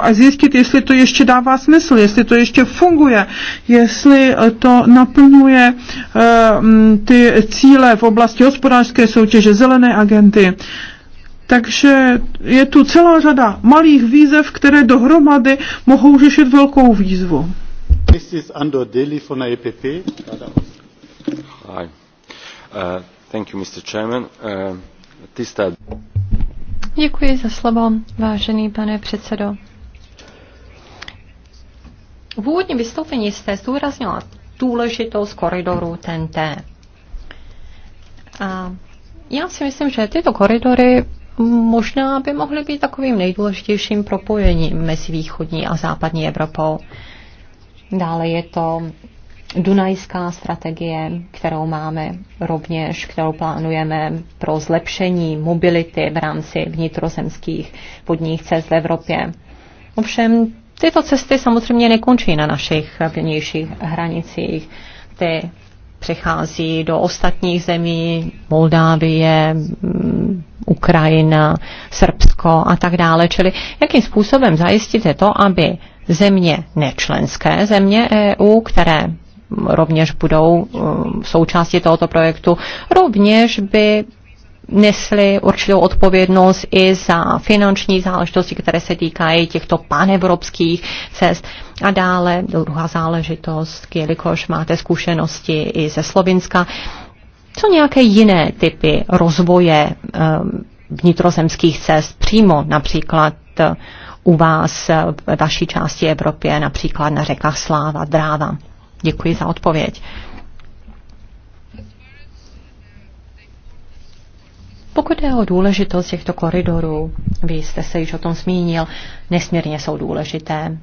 a zjistit, jestli to ještě dává smysl, jestli to ještě funguje, jestli eh, to naplňuje ty cíle v oblasti hospodářské soutěže, zelené agenty. Takže je tu celá řada malých výzev, které dohromady mohou řešit velkou výzvu. is Andor Daly from EPP. Hi. Uh, thank you, Mr. Chairman. Uh, tisztelt. Děkuji za slovo, vážený pane předsedo. V úvodním vystoupení jste zdůraznila důležitost koridoru TNT. A já si myslím, že tyto koridory možná by mohly být takovým nejdůležitějším propojením mezi východní a západní Evropou. Dále je to Dunajská strategie, kterou máme rovněž, kterou plánujeme pro zlepšení mobility v rámci vnitrozemských vodních cest v Evropě. Ovšem, tyto cesty samozřejmě nekončí na našich vnějších hranicích. Ty přechází do ostatních zemí, Moldávie, mm, Ukrajina, Srbsko a tak dále. Čili jakým způsobem zajistíte to, aby země nečlenské, země EU, které rovněž budou mm, součástí tohoto projektu, rovněž by nesli určitou odpovědnost i za finanční záležitosti, které se týkají těchto panevropských cest. A dále druhá záležitost, jelikož máte zkušenosti i ze Slovinska, co nějaké jiné typy rozvoje ehm, vnitrozemských cest přímo například eh, u vás eh, ve vaší části Evropě, například na řekách Sláva, Dráva? Děkuji za odpověď. Pokud je o důležitost těchto koridorů, vy jste se již o tom zmínil, nesmírně jsou důležité.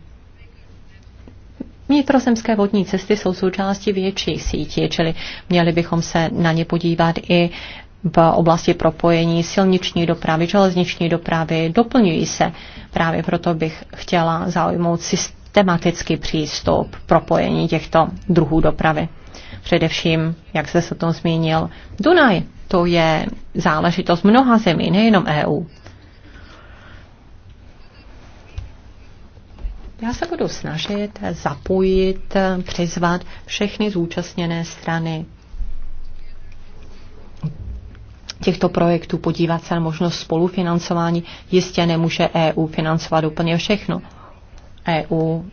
Vnitrozemské vodní cesty jsou součástí větší sítě, čili měli bychom se na ně podívat i v oblasti propojení silniční dopravy, železniční dopravy, doplňují se. Právě proto bych chtěla zaujmout systematický přístup propojení těchto druhů dopravy. Především, jak jste se o tom zmínil, Dunaj to je záležitost mnoha zemí, nejenom EU. Já se budu snažit zapojit, přizvat všechny zúčastněné strany těchto projektů, podívat se na možnost spolufinancování. Jistě nemůže EU financovat úplně všechno. EU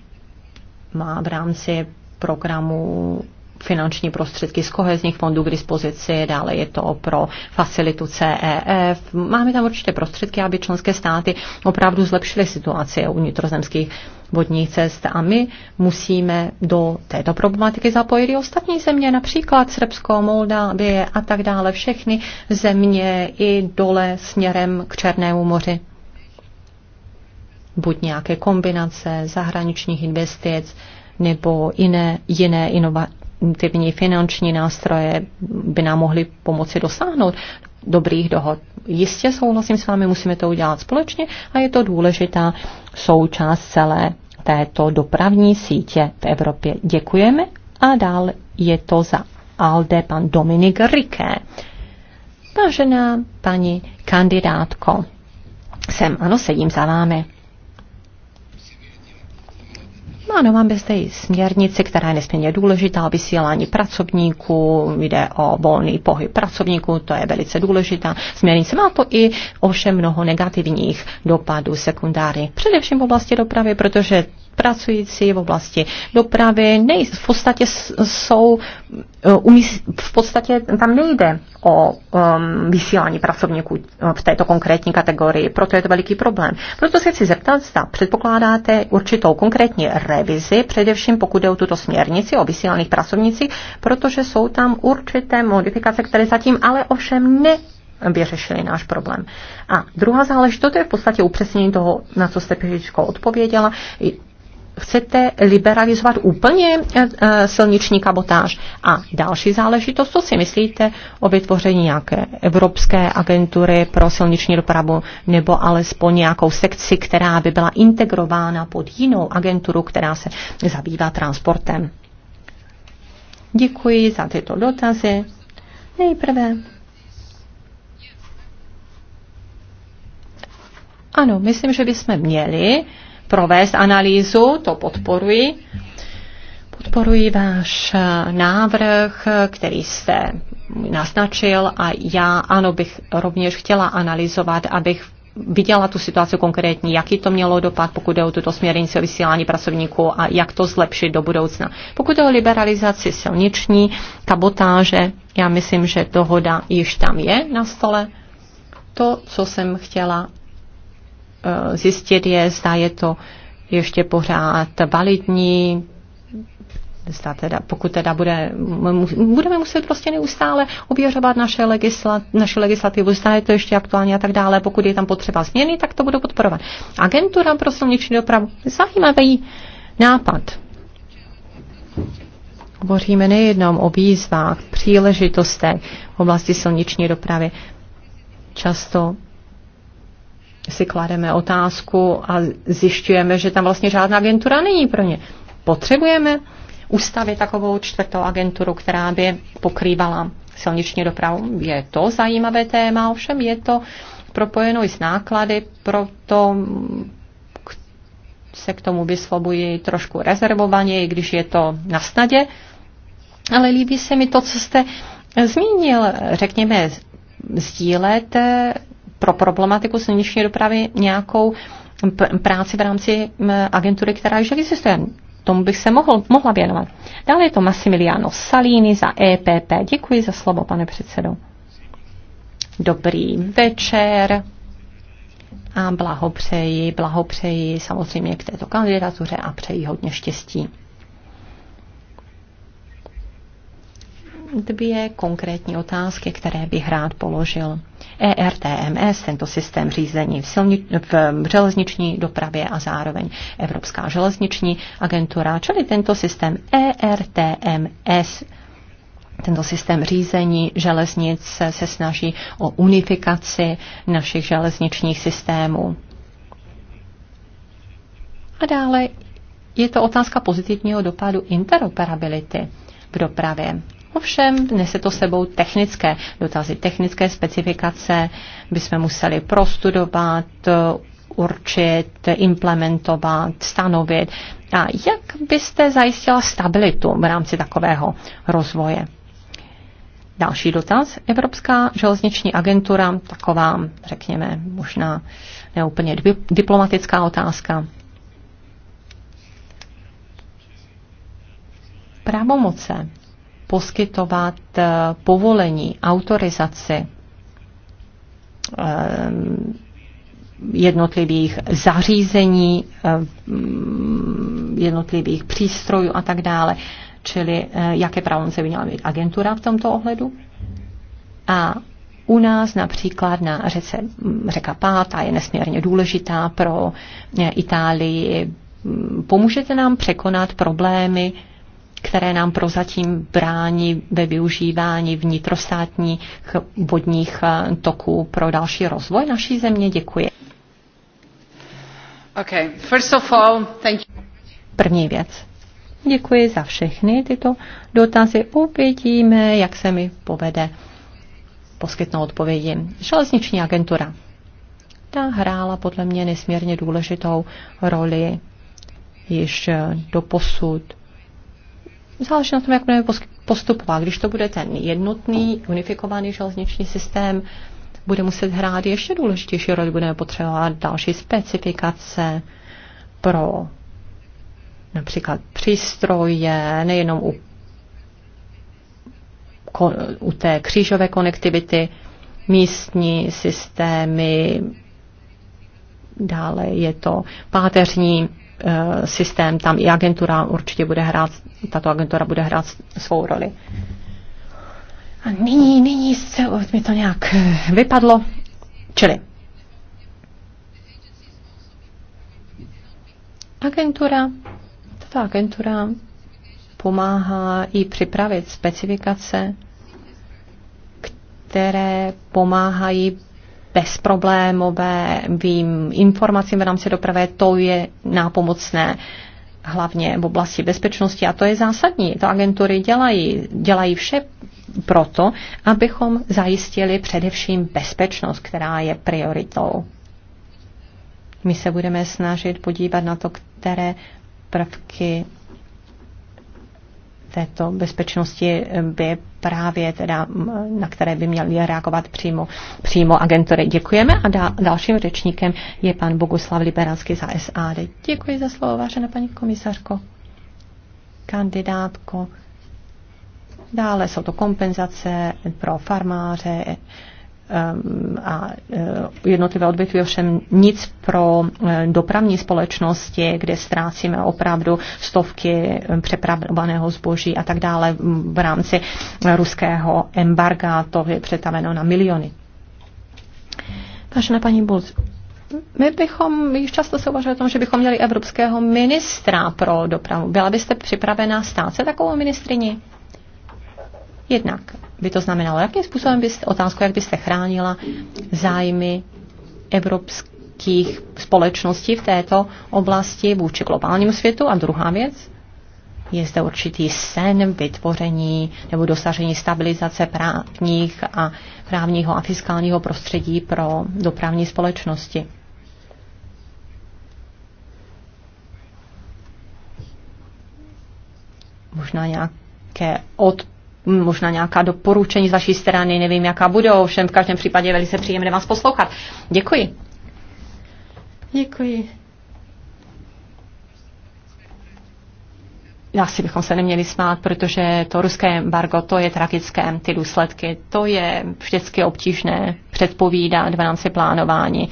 má v rámci programu finanční prostředky z kohezních fondů k dispozici, dále je to pro facilitu CEF. Máme tam určitě prostředky, aby členské státy opravdu zlepšily situaci u vnitrozemských vodních cest a my musíme do této problematiky zapojit i ostatní země, například Srbsko, Moldávie a tak dále, všechny země i dole směrem k Černému moři. Buď nějaké kombinace zahraničních investic nebo jiné, jiné inova, efektivní finanční nástroje by nám mohly pomoci dosáhnout dobrých dohod. Jistě souhlasím s vámi, musíme to udělat společně a je to důležitá součást celé této dopravní sítě v Evropě. Děkujeme a dál je to za ALDE pan Dominik Riké. Vážená paní kandidátko, jsem, ano, sedím za vámi. Ano, máme zde i směrnici, která je nesmírně důležitá, vysílání pracovníků, jde o volný pohyb pracovníků, to je velice důležitá směrnice. Má to i ovšem mnoho negativních dopadů sekundáry, především v oblasti dopravy, protože pracující v oblasti dopravy, nej, v podstatě jsou, eh, v podstatě tam nejde o um, vysílání pracovníků eh, v této konkrétní kategorii, proto je to veliký problém. Proto se chci zeptat, zda předpokládáte určitou konkrétní revizi, především pokud jde o tuto směrnici o vysílaných pracovnicích, protože jsou tam určité modifikace, které zatím ale ovšem ne vyřešili náš problém. A druhá záležitost, to je v podstatě upřesnění toho, na co jste Pěžičko odpověděla chcete liberalizovat úplně eh, eh, silniční kabotáž. A další záležitost, co si myslíte o vytvoření nějaké evropské agentury pro silniční dopravu nebo alespoň nějakou sekci, která by byla integrována pod jinou agenturu, která se zabývá transportem. Děkuji za tyto dotazy. Nejprve Ano, myslím, že bychom měli provést analýzu, to podporuji. Podporuji váš eh, návrh, který jste naznačil a já ano bych rovněž chtěla analyzovat, abych viděla tu situaci konkrétní, jaký to mělo dopad, pokud jde o tuto směrnici o vysílání pracovníků a jak to zlepšit do budoucna. Pokud jde o liberalizaci silniční, kabotáže, já myslím, že dohoda již tam je na stole. To, co jsem chtěla Eh, zjistit je, zda je to ještě pořád validní, zda teda, pokud teda bude, budeme muset prostě neustále ověřovat naše, legislat, naše legislativu, zda je to ještě aktuální a tak dále. Pokud je tam potřeba změny, tak to budu podporovat. Agentura pro silniční dopravu, zajímavý nápad. Hovoříme nejednou o výzvách, příležitostech v oblasti silniční dopravy. Často si klademe otázku a zjišťujeme, že tam vlastně žádná agentura není pro ně. Potřebujeme ustavit takovou čtvrtou agenturu, která by pokrývala silniční dopravu. Je to zajímavé téma, ovšem je to propojeno i s náklady, proto se k tomu vyslobuji trošku rezervovaně, i když je to na snadě. Ale líbí se mi to, co jste zmínil, řekněme, sdílet pro problematiku silniční dopravy nějakou práci v rámci agentury, která již existuje. Tomu bych se mohl, mohla věnovat. Dále je to Massimiliano Salini za EPP. Děkuji za slovo, pane předsedo. Dobrý večer a blahopřeji, blahopřeji samozřejmě k této kandidatuře a přeji hodně štěstí. Dvě konkrétní otázky, které bych rád položil. ERTMS, tento systém řízení v, silni, v železniční dopravě a zároveň Evropská železniční agentura, čili tento systém ERTMS tento systém řízení železnic se snaží o unifikaci našich železničních systémů. A dále je to otázka pozitivního dopadu interoperability v dopravě. Ovšem nese to sebou technické dotazy, technické specifikace, bychom museli prostudovat, určit, implementovat, stanovit. A jak byste zajistila stabilitu v rámci takového rozvoje? Další dotaz. Evropská železniční agentura, taková, řekněme, možná neúplně diplomatická otázka. Právomoce poskytovat eh, povolení, autorizaci eh, jednotlivých zařízení, eh, mm, jednotlivých přístrojů a tak dále. Čili jaké pravomoce by měla mít agentura v tomto ohledu? A u nás například na řece, mm, řeka Páta je nesmírně důležitá pro Itálii. Mm, pomůžete nám překonat problémy, které nám prozatím brání ve využívání vnitrostátních vodních eh, toků pro další rozvoj naší země. Děkuji. Okay. First of all, thank you. První věc. Děkuji za všechny tyto dotazy. Uvidíme, jak se mi povede poskytnout odpovědi. Železniční agentura. Ta hrála podle mě nesmírně důležitou roli již do posud záleží na tom, jak budeme postupovat. Když to bude ten jednotný, unifikovaný železniční systém, bude muset hrát ještě důležitější roli, budeme potřebovat další specifikace pro například přístroje, nejenom u, u té křížové konektivity, místní systémy, dále je to páteřní Eh, systém, tam i agentura určitě bude hrát, tato agentura bude hrát svou roli. A nyní, nyní se, mi to nějak eh, vypadlo, čili agentura, tato agentura pomáhá i připravit specifikace, které pomáhají bezproblémové vím informacím v rámci dopravy, to je nápomocné hlavně v oblasti bezpečnosti a to je zásadní. To agentury dělají, dělají vše proto, abychom zajistili především bezpečnost, která je prioritou. My se budeme snažit podívat na to, které prvky této bezpečnosti by právě teda, na které by měly reagovat přímo, přímo agentury. Děkujeme a dalším řečníkem je pan Boguslav Liberalský za SAD. Děkuji za slovo, vážená paní komisařko, kandidátko. Dále jsou to kompenzace pro farmáře, Ehm, a eh, jednotlivé odvětví ovšem nic pro eh, dopravní společnosti, kde ztrácíme opravdu stovky eh, přepravovaného zboží a tak dále v rámci ruského embarga, to je přetaveno na miliony. Vážená paní Bulc, my bychom, již často se uvažuje o tom, že bychom měli evropského ministra pro dopravu. Byla byste připravená stát se takovou ministrině? Jednak by to znamenalo, jakým způsobem byste, otázku, jak byste chránila zájmy evropských společností v této oblasti vůči globálnímu světu. A druhá věc, je zde určitý sen vytvoření nebo dosažení stabilizace právních a právního a fiskálního prostředí pro dopravní společnosti. Možná nějaké od, možná nějaká doporučení z vaší strany, nevím, jaká budou, všem v každém případě je velice příjemné vás poslouchat. Děkuji. Děkuji. asi bychom se neměli smát, protože to ruské embargo, to je tragické, ty důsledky, to je vždycky obtížné předpovídat v rámci plánování.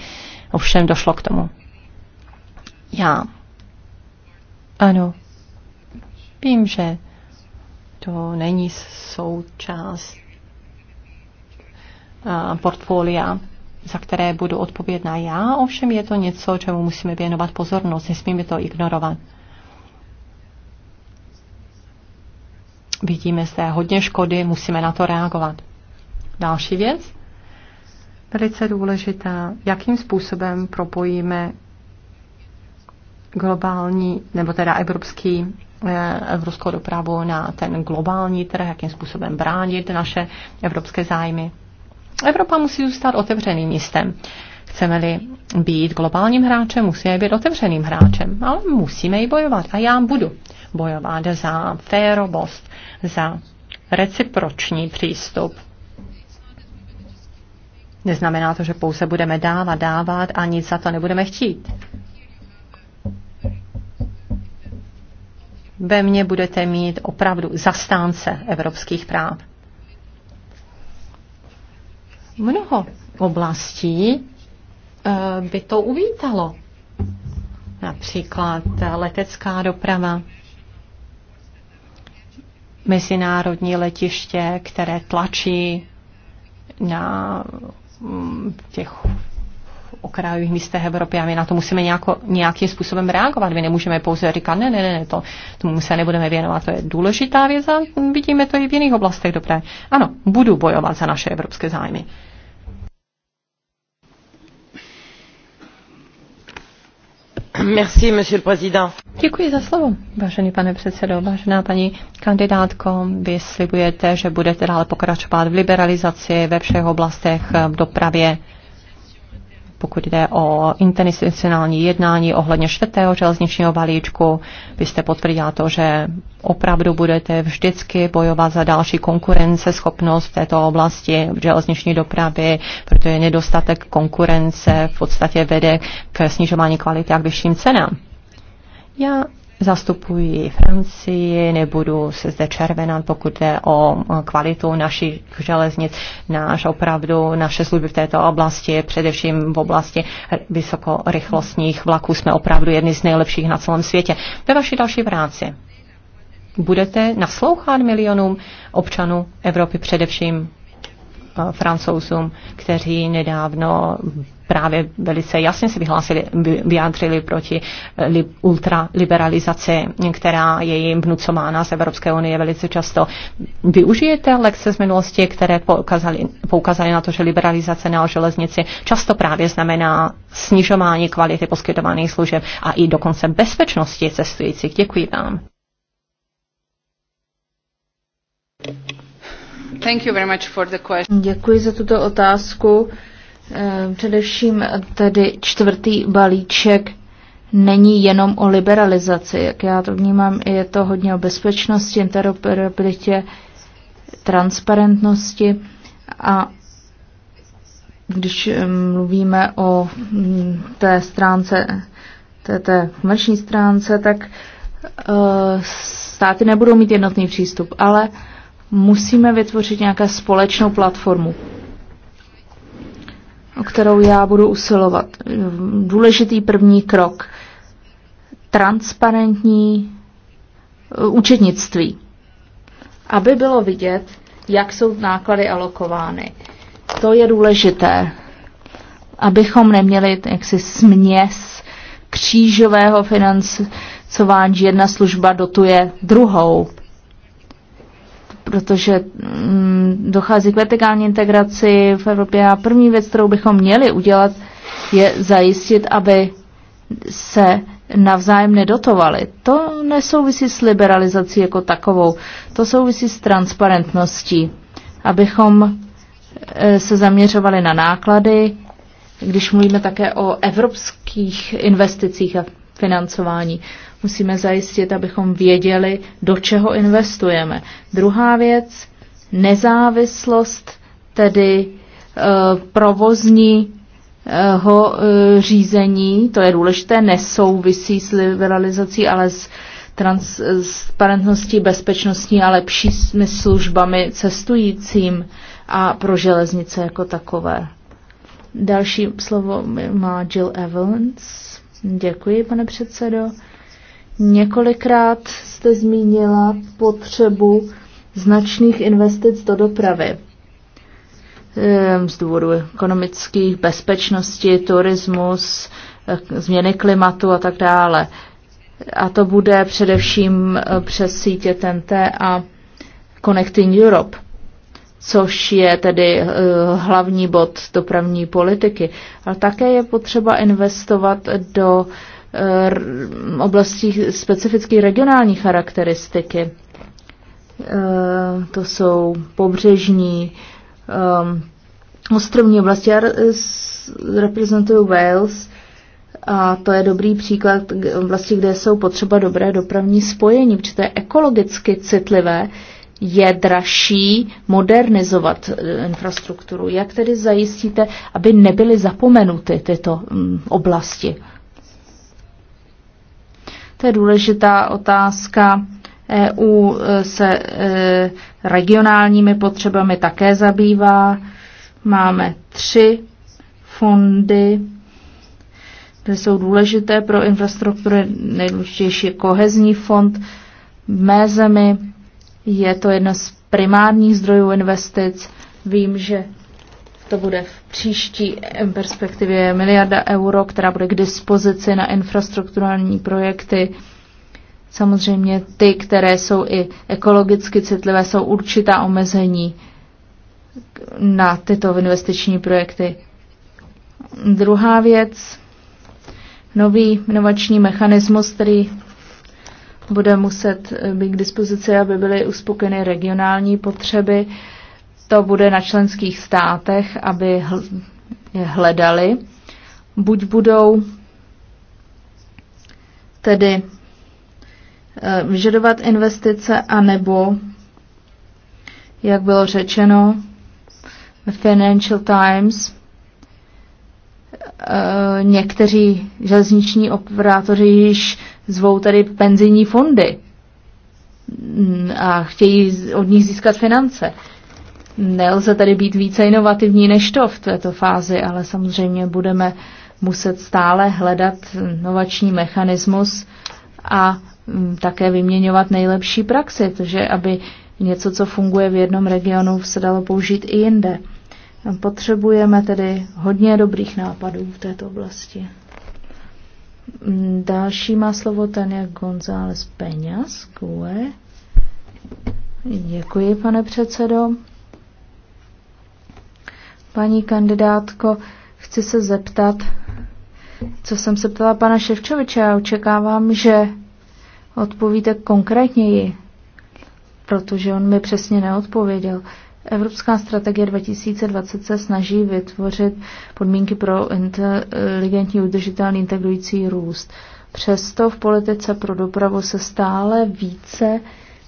Ovšem došlo k tomu. Já. Ano. Vím, že to není součást eh, portfolia, za které budu odpovědná já, ovšem je to něco, čemu musíme věnovat pozornost, nesmíme to ignorovat. Vidíme zde hodně škody, musíme na to reagovat. Další věc, velice důležitá, jakým způsobem propojíme globální nebo teda evropský Eh, evropskou dopravu na ten globální trh, jakým způsobem bránit naše evropské zájmy. Evropa musí zůstat otevřeným místem. Chceme-li být globálním hráčem, musíme být otevřeným hráčem, ale musíme i bojovat. A já budu bojovat za férovost, za reciproční přístup. Neznamená to, že pouze budeme dávat, dávat a nic za to nebudeme chtít. ve mně budete mít opravdu zastánce evropských práv. Mnoho oblastí eh, by to uvítalo. Například letecká doprava, mezinárodní letiště, které tlačí na mm, těch okrajových místech Evropy a my na to musíme nějako, nějakým způsobem reagovat. My nemůžeme pouze říkat, ne, ne, ne, to, tomu se nebudeme věnovat, to je důležitá věc a vidíme to i v jiných oblastech. Dobré, ano, budu bojovat za naše evropské zájmy. Merci, monsieur le président. Děkuji za slovo, vážený pane předsedo, vážená paní kandidátko. Vy slibujete, že budete dále pokračovat v liberalizaci ve všech oblastech v dopravě pokud jde o interinstitucionální jednání ohledně čtvrtého železničního balíčku. byste potvrdila to, že opravdu budete vždycky bojovat za další konkurenceschopnost v této oblasti v železniční dopravy, protože nedostatek konkurence v podstatě vede k snižování kvality a k vyšším cenám. Já zastupuji Francii, nebudu se zde červenat, pokud jde o kvalitu našich železnic, náš opravdu, naše služby v této oblasti, především v oblasti vysokorychlostních vlaků, jsme opravdu jedni z nejlepších na celém světě. Ve vaší další práci budete naslouchat milionům občanů Evropy, především e, francouzům, kteří nedávno právě velice jasně se vyhlásili, vyjádřili proti eh, li, ultraliberalizaci, která je jim vnucována z Evropské unie velice často. Využijete lekce z minulosti, které poukazali, poukazali na to, že liberalizace na železnici často právě znamená snižování kvality poskytovaných služeb a i dokonce bezpečnosti cestujících. Děkuji vám. Thank you very much for the question. Děkuji za tuto otázku. Eh, především tedy čtvrtý balíček není jenom o liberalizaci, jak já to vnímám, je to hodně o bezpečnosti, interoperabilitě, transparentnosti a když eh, mluvíme o mm, té stránce, té, té komerční stránce, tak eh, státy nebudou mít jednotný přístup, ale musíme vytvořit nějaké společnou platformu o kterou já budu usilovat. Důležitý první krok. Transparentní eh, účetnictví. Aby bylo vidět, jak jsou náklady alokovány. To je důležité, abychom neměli jaksi směs křížového financování, že jedna služba dotuje druhou protože mm, dochází k vertikální integraci v Evropě a první věc, kterou bychom měli udělat, je zajistit, aby se navzájem nedotovali. To nesouvisí s liberalizací jako takovou, to souvisí s transparentností, abychom e, se zaměřovali na náklady, když mluvíme také o evropských investicích a financování musíme zajistit, abychom věděli, do čeho investujeme. Druhá věc, nezávislost, tedy eh, provozní ho eh, řízení, to je důležité, nesouvisí s liberalizací, ale s transparentností, bezpečností a lepšími službami cestujícím a pro železnice jako takové. Další slovo má Jill Evans. Děkuji, pane předsedo. Několikrát jste zmínila potřebu značných investic do dopravy ehm, z důvodu ekonomických, bezpečnosti, turismus, eh, změny klimatu a tak dále. A to bude především eh, přes sítě TNT a Connecting Europe, což je tedy eh, hlavní bod dopravní politiky. Ale také je potřeba investovat do uh, Eh, oblastí specifických regionální charakteristiky. Eh, to jsou pobřežní, eh, ostrovní oblasti. Já reprezentuju Wales a to je dobrý příklad oblasti, kde jsou potřeba dobré dopravní spojení, protože to je ekologicky citlivé, je dražší modernizovat infrastrukturu. Jak tedy zajistíte, aby nebyly zapomenuty tyto mm, oblasti? To je důležitá otázka. EU e, se e, regionálními potřebami také zabývá. Máme tři fondy, které jsou důležité pro infrastrukturu. Nejdůležitější je kohezní fond. V mé zemi je to jedna z primárních zdrojů investic. Vím, že to bude v příští perspektivě miliarda euro, která bude k dispozici na infrastrukturální projekty. Samozřejmě ty, které jsou i ekologicky citlivé, jsou určitá omezení na tyto investiční projekty. Druhá věc, nový inovační mechanismus, který bude muset být k dispozici, aby byly uspokojeny regionální potřeby. Uh, to bude na členských státech, aby hledali. Buď budou tedy eh, vyžadovat investice, anebo, jak bylo řečeno ve Financial Times, eh, někteří železniční operátoři již zvou tedy penzijní fondy mm, a chtějí od nich získat finance. Nelze tedy být více inovativní než to v této fázi, ale samozřejmě budeme muset stále hledat novační mechanismus a mm, také vyměňovat nejlepší praxi, takže aby něco, co funguje v jednom regionu, se dalo použít i jinde. Potřebujeme tedy hodně dobrých nápadů v této oblasti. Mm, další má slovo Tania González Peňas, Děkuji, pane předsedo. Paní kandidátko, chci se zeptat, co jsem se ptala pana Ševčoviče a očekávám, že odpovíte konkrétněji, protože on mi přesně neodpověděl. Evropská strategie 2020 se snaží vytvořit podmínky pro inteligentní, udržitelný, integrující růst. Přesto v politice pro dopravu se stále více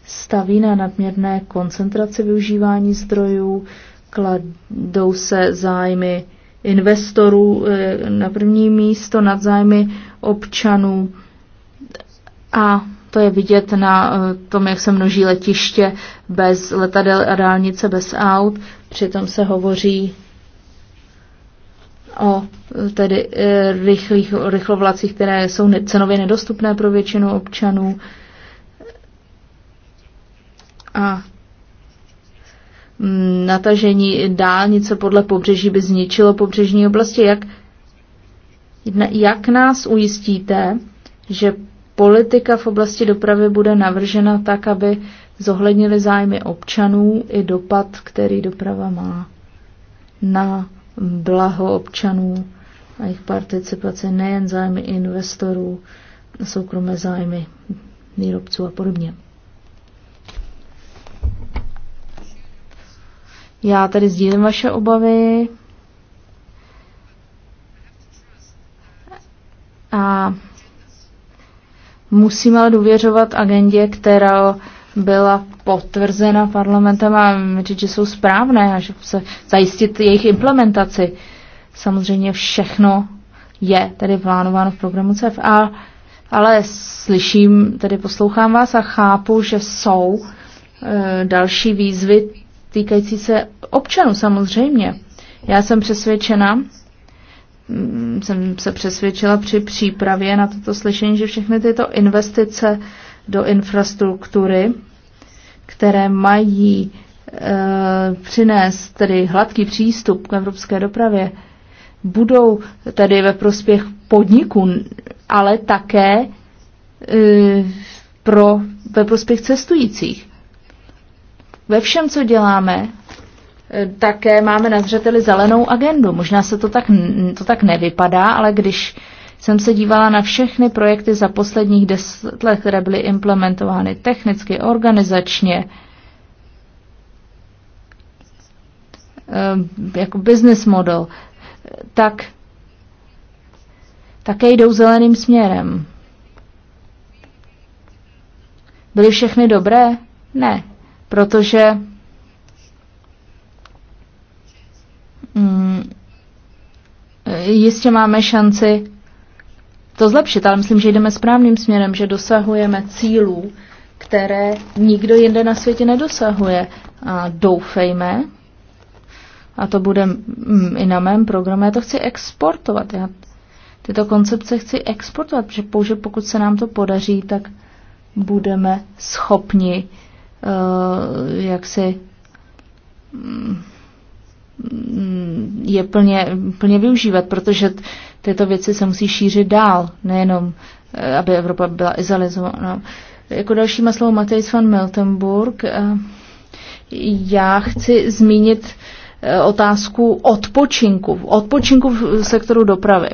staví na nadměrné koncentraci využívání zdrojů, kladou se zájmy investorů eh, na první místo, nad zájmy občanů. A to je vidět na eh, tom, jak se množí letiště bez letadel a dálnice, bez aut. Přitom se hovoří o eh, tedy rychlých, rychlovlacích, které jsou cenově nedostupné pro většinu občanů. A Mm, natažení dálnice podle pobřeží by zničilo pobřežní oblasti. Jak, jak nás ujistíte, že politika v oblasti dopravy bude navržena tak, aby zohlednili zájmy občanů i dopad, který doprava má na blaho občanů a jejich participaci, nejen zájmy investorů, soukromé zájmy výrobců a podobně. Já tedy sdílím vaše obavy. A musíme ale důvěřovat agendě, která byla potvrzena parlamentem a říct, že jsou správné a že se zajistit jejich implementaci. Samozřejmě všechno je tedy plánováno v programu CFA, ale slyším, tedy poslouchám vás a chápu, že jsou e, další výzvy týkající se občanů samozřejmě. Já jsem přesvědčena, mm, jsem se přesvědčila při přípravě na toto slyšení, že všechny tyto investice do infrastruktury, které mají e, přinést tedy hladký přístup k evropské dopravě, budou tedy ve prospěch podniků, ale také e, pro, ve prospěch cestujících ve všem, co děláme, eh, také máme na zřeteli zelenou agendu. Možná se to tak, to tak nevypadá, ale když jsem se dívala na všechny projekty za posledních deset let, které byly implementovány technicky, organizačně, eh, jako business model, tak také jdou zeleným směrem. Byly všechny dobré? Ne protože mm, jistě máme šanci to zlepšit, ale myslím, že jdeme správným směrem, že dosahujeme cílů, které nikdo jinde na světě nedosahuje. A doufejme, a to bude mm, i na mém programu, já to chci exportovat. Já tyto koncepce chci exportovat, protože pokud se nám to podaří, tak budeme schopni uh, Eh, jak si mm, je plně, plně využívat, protože tyto věci se musí šířit dál, nejenom eh, aby Evropa byla izolizována. Jako další slovo Matej van Miltenburg. Eh, já chci zmínit otázku odpočinku, odpočinku v sektoru dopravy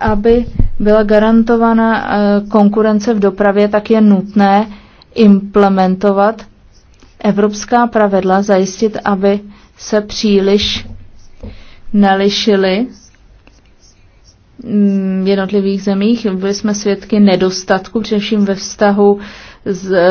aby byla garantována eh, konkurence v dopravě, tak je nutné implementovat evropská pravidla, zajistit, aby se příliš nelišily mm, jednotlivých zemích. Byli jsme svědky nedostatku, především ve vztahu z e,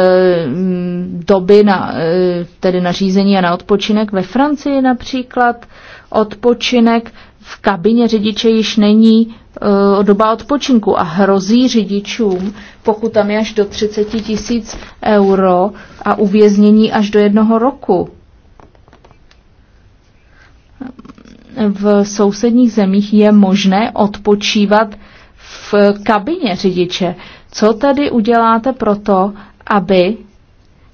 doby na, e, tedy na řízení a na odpočinek. Ve Francii například odpočinek v kabině řidiče již není Eh, doba odpočinku a hrozí řidičům, pokud tam je až do 30 tisíc euro a uvěznění až do jednoho roku. V sousedních zemích je možné odpočívat v kabině řidiče. Co tedy uděláte proto, aby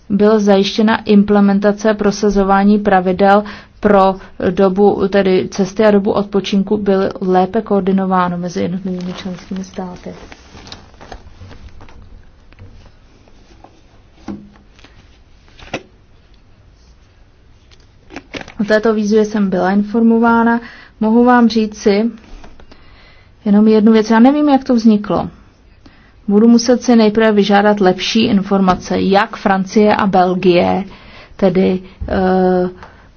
byla zajištěna implementace prosazování pravidel pro dobu, tedy cesty a dobu odpočinku byl lépe koordinováno mezi jednotlivými členskými státy. O této výzvě jsem byla informována. Mohu vám říci jenom jednu věc. Já nevím, jak to vzniklo. Budu muset si nejprve vyžádat lepší informace, jak Francie a Belgie tedy uh, eh,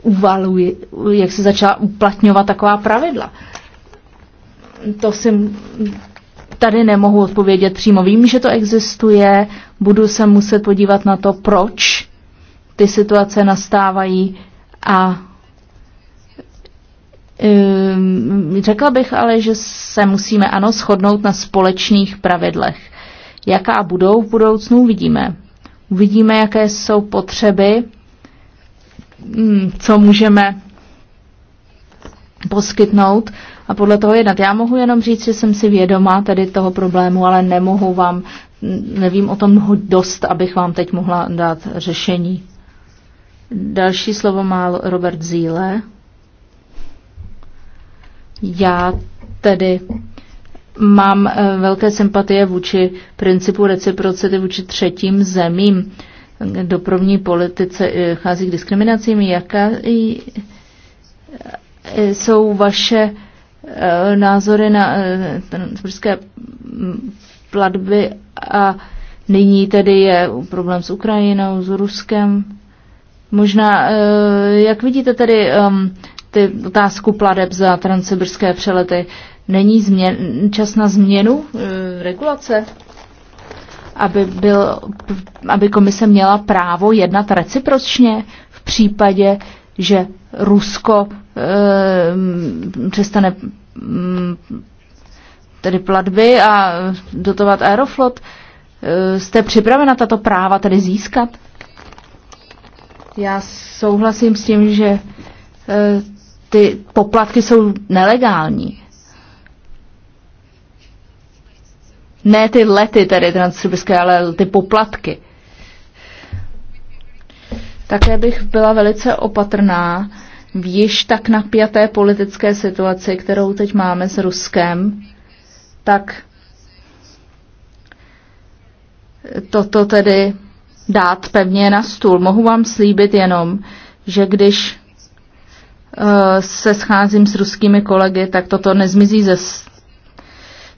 uvalují, jak se začala uplatňovat taková pravidla. To si tady nemohu odpovědět přímo. Vím, že to existuje, budu se muset podívat na to, proč ty situace nastávají a ehm, Řekla bych ale, že se musíme ano shodnout na společných pravidlech jaká budou v budoucnu, uvidíme. Uvidíme, jaké jsou potřeby, mm, co můžeme poskytnout a podle toho jednat. Já mohu jenom říct, že jsem si vědoma tady toho problému, ale nemohu vám, mm, nevím o tom mnoho dost, abych vám teď mohla dát řešení. Další slovo má Robert Zíle. Já tedy mám eh, velké sympatie vůči principu reciprocity vůči třetím zemím. Dopravní politice eh, chází k diskriminacím. Jaká eh, jsou vaše názory na transportské mm, platby a nyní tedy je problém s Ukrajinou, s Ruskem. Možná, jak vidíte tedy ehm, ty otázku pladeb za transsibirské přelety, Není změn, čas na změnu e, regulace? Aby, byl, aby komise měla právo jednat recipročně v případě, že Rusko e, přestane mm, tedy platby a dotovat Aeroflot. E, jste připravena tato práva tedy získat? Já souhlasím s tím, že e, ty poplatky jsou nelegální. Ne ty lety tedy transsibirské, ale ty poplatky. Také bych byla velice opatrná v již tak napjaté politické situaci, kterou teď máme s Ruskem, tak toto tedy dát pevně na stůl. Mohu vám slíbit jenom, že když eh, se scházím s ruskými kolegy, tak toto nezmizí ze,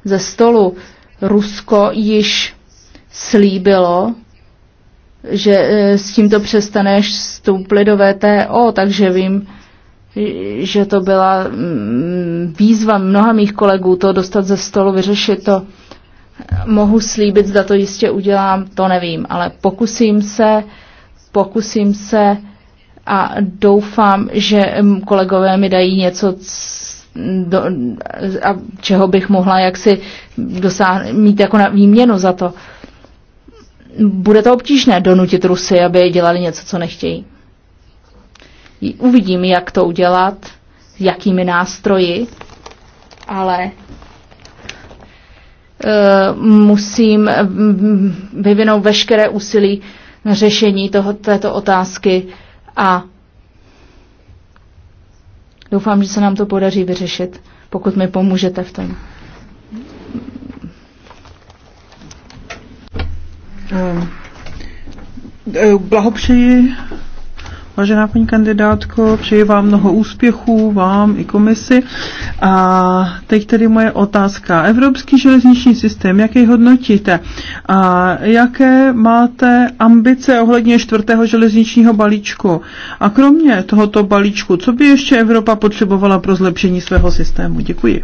ze stolu. Rusko již slíbilo, že e, s tímto přestaneš vstoupili do VTO, takže vím, že to byla mm, výzva mnoha mých kolegů to dostat ze stolu, vyřešit to. Mohu slíbit, zda to jistě udělám, to nevím, ale pokusím se, pokusím se a doufám, že kolegové mi dají něco, do, a čeho bych mohla jaksi dosáhnout, mít jako na výměnu za to. Bude to obtížné donutit Rusy, aby dělali něco, co nechtějí. Uvidím, jak to udělat, jakými nástroji, ale e, musím vyvinout veškeré úsilí na řešení toho, této otázky a Doufám, že se nám to podaří vyřešit, pokud mi pomůžete v tom. Eh, eh, blahopřeji Vážená paní kandidátko, přeji vám mnoho úspěchů, vám i komisi. A teď tedy moje otázka. Evropský železniční systém, jak jej hodnotíte? A jaké máte ambice ohledně čtvrtého železničního balíčku? A kromě tohoto balíčku, co by ještě Evropa potřebovala pro zlepšení svého systému? Děkuji.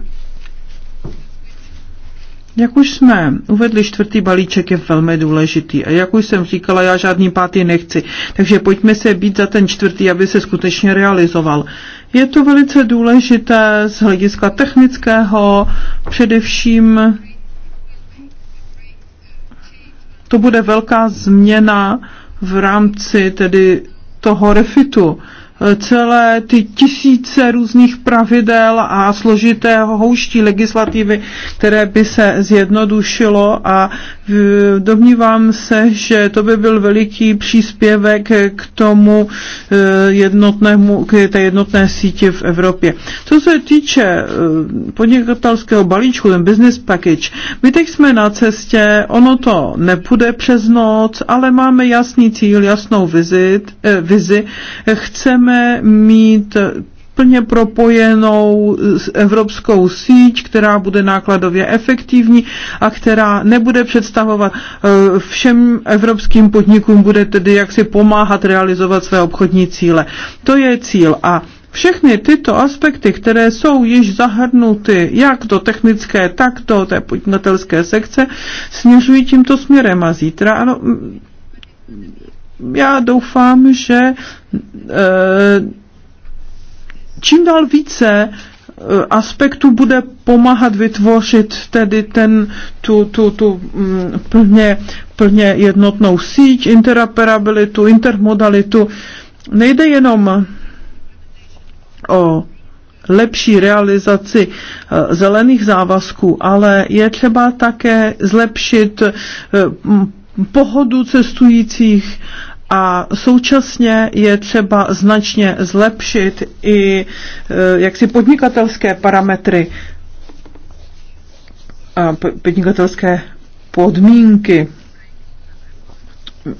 Jak už jsme uvedli, čtvrtý balíček je velmi důležitý a jak už jsem říkala, já žádný pátý nechci, takže pojďme se být za ten čtvrtý, aby se skutečně realizoval. Je to velice důležité z hlediska technického, především to bude velká změna v rámci tedy toho refitu. Eh, celé ty tisíce různých pravidel a složitého houští legislativy, které by se zjednodušilo a eh, domnívám se, že to by byl veliký příspěvek k tomu eh, jednotnému, k té jednotné síti v Evropě. Co se týče podnikatelského balíčku, ten business package, my teď jsme na cestě, ono to nepůjde přes noc, ale máme jasný cíl, jasnou vizit, vizi, chceme budeme mít plně propojenou evropskou síť, která bude nákladově efektivní a která nebude představovat e, všem evropským podnikům, bude tedy jaksi pomáhat realizovat své obchodní cíle. To je cíl a všechny tyto aspekty, které jsou již zahrnuty jak do technické, tak do té podnikatelské sekce, směřují tímto směrem a zítra ano, já doufám, že e, čím dál více e, aspektu bude pomáhat vytvořit tedy ten, tu, tu, tu mm, plně, plně jednotnou síť, interoperabilitu, intermodalitu. Nejde jenom o lepší realizaci e, zelených závazků, ale je třeba také zlepšit pohodu cestujících a současně je třeba značně zlepšit i e, jaksi podnikatelské parametry a podnikatelské podmínky.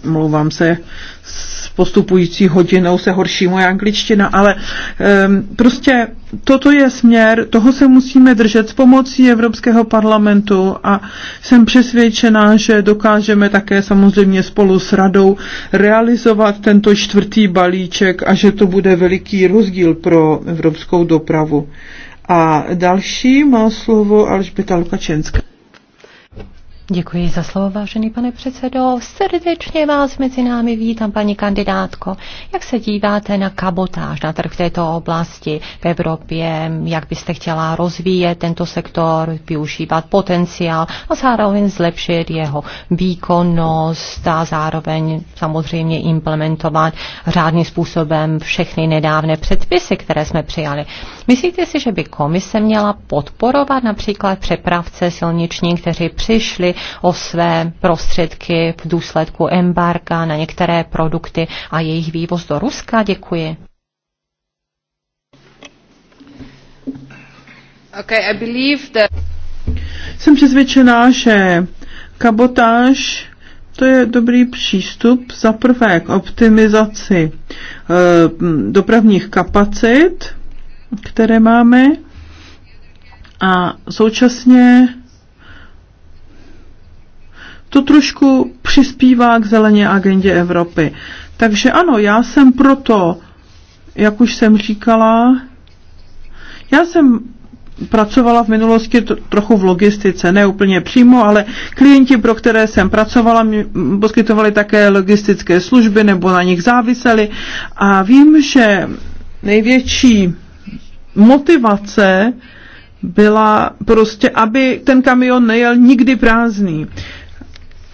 Mluvám se s postupující hodinou se horší moje angličtina, ale ehm, prostě toto je směr, toho se musíme držet s pomocí Evropského parlamentu a jsem přesvědčená, že dokážeme také samozřejmě spolu s radou realizovat tento čtvrtý balíček a že to bude veliký rozdíl pro evropskou dopravu. A další má slovo Alžběta Lukačenská. Děkuji za slovo, vážený pane předsedo. Srdečně vás mezi námi vítám, paní kandidátko. Jak se díváte na kabotáž, na trh této oblasti v Evropě? Jak byste chtěla rozvíjet tento sektor, využívat potenciál a zároveň zlepšit jeho výkonnost a zároveň samozřejmě implementovat řádným způsobem všechny nedávné předpisy, které jsme přijali? Myslíte si, že by komise měla podporovat například přepravce silniční, kteří přišli o své prostředky v důsledku embarga na některé produkty a jejich vývoz do Ruska? Děkuji. Okay, I believe that... Jsem přesvědčená, že kabotáž to je dobrý přístup za prvé k optimizaci eh, dopravních kapacit, které máme, a současně to trošku přispívá k zeleně agendě Evropy. Takže ano, já jsem proto, jak už jsem říkala, já jsem pracovala v minulosti trochu v logistice, ne úplně přímo, ale klienti, pro které jsem pracovala, mě poskytovali také logistické služby nebo na nich záviseli a vím, že největší motivace byla prostě, aby ten kamion nejel nikdy prázdný.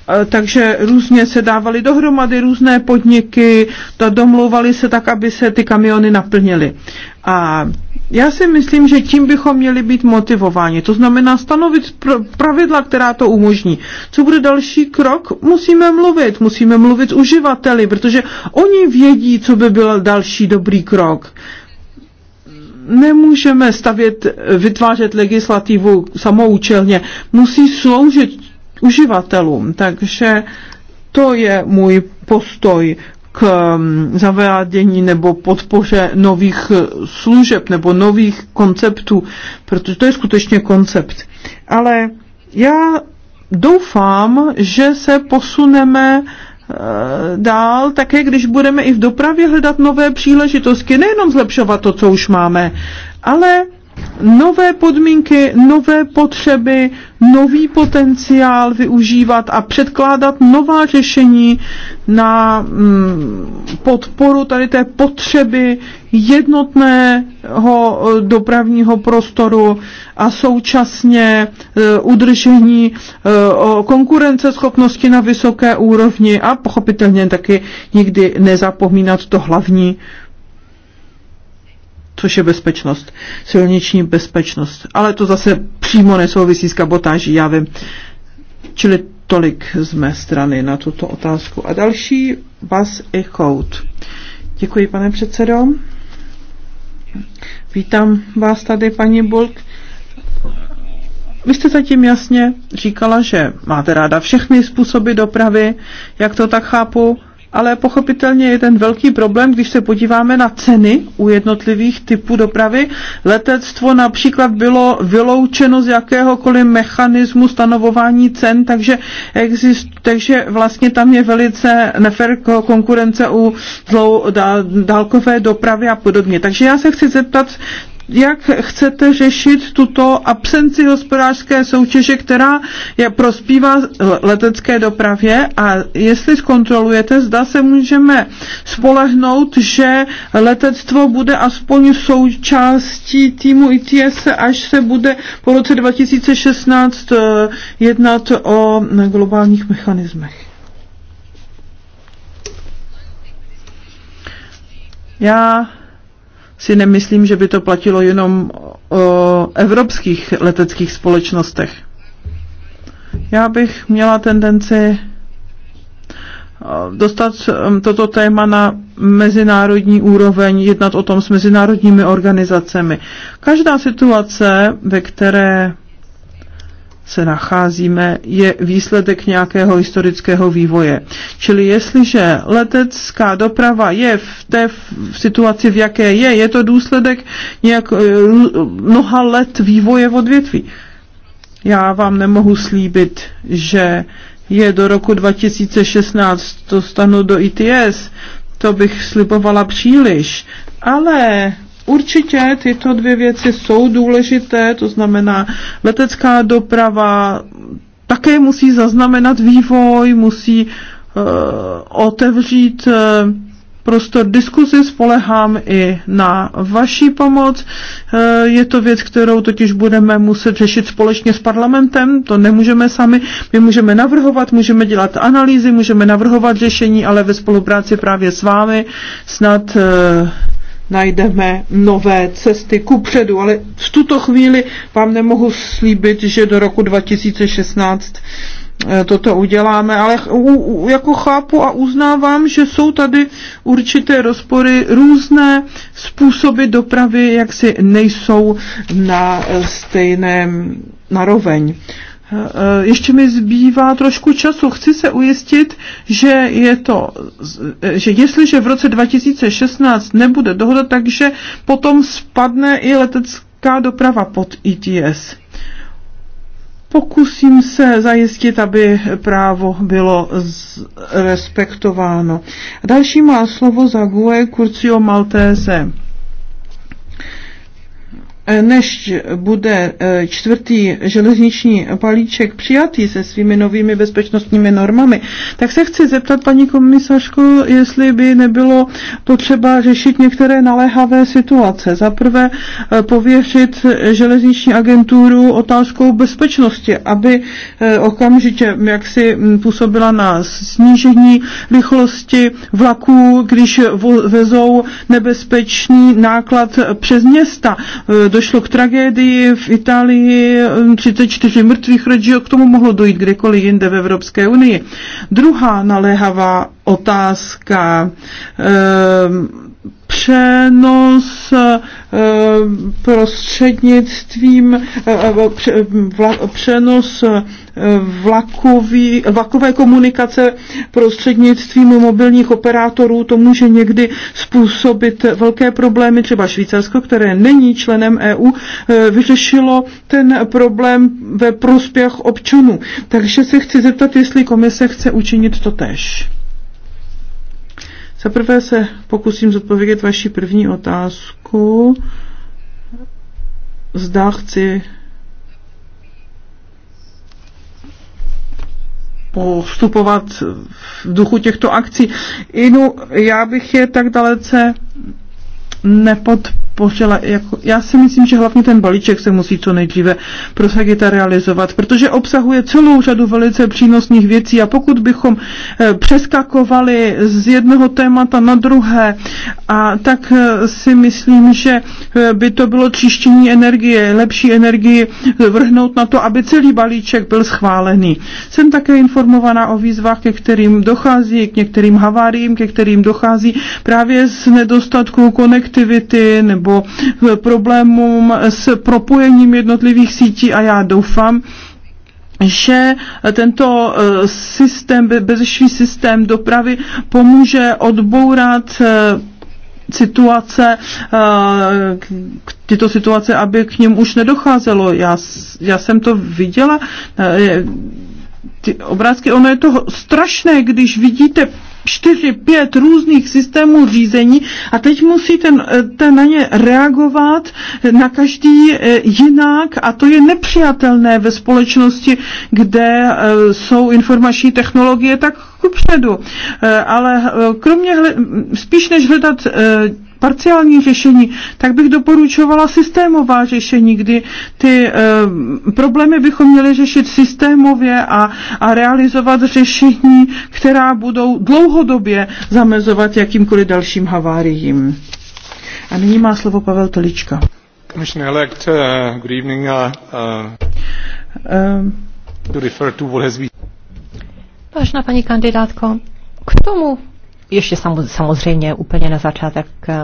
Eh, takže různě se dávaly dohromady různé podniky, domlouvali se tak, aby se ty kamiony naplnily. A já si myslím, že tím bychom měli být motivováni. To znamená stanovit pravidla, která to umožní. Co bude další krok? Musíme mluvit. Musíme mluvit s uživateli, protože oni vědí, co by byl další dobrý krok nemůžeme stavět, vytvářet legislativu samoučelně. Musí sloužit uživatelům. Takže to je můj postoj k mm, zavádění nebo podpoře nových eh, služeb nebo nových konceptů, protože to je skutečně koncept. Ale já doufám, že se posuneme eh, dál, také když budeme i v dopravě hledat nové příležitosti, nejenom zlepšovat to, co už máme, ale nové podmínky, nové potřeby, nový potenciál využívat a předkládat nová řešení na mm, podporu tady té potřeby jednotného eh, dopravního prostoru a současně eh, udržení eh, konkurenceschopnosti na vysoké úrovni a pochopitelně taky nikdy nezapomínat to hlavní což je bezpečnost, silniční bezpečnost. Ale to zase přímo nesouvisí s kabotáží, já vím. Čili tolik z mé strany na tuto otázku. A další Bas i chout. Děkuji, pane předsedo. Vítám vás tady, paní Bulk. Vy jste zatím jasně říkala, že máte ráda všechny způsoby dopravy, jak to tak chápu ale pochopitelně je ten velký problém, když se podíváme na ceny u jednotlivých typů dopravy. Letectvo například bylo vyloučeno z jakéhokoliv mechanismu stanovování cen, takže, exist, takže vlastně tam je velice nefer konkurence u dálkové dopravy a podobně. Takže já se chci zeptat, jak chcete řešit tuto absenci hospodářské soutěže, která je prospívá letecké dopravě a jestli zkontrolujete, zda se můžeme spolehnout, že letectvo bude aspoň součástí týmu ITS, až se bude po roce 2016 eh, jednat o globálních mechanismech. Já si nemyslím, že by to platilo jenom o evropských leteckých společnostech. Já bych měla tendenci eh, dostat eh, toto téma na mezinárodní úroveň, jednat o tom s mezinárodními organizacemi. Každá situace, ve které se nacházíme, je výsledek nějakého historického vývoje. Čili jestliže letecká doprava je v té v situaci, v jaké je, je to důsledek nějak eh, mnoha let vývoje v odvětví. Já vám nemohu slíbit, že je do roku 2016 to stanu do ITS, to bych slibovala příliš, ale Určitě tyto dvě věci jsou důležité, to znamená letecká doprava také musí zaznamenat vývoj, musí uh, otevřít uh, prostor diskuzi, spolehám i na vaší pomoc. Eh, je to věc, kterou totiž budeme muset řešit společně s parlamentem, to nemůžeme sami. My můžeme navrhovat, můžeme dělat analýzy, můžeme navrhovat řešení, ale ve spolupráci právě s vámi snad najdeme nové cesty ku předu, ale v tuto chvíli vám nemohu slíbit, že do roku 2016 eh, toto uděláme, ale jako chápu a uznávám, že jsou tady určité rozpory, různé způsoby dopravy, jak si nejsou na eh, stejném naroveň. Eh, ještě mi zbývá trošku času. Chci se ujistit, že je to, eh, že jestliže v roce 2016 nebude dohoda, takže potom spadne i letecká doprava pod ITS. Pokusím se zajistit, aby právo bylo respektováno. Další má slovo za Gue Curcio Maltese. Eh, než bude eh, čtvrtý železniční palíček přijatý se svými novými bezpečnostními normami, tak se chci zeptat paní komisařku, jestli by nebylo potřeba řešit některé naléhavé situace. Za prvé eh, pověřit železniční agenturu otázkou bezpečnosti, aby okamžitě jak si mm, působila na snížení rychlosti vlaků, když vezou nebezpečný náklad přes města došlo k tragédii v Itálii, 34 eh, mrtvých rodičů. k tomu mohlo dojít kdekoliv jinde v Evropské unii. Druhá naléhavá otázka. Ehm, přenos eh, prostřednictvím eh, eh, přenos vlakový, vlakové komunikace prostřednictvím mobilních operátorů, to může někdy způsobit velké problémy. Třeba Švýcarsko, které není členem EU, vyřešilo ten problém ve prospěch občanů. Takže se chci zeptat, jestli komise chce učinit to tež. Za prvé se pokusím zodpovědět vaši první otázku. Zda chci postupovat v duchu těchto akcí. Inu, já bych je tak dalece nepodpořil pořela, jako, já si myslím, že hlavně ten balíček se musí co nejdříve prosadit a realizovat, protože obsahuje celou řadu velice přínosných věcí a pokud bychom eh, přeskakovali z jednoho témata na druhé, a tak eh, si myslím, že eh, by to bylo čištění energie, lepší energii vrhnout na to, aby celý balíček byl schválený. Jsem také informovaná o výzvách, ke kterým dochází, k některým haváriím, ke kterým dochází právě z nedostatku konektivity nebo nebo eh, problémům s propojením jednotlivých sítí a já doufám, že tento eh, systém, bezešvý systém dopravy pomůže odbourat eh, situace, tyto situace, aby k ním už nedocházelo. Já, já jsem to viděla ty obrázky. Ono je to strašné, když vidíte čtyři, pět různých systémů řízení a teď musí ten, eh, ten na ně reagovat eh, na každý eh, jinak a to je nepřijatelné ve společnosti, kde jsou informační technologie tak kupředu. Ale kromě, spíš než hledat parciální řešení, tak bych doporučovala systémová řešení, kdy ty e, problémy bychom měli řešit systémově a, a realizovat řešení, která budou dlouhodobě zamezovat jakýmkoliv dalším haváriím. A nyní má slovo Pavel Tolička. Commissioner elect, uh, good evening. Uh, eh, uh, to refer to what has been. Vážná paní kandidátko, k tomu, ještě samozřejmě úplně na začátek eh,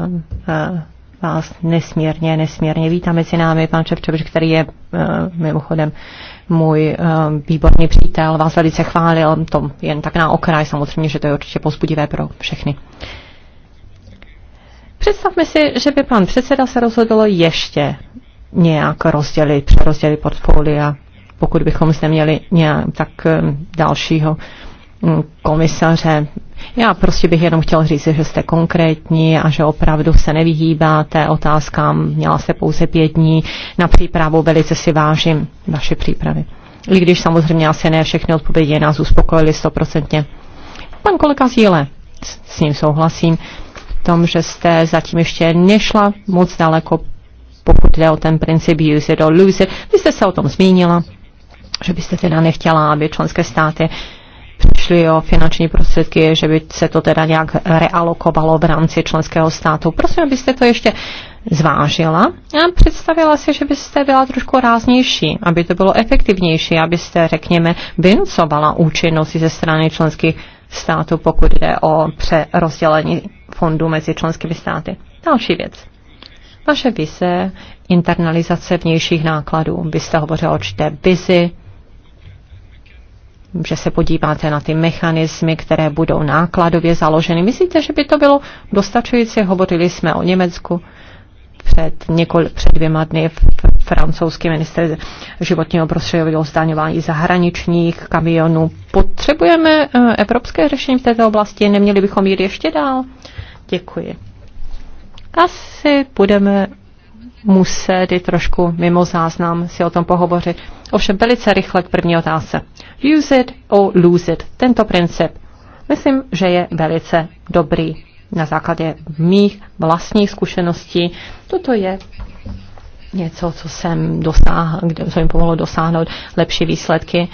eh, vás nesmírně, nesmírně vítám mezi námi, pan Čepčevič, který je eh, mimochodem můj výborný přítel, vás velice chválil, to jen tak na okraj, samozřejmě, že to je určitě pozbudivé pro všechny. Představme si, že by pan předseda se rozhodl ještě nějak rozdělit, přerozdělit portfolia, pokud bychom zde měli nějak tak dalšího hm, komisaře já prostě bych jenom chtěl říct, že jste konkrétní a že opravdu se nevyhýbáte otázkám. Měla jste pouze pět dní na přípravu, velice si vážím vaše přípravy. I když samozřejmě asi ne všechny odpovědi nás uspokojily stoprocentně. Pan kolega Zíle, s, s ním souhlasím, v tom, že jste zatím ještě nešla moc daleko, pokud jde o ten princip use it or lose it. Vy jste se o tom zmínila, že byste teda nechtěla, aby členské státy přišli o finanční prostředky, že by se to teda nějak realokovalo v rámci členského státu. Prosím, abyste to ještě zvážila a představila si, že byste byla trošku ráznější, aby to bylo efektivnější, abyste, řekněme, vynucovala účinnosti ze strany členských států, pokud jde o přerozdělení fondů mezi členskými státy. Další věc. Vaše vize internalizace vnějších nákladů. Vy jste hovořil o čté vizi, že se podíváte na ty mechanismy, které budou nákladově založeny. Myslíte, že by to bylo dostačující? Hovorili jsme o Německu před, několik, před dvěma dny francouzský minister životního prostředí o zdaňování zahraničních kamionů. Potřebujeme eh, evropské řešení v této oblasti? Neměli bychom jít ještě dál? Děkuji. Asi budeme muset i trošku mimo záznam si o tom pohovořit. Ovšem velice rychle k první otázce. Use it or lose it. Tento princip. Myslím, že je velice dobrý na základě mých vlastních zkušeností. Toto je něco, co jsem dosáhl, co jim pomohlo dosáhnout lepší výsledky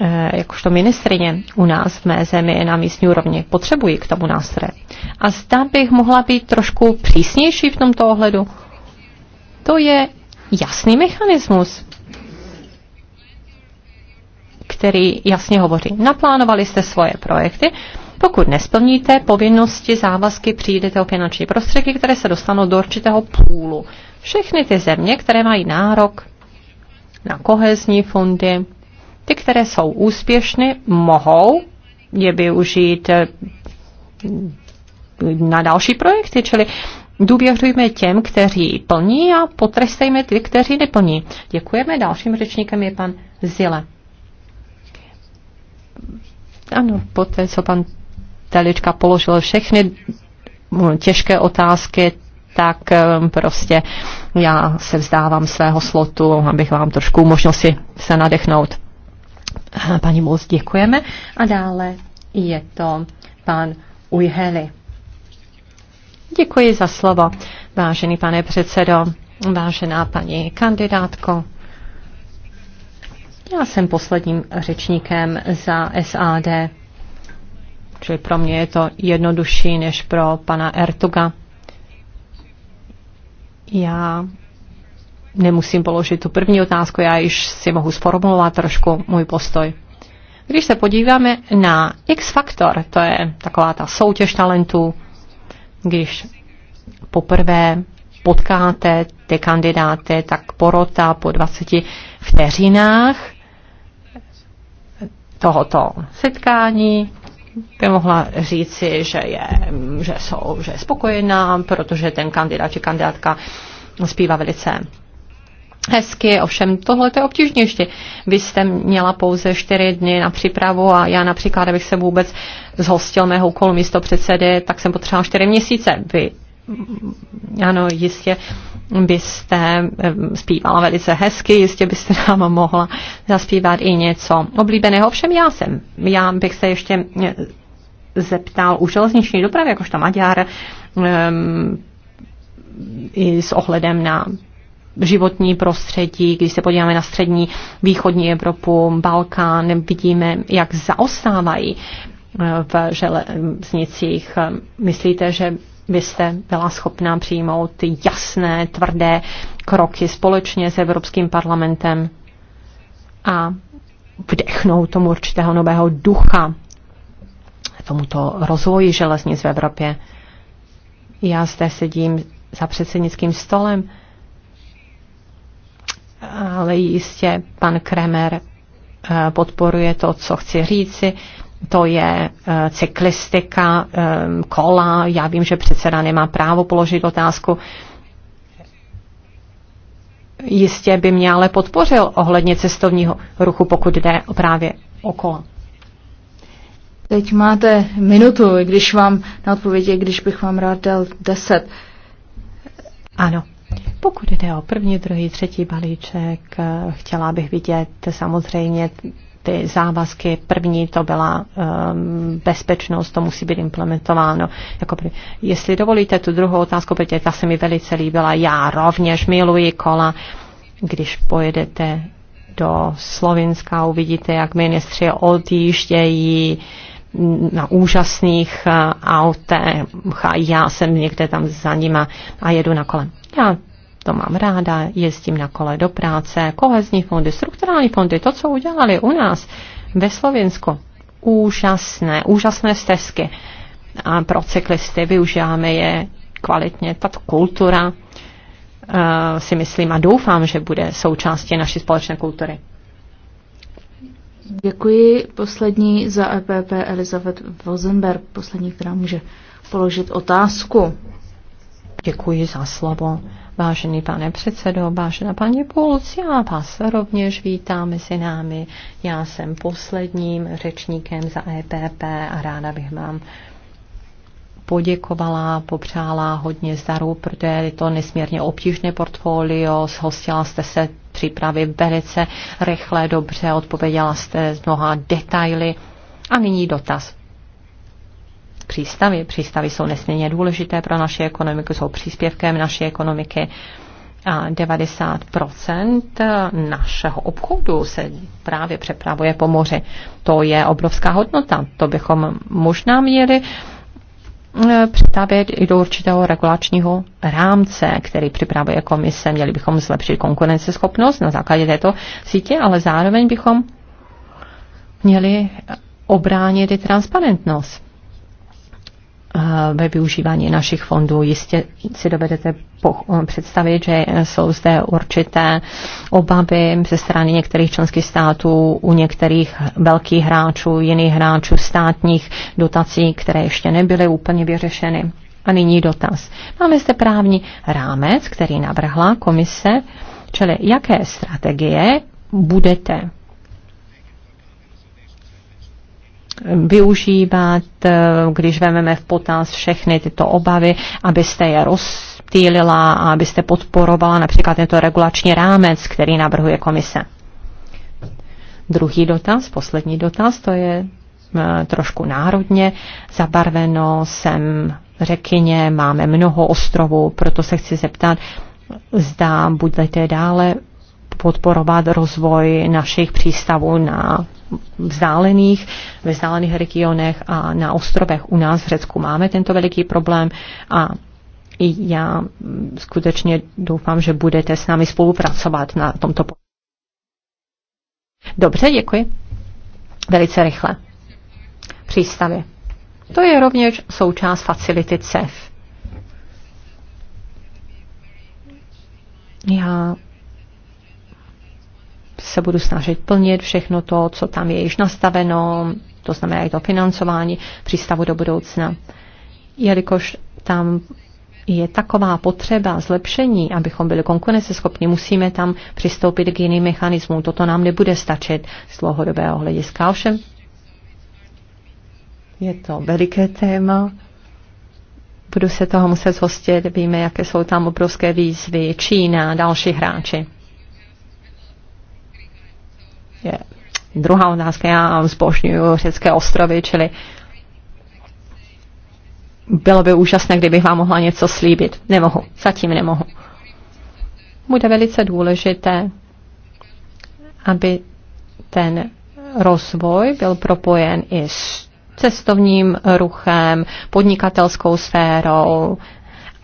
eh, jakožto ministrině u nás v mé zemi na místní úrovni. Potřebuji k tomu nástroje. A zda bych mohla být trošku přísnější v tomto ohledu. To je jasný mechanismus, který jasně hovoří. Naplánovali jste svoje projekty, pokud nesplníte povinnosti, závazky, přijdete o finanční prostředky, které se dostanou do určitého půlu. Všechny ty země, které mají nárok na kohezní fondy, ty, které jsou úspěšny, mohou je využít na další projekty, čili důvěřujme těm, kteří plní a potrestejme ty, kteří neplní. Děkujeme. Dalším řečníkem je pan Zile. Ano, poté, co pan Telička položil všechny těžké otázky, tak ehm, prostě já se vzdávám svého slotu, abych vám trošku umožnil si se nadechnout. Paní Mouz, děkujeme. A dále je to pan Ujheli. Děkuji za slovo, vážený pane předsedo, vážená paní kandidátko. Já jsem posledním řečníkem za SAD, čili pro mě je to jednodušší než pro pana Ertuga. Já nemusím položit tu první otázku, já již si mohu sformulovat trošku můj postoj. Když se podíváme na X faktor, to je taková ta soutěž talentů, když poprvé potkáte ty kandidáty, tak porota po 20 vteřinách tohoto setkání by mohla říci, že, je, že, jsou, že je spokojená, protože ten kandidát či kandidátka zpívá velice hezky, ovšem tohle je obtížnější. Vy jste měla pouze čtyři dny na přípravu a já například, abych se vůbec zhostil mého úkolu místo předsedy, tak jsem potřeboval čtyři měsíce. Vy ano, jistě byste zpívala velice hezky, jistě byste nám mohla zaspívat i něco oblíbeného. Ovšem já jsem, já bych se ještě zeptal u železniční dopravy, jakožto Maďar, um, i s ohledem na životní prostředí, když se podíváme na střední východní Evropu, Balkán, vidíme, jak zaostávají eh, v železnicích. Myslíte, že byste byla schopná přijmout jasné, tvrdé kroky společně s Evropským parlamentem a vdechnout tomu určitého nového ducha, tomuto rozvoji železnic v Evropě. Já zde sedím za předsednickým stolem ale jistě pan Kremer eh, podporuje to, co chci říci. To je eh, cyklistika, eh, kola. Já vím, že předseda nemá právo položit otázku. Jistě by mě ale podpořil ohledně cestovního ruchu, pokud jde právě o kola. Teď máte minutu, když vám na odpovědi, když bych vám rád dal deset. Ano. Pokud jde o první, druhý, třetí balíček, eh, chtěla bych vidět samozřejmě ty závazky. První to byla um, bezpečnost, to musí být implementováno. Jako prv... Jestli dovolíte tu druhou otázku, protože ta se mi velice líbila, já rovněž miluji kola, když pojedete do Slovinska, uvidíte, jak ministři odjíždějí uh, na úžasných eh, autech a já jsem někde tam za nima a jedu na kole. Já to mám ráda, jezdím na kole do práce, kohezní fondy, strukturální fondy, to, co udělali u nás ve Slovensku. Úžasné, úžasné stezky a pro cyklisty využíváme je kvalitně. Tato kultura uh, si myslím a doufám, že bude součástí naší společné kultury. Děkuji. Poslední za EPP Elizabeth Vozenberg, poslední, která může položit otázku. Děkuji za slovo. Vážený pane předsedo, vážená paní Pulc, já vás rovněž vítám mezi námi. Já jsem posledním řečníkem za EPP a ráda bych vám poděkovala, popřála hodně zdarů, protože je to nesmírně obtížné portfolio, zhostila jste se přípravy velice rychle, dobře, odpověděla jste z mnoha detaily. A nyní dotaz. Přístavy. Přístavy jsou nesmírně důležité pro naši ekonomiku, jsou příspěvkem naší ekonomiky. A 90 našeho obchodu se právě přepravuje po moři. To je obrovská hodnota. To bychom možná měli uh, Eh, přetavět i do určitého regulačního rámce, který připravuje komise. Měli bychom zlepšit konkurenceschopnost na základě této sítě, ale zároveň bychom měli obránit i transparentnost. Eh, ve využívání našich fondů. Jistě si dovedete eh, představit, že jsou zde určité obavy ze strany některých členských států, u některých velkých hráčů, jiných hráčů státních dotací, které ještě nebyly úplně vyřešeny. A nyní dotaz. Máme zde právní rámec, který navrhla komise, čili jaké strategie budete využívat, eh, když vememe v potaz všechny tyto obavy, abyste je rozptýlila a abyste podporovala například tento regulační rámec, který navrhuje komise. Druhý dotaz, poslední dotaz, to je eh, trošku národně zabarveno. Jsem řekyně, máme mnoho ostrovů, proto se chci zeptat, zda budete dále podporovat rozvoj našich přístavů na vzdálených, ve vzdálených regionech a na ostrovech. U nás v Řecku máme tento veliký problém a i já skutečně doufám, že budete s námi spolupracovat na tomto. Dobře, děkuji. Velice rychle. Přístavy. To je rovněž součást facility CEF. Já se budu snažit plnit všechno to, co tam je již nastaveno, to znamená i to financování přístavu do budoucna. Jelikož tam je taková potřeba zlepšení, abychom byli konkurenceschopni, musíme tam přistoupit k jiným mechanismům. Toto nám nebude stačit z dlouhodobého hlediska. Ovšem, je to veliké téma. Budu se toho muset zhostit. Víme, jaké jsou tam obrovské výzvy. Čína, další hráči je druhá otázka. Já zbožňuju řecké ostrovy, čili bylo by úžasné, kdybych vám mohla něco slíbit. Nemohu, zatím nemohu. Bude velice důležité, aby ten rozvoj byl propojen i s cestovním ruchem, podnikatelskou sférou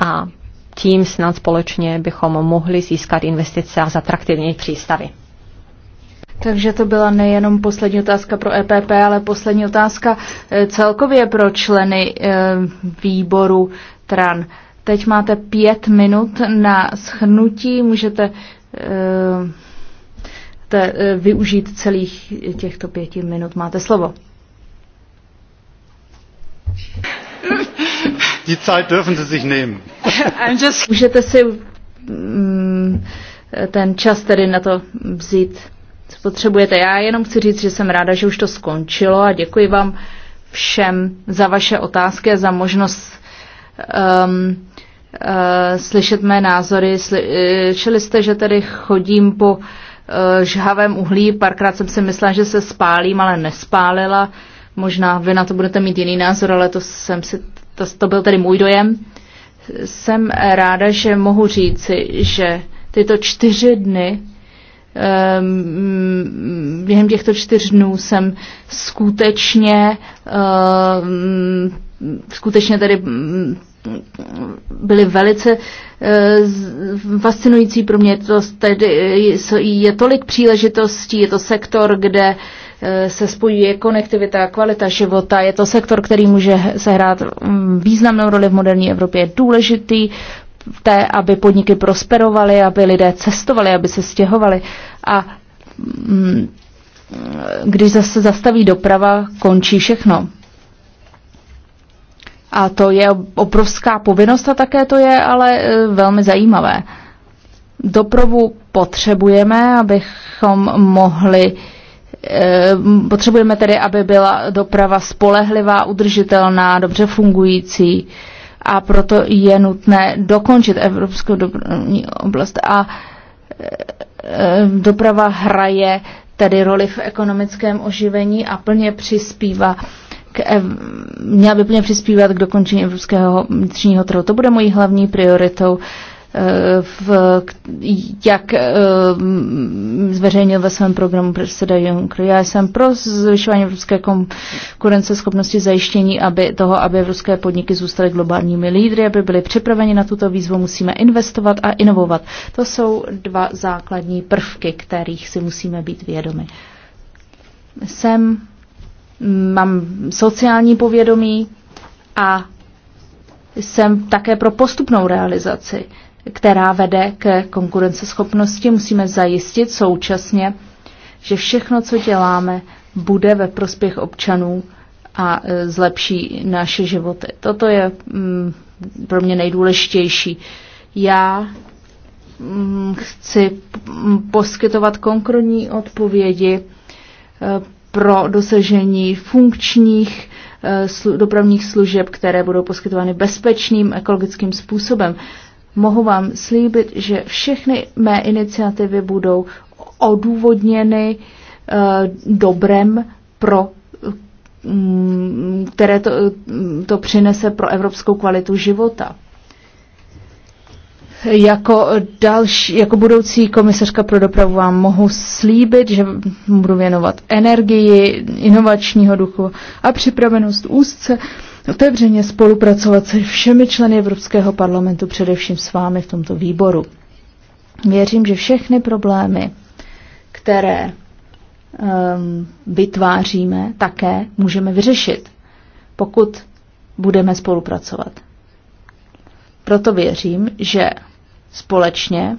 a tím snad společně bychom mohli získat investice a zatraktivnit přístavy. Takže to byla nejenom poslední otázka pro EPP, ale poslední otázka e, celkově pro členy e, výboru TRAN. Teď máte pět minut na schnutí, můžete e, te, využít celých těchto pěti minut. Máte slovo. Die Zeit dürfen Sie sich nehmen. Just... Můžete si mm, ten čas tedy na to vzít co potřebujete. Já jenom chci říct, že jsem ráda, že už to skončilo a děkuji vám všem za vaše otázky a za možnost um, uh, slyšet mé názory. Slyšeli uh, jste, že tady chodím po uh, žhavém uhlí, párkrát jsem si myslela, že se spálím, ale nespálila. Možná vy na to budete mít jiný názor, ale to, jsem si, to, to byl tedy můj dojem. Jsem ráda, že mohu říci, že tyto čtyři dny Ehm, během těchto čtyř dnů jsem skutečně ehm, skutečně tady byly velice e, fascinující pro mě. to, tedy, je tolik příležitostí, je to sektor, kde e, se spojuje konektivita a kvalita života. Je to sektor, který může sehrát významnou roli v moderní Evropě. Je důležitý té, aby podniky prosperovaly, aby lidé cestovali, aby se stěhovali. A mm, když zase zastaví doprava, končí všechno. A to je obrovská povinnost a také to je ale e, velmi zajímavé. Dopravu potřebujeme, abychom mohli e, potřebujeme tedy, aby byla doprava spolehlivá, udržitelná, dobře fungující, a proto je nutné dokončit evropskou dopravní oblast a e, e, doprava hraje tedy roli v ekonomickém oživení a plně přispívá k, měla by plně přispívat k dokončení evropského vnitřního trhu. To bude mojí hlavní prioritou v, jak eh, zveřejnil ve svém programu předseda Juncker. Já jsem pro zvyšování evropské konkurenceschopnosti zajištění aby toho, aby evropské podniky zůstaly globálními lídry, aby byly připraveni na tuto výzvu, musíme investovat a inovovat. To jsou dva základní prvky, kterých si musíme být vědomi. Jsem, mám sociální povědomí a jsem také pro postupnou realizaci která vede k konkurenceschopnosti, musíme zajistit současně, že všechno, co děláme, bude ve prospěch občanů a e, zlepší naše životy. Toto je mm, pro mě nejdůležitější. Já mm, chci mm, poskytovat konkrétní odpovědi e, pro dosažení funkčních e, dopravních služeb, které budou poskytovány bezpečným ekologickým způsobem. Mohu vám slíbit, že všechny mé iniciativy budou odůvodněny eh, dobrem pro mm, které to, eh, to přinese pro evropskou kvalitu života. Jako, další, jako budoucí komisařka pro dopravu vám mohu slíbit, že budu věnovat energii, inovačního duchu a připravenost úzce otevřeně spolupracovat se všemi členy Evropského parlamentu, především s vámi v tomto výboru. Věřím, že všechny problémy, které um, vytváříme, také můžeme vyřešit, pokud budeme spolupracovat. Proto věřím, že společně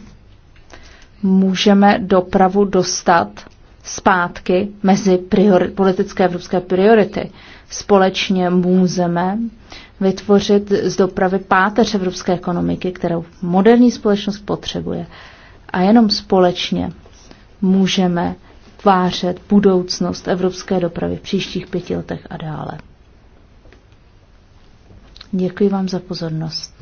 můžeme dopravu dostat zpátky mezi priori- politické evropské priority. Společně můžeme vytvořit z dopravy páteř evropské ekonomiky, kterou moderní společnost potřebuje. A jenom společně můžeme tvářet budoucnost evropské dopravy v příštích pěti letech a dále. Děkuji vám za pozornost.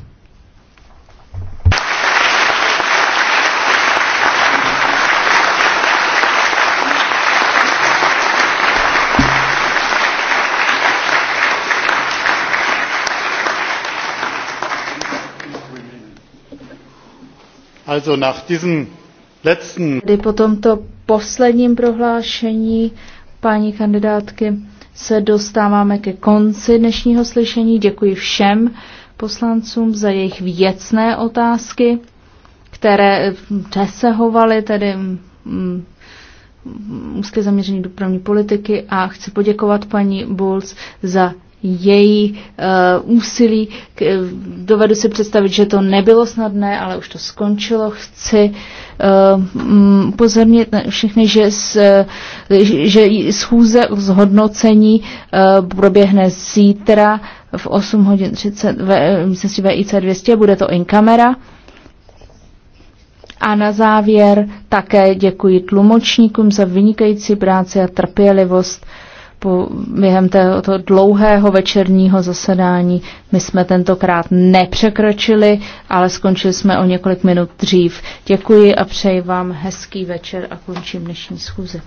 Also nach diesem letzten... Kdy po tomto posledním prohlášení paní kandidátky se dostáváme ke konci dnešního slyšení. Děkuji všem poslancům za jejich věcné otázky, které mm, přesahovaly tedy mm, mm, úzké zaměření dopravní politiky a chci poděkovat paní Bulls za její uh, úsilí. K, eh, dovedu si představit, že to nebylo snadné, ale už to skončilo. Chci uh, eh, mm, pozornit na všechny, že, s, že schůze zhodnocení uh, proběhne zítra v 8 hodin 30 v místnosti VIC 200, bude to in kamera. A na závěr také děkuji tlumočníkům za vynikající práci a trpělivost. Uh, po, během toho, toho dlouhého večerního zasedání. My jsme tentokrát nepřekročili, ale skončili jsme o několik minut dřív. Děkuji a přeji vám hezký večer a končím dnešní schůzi.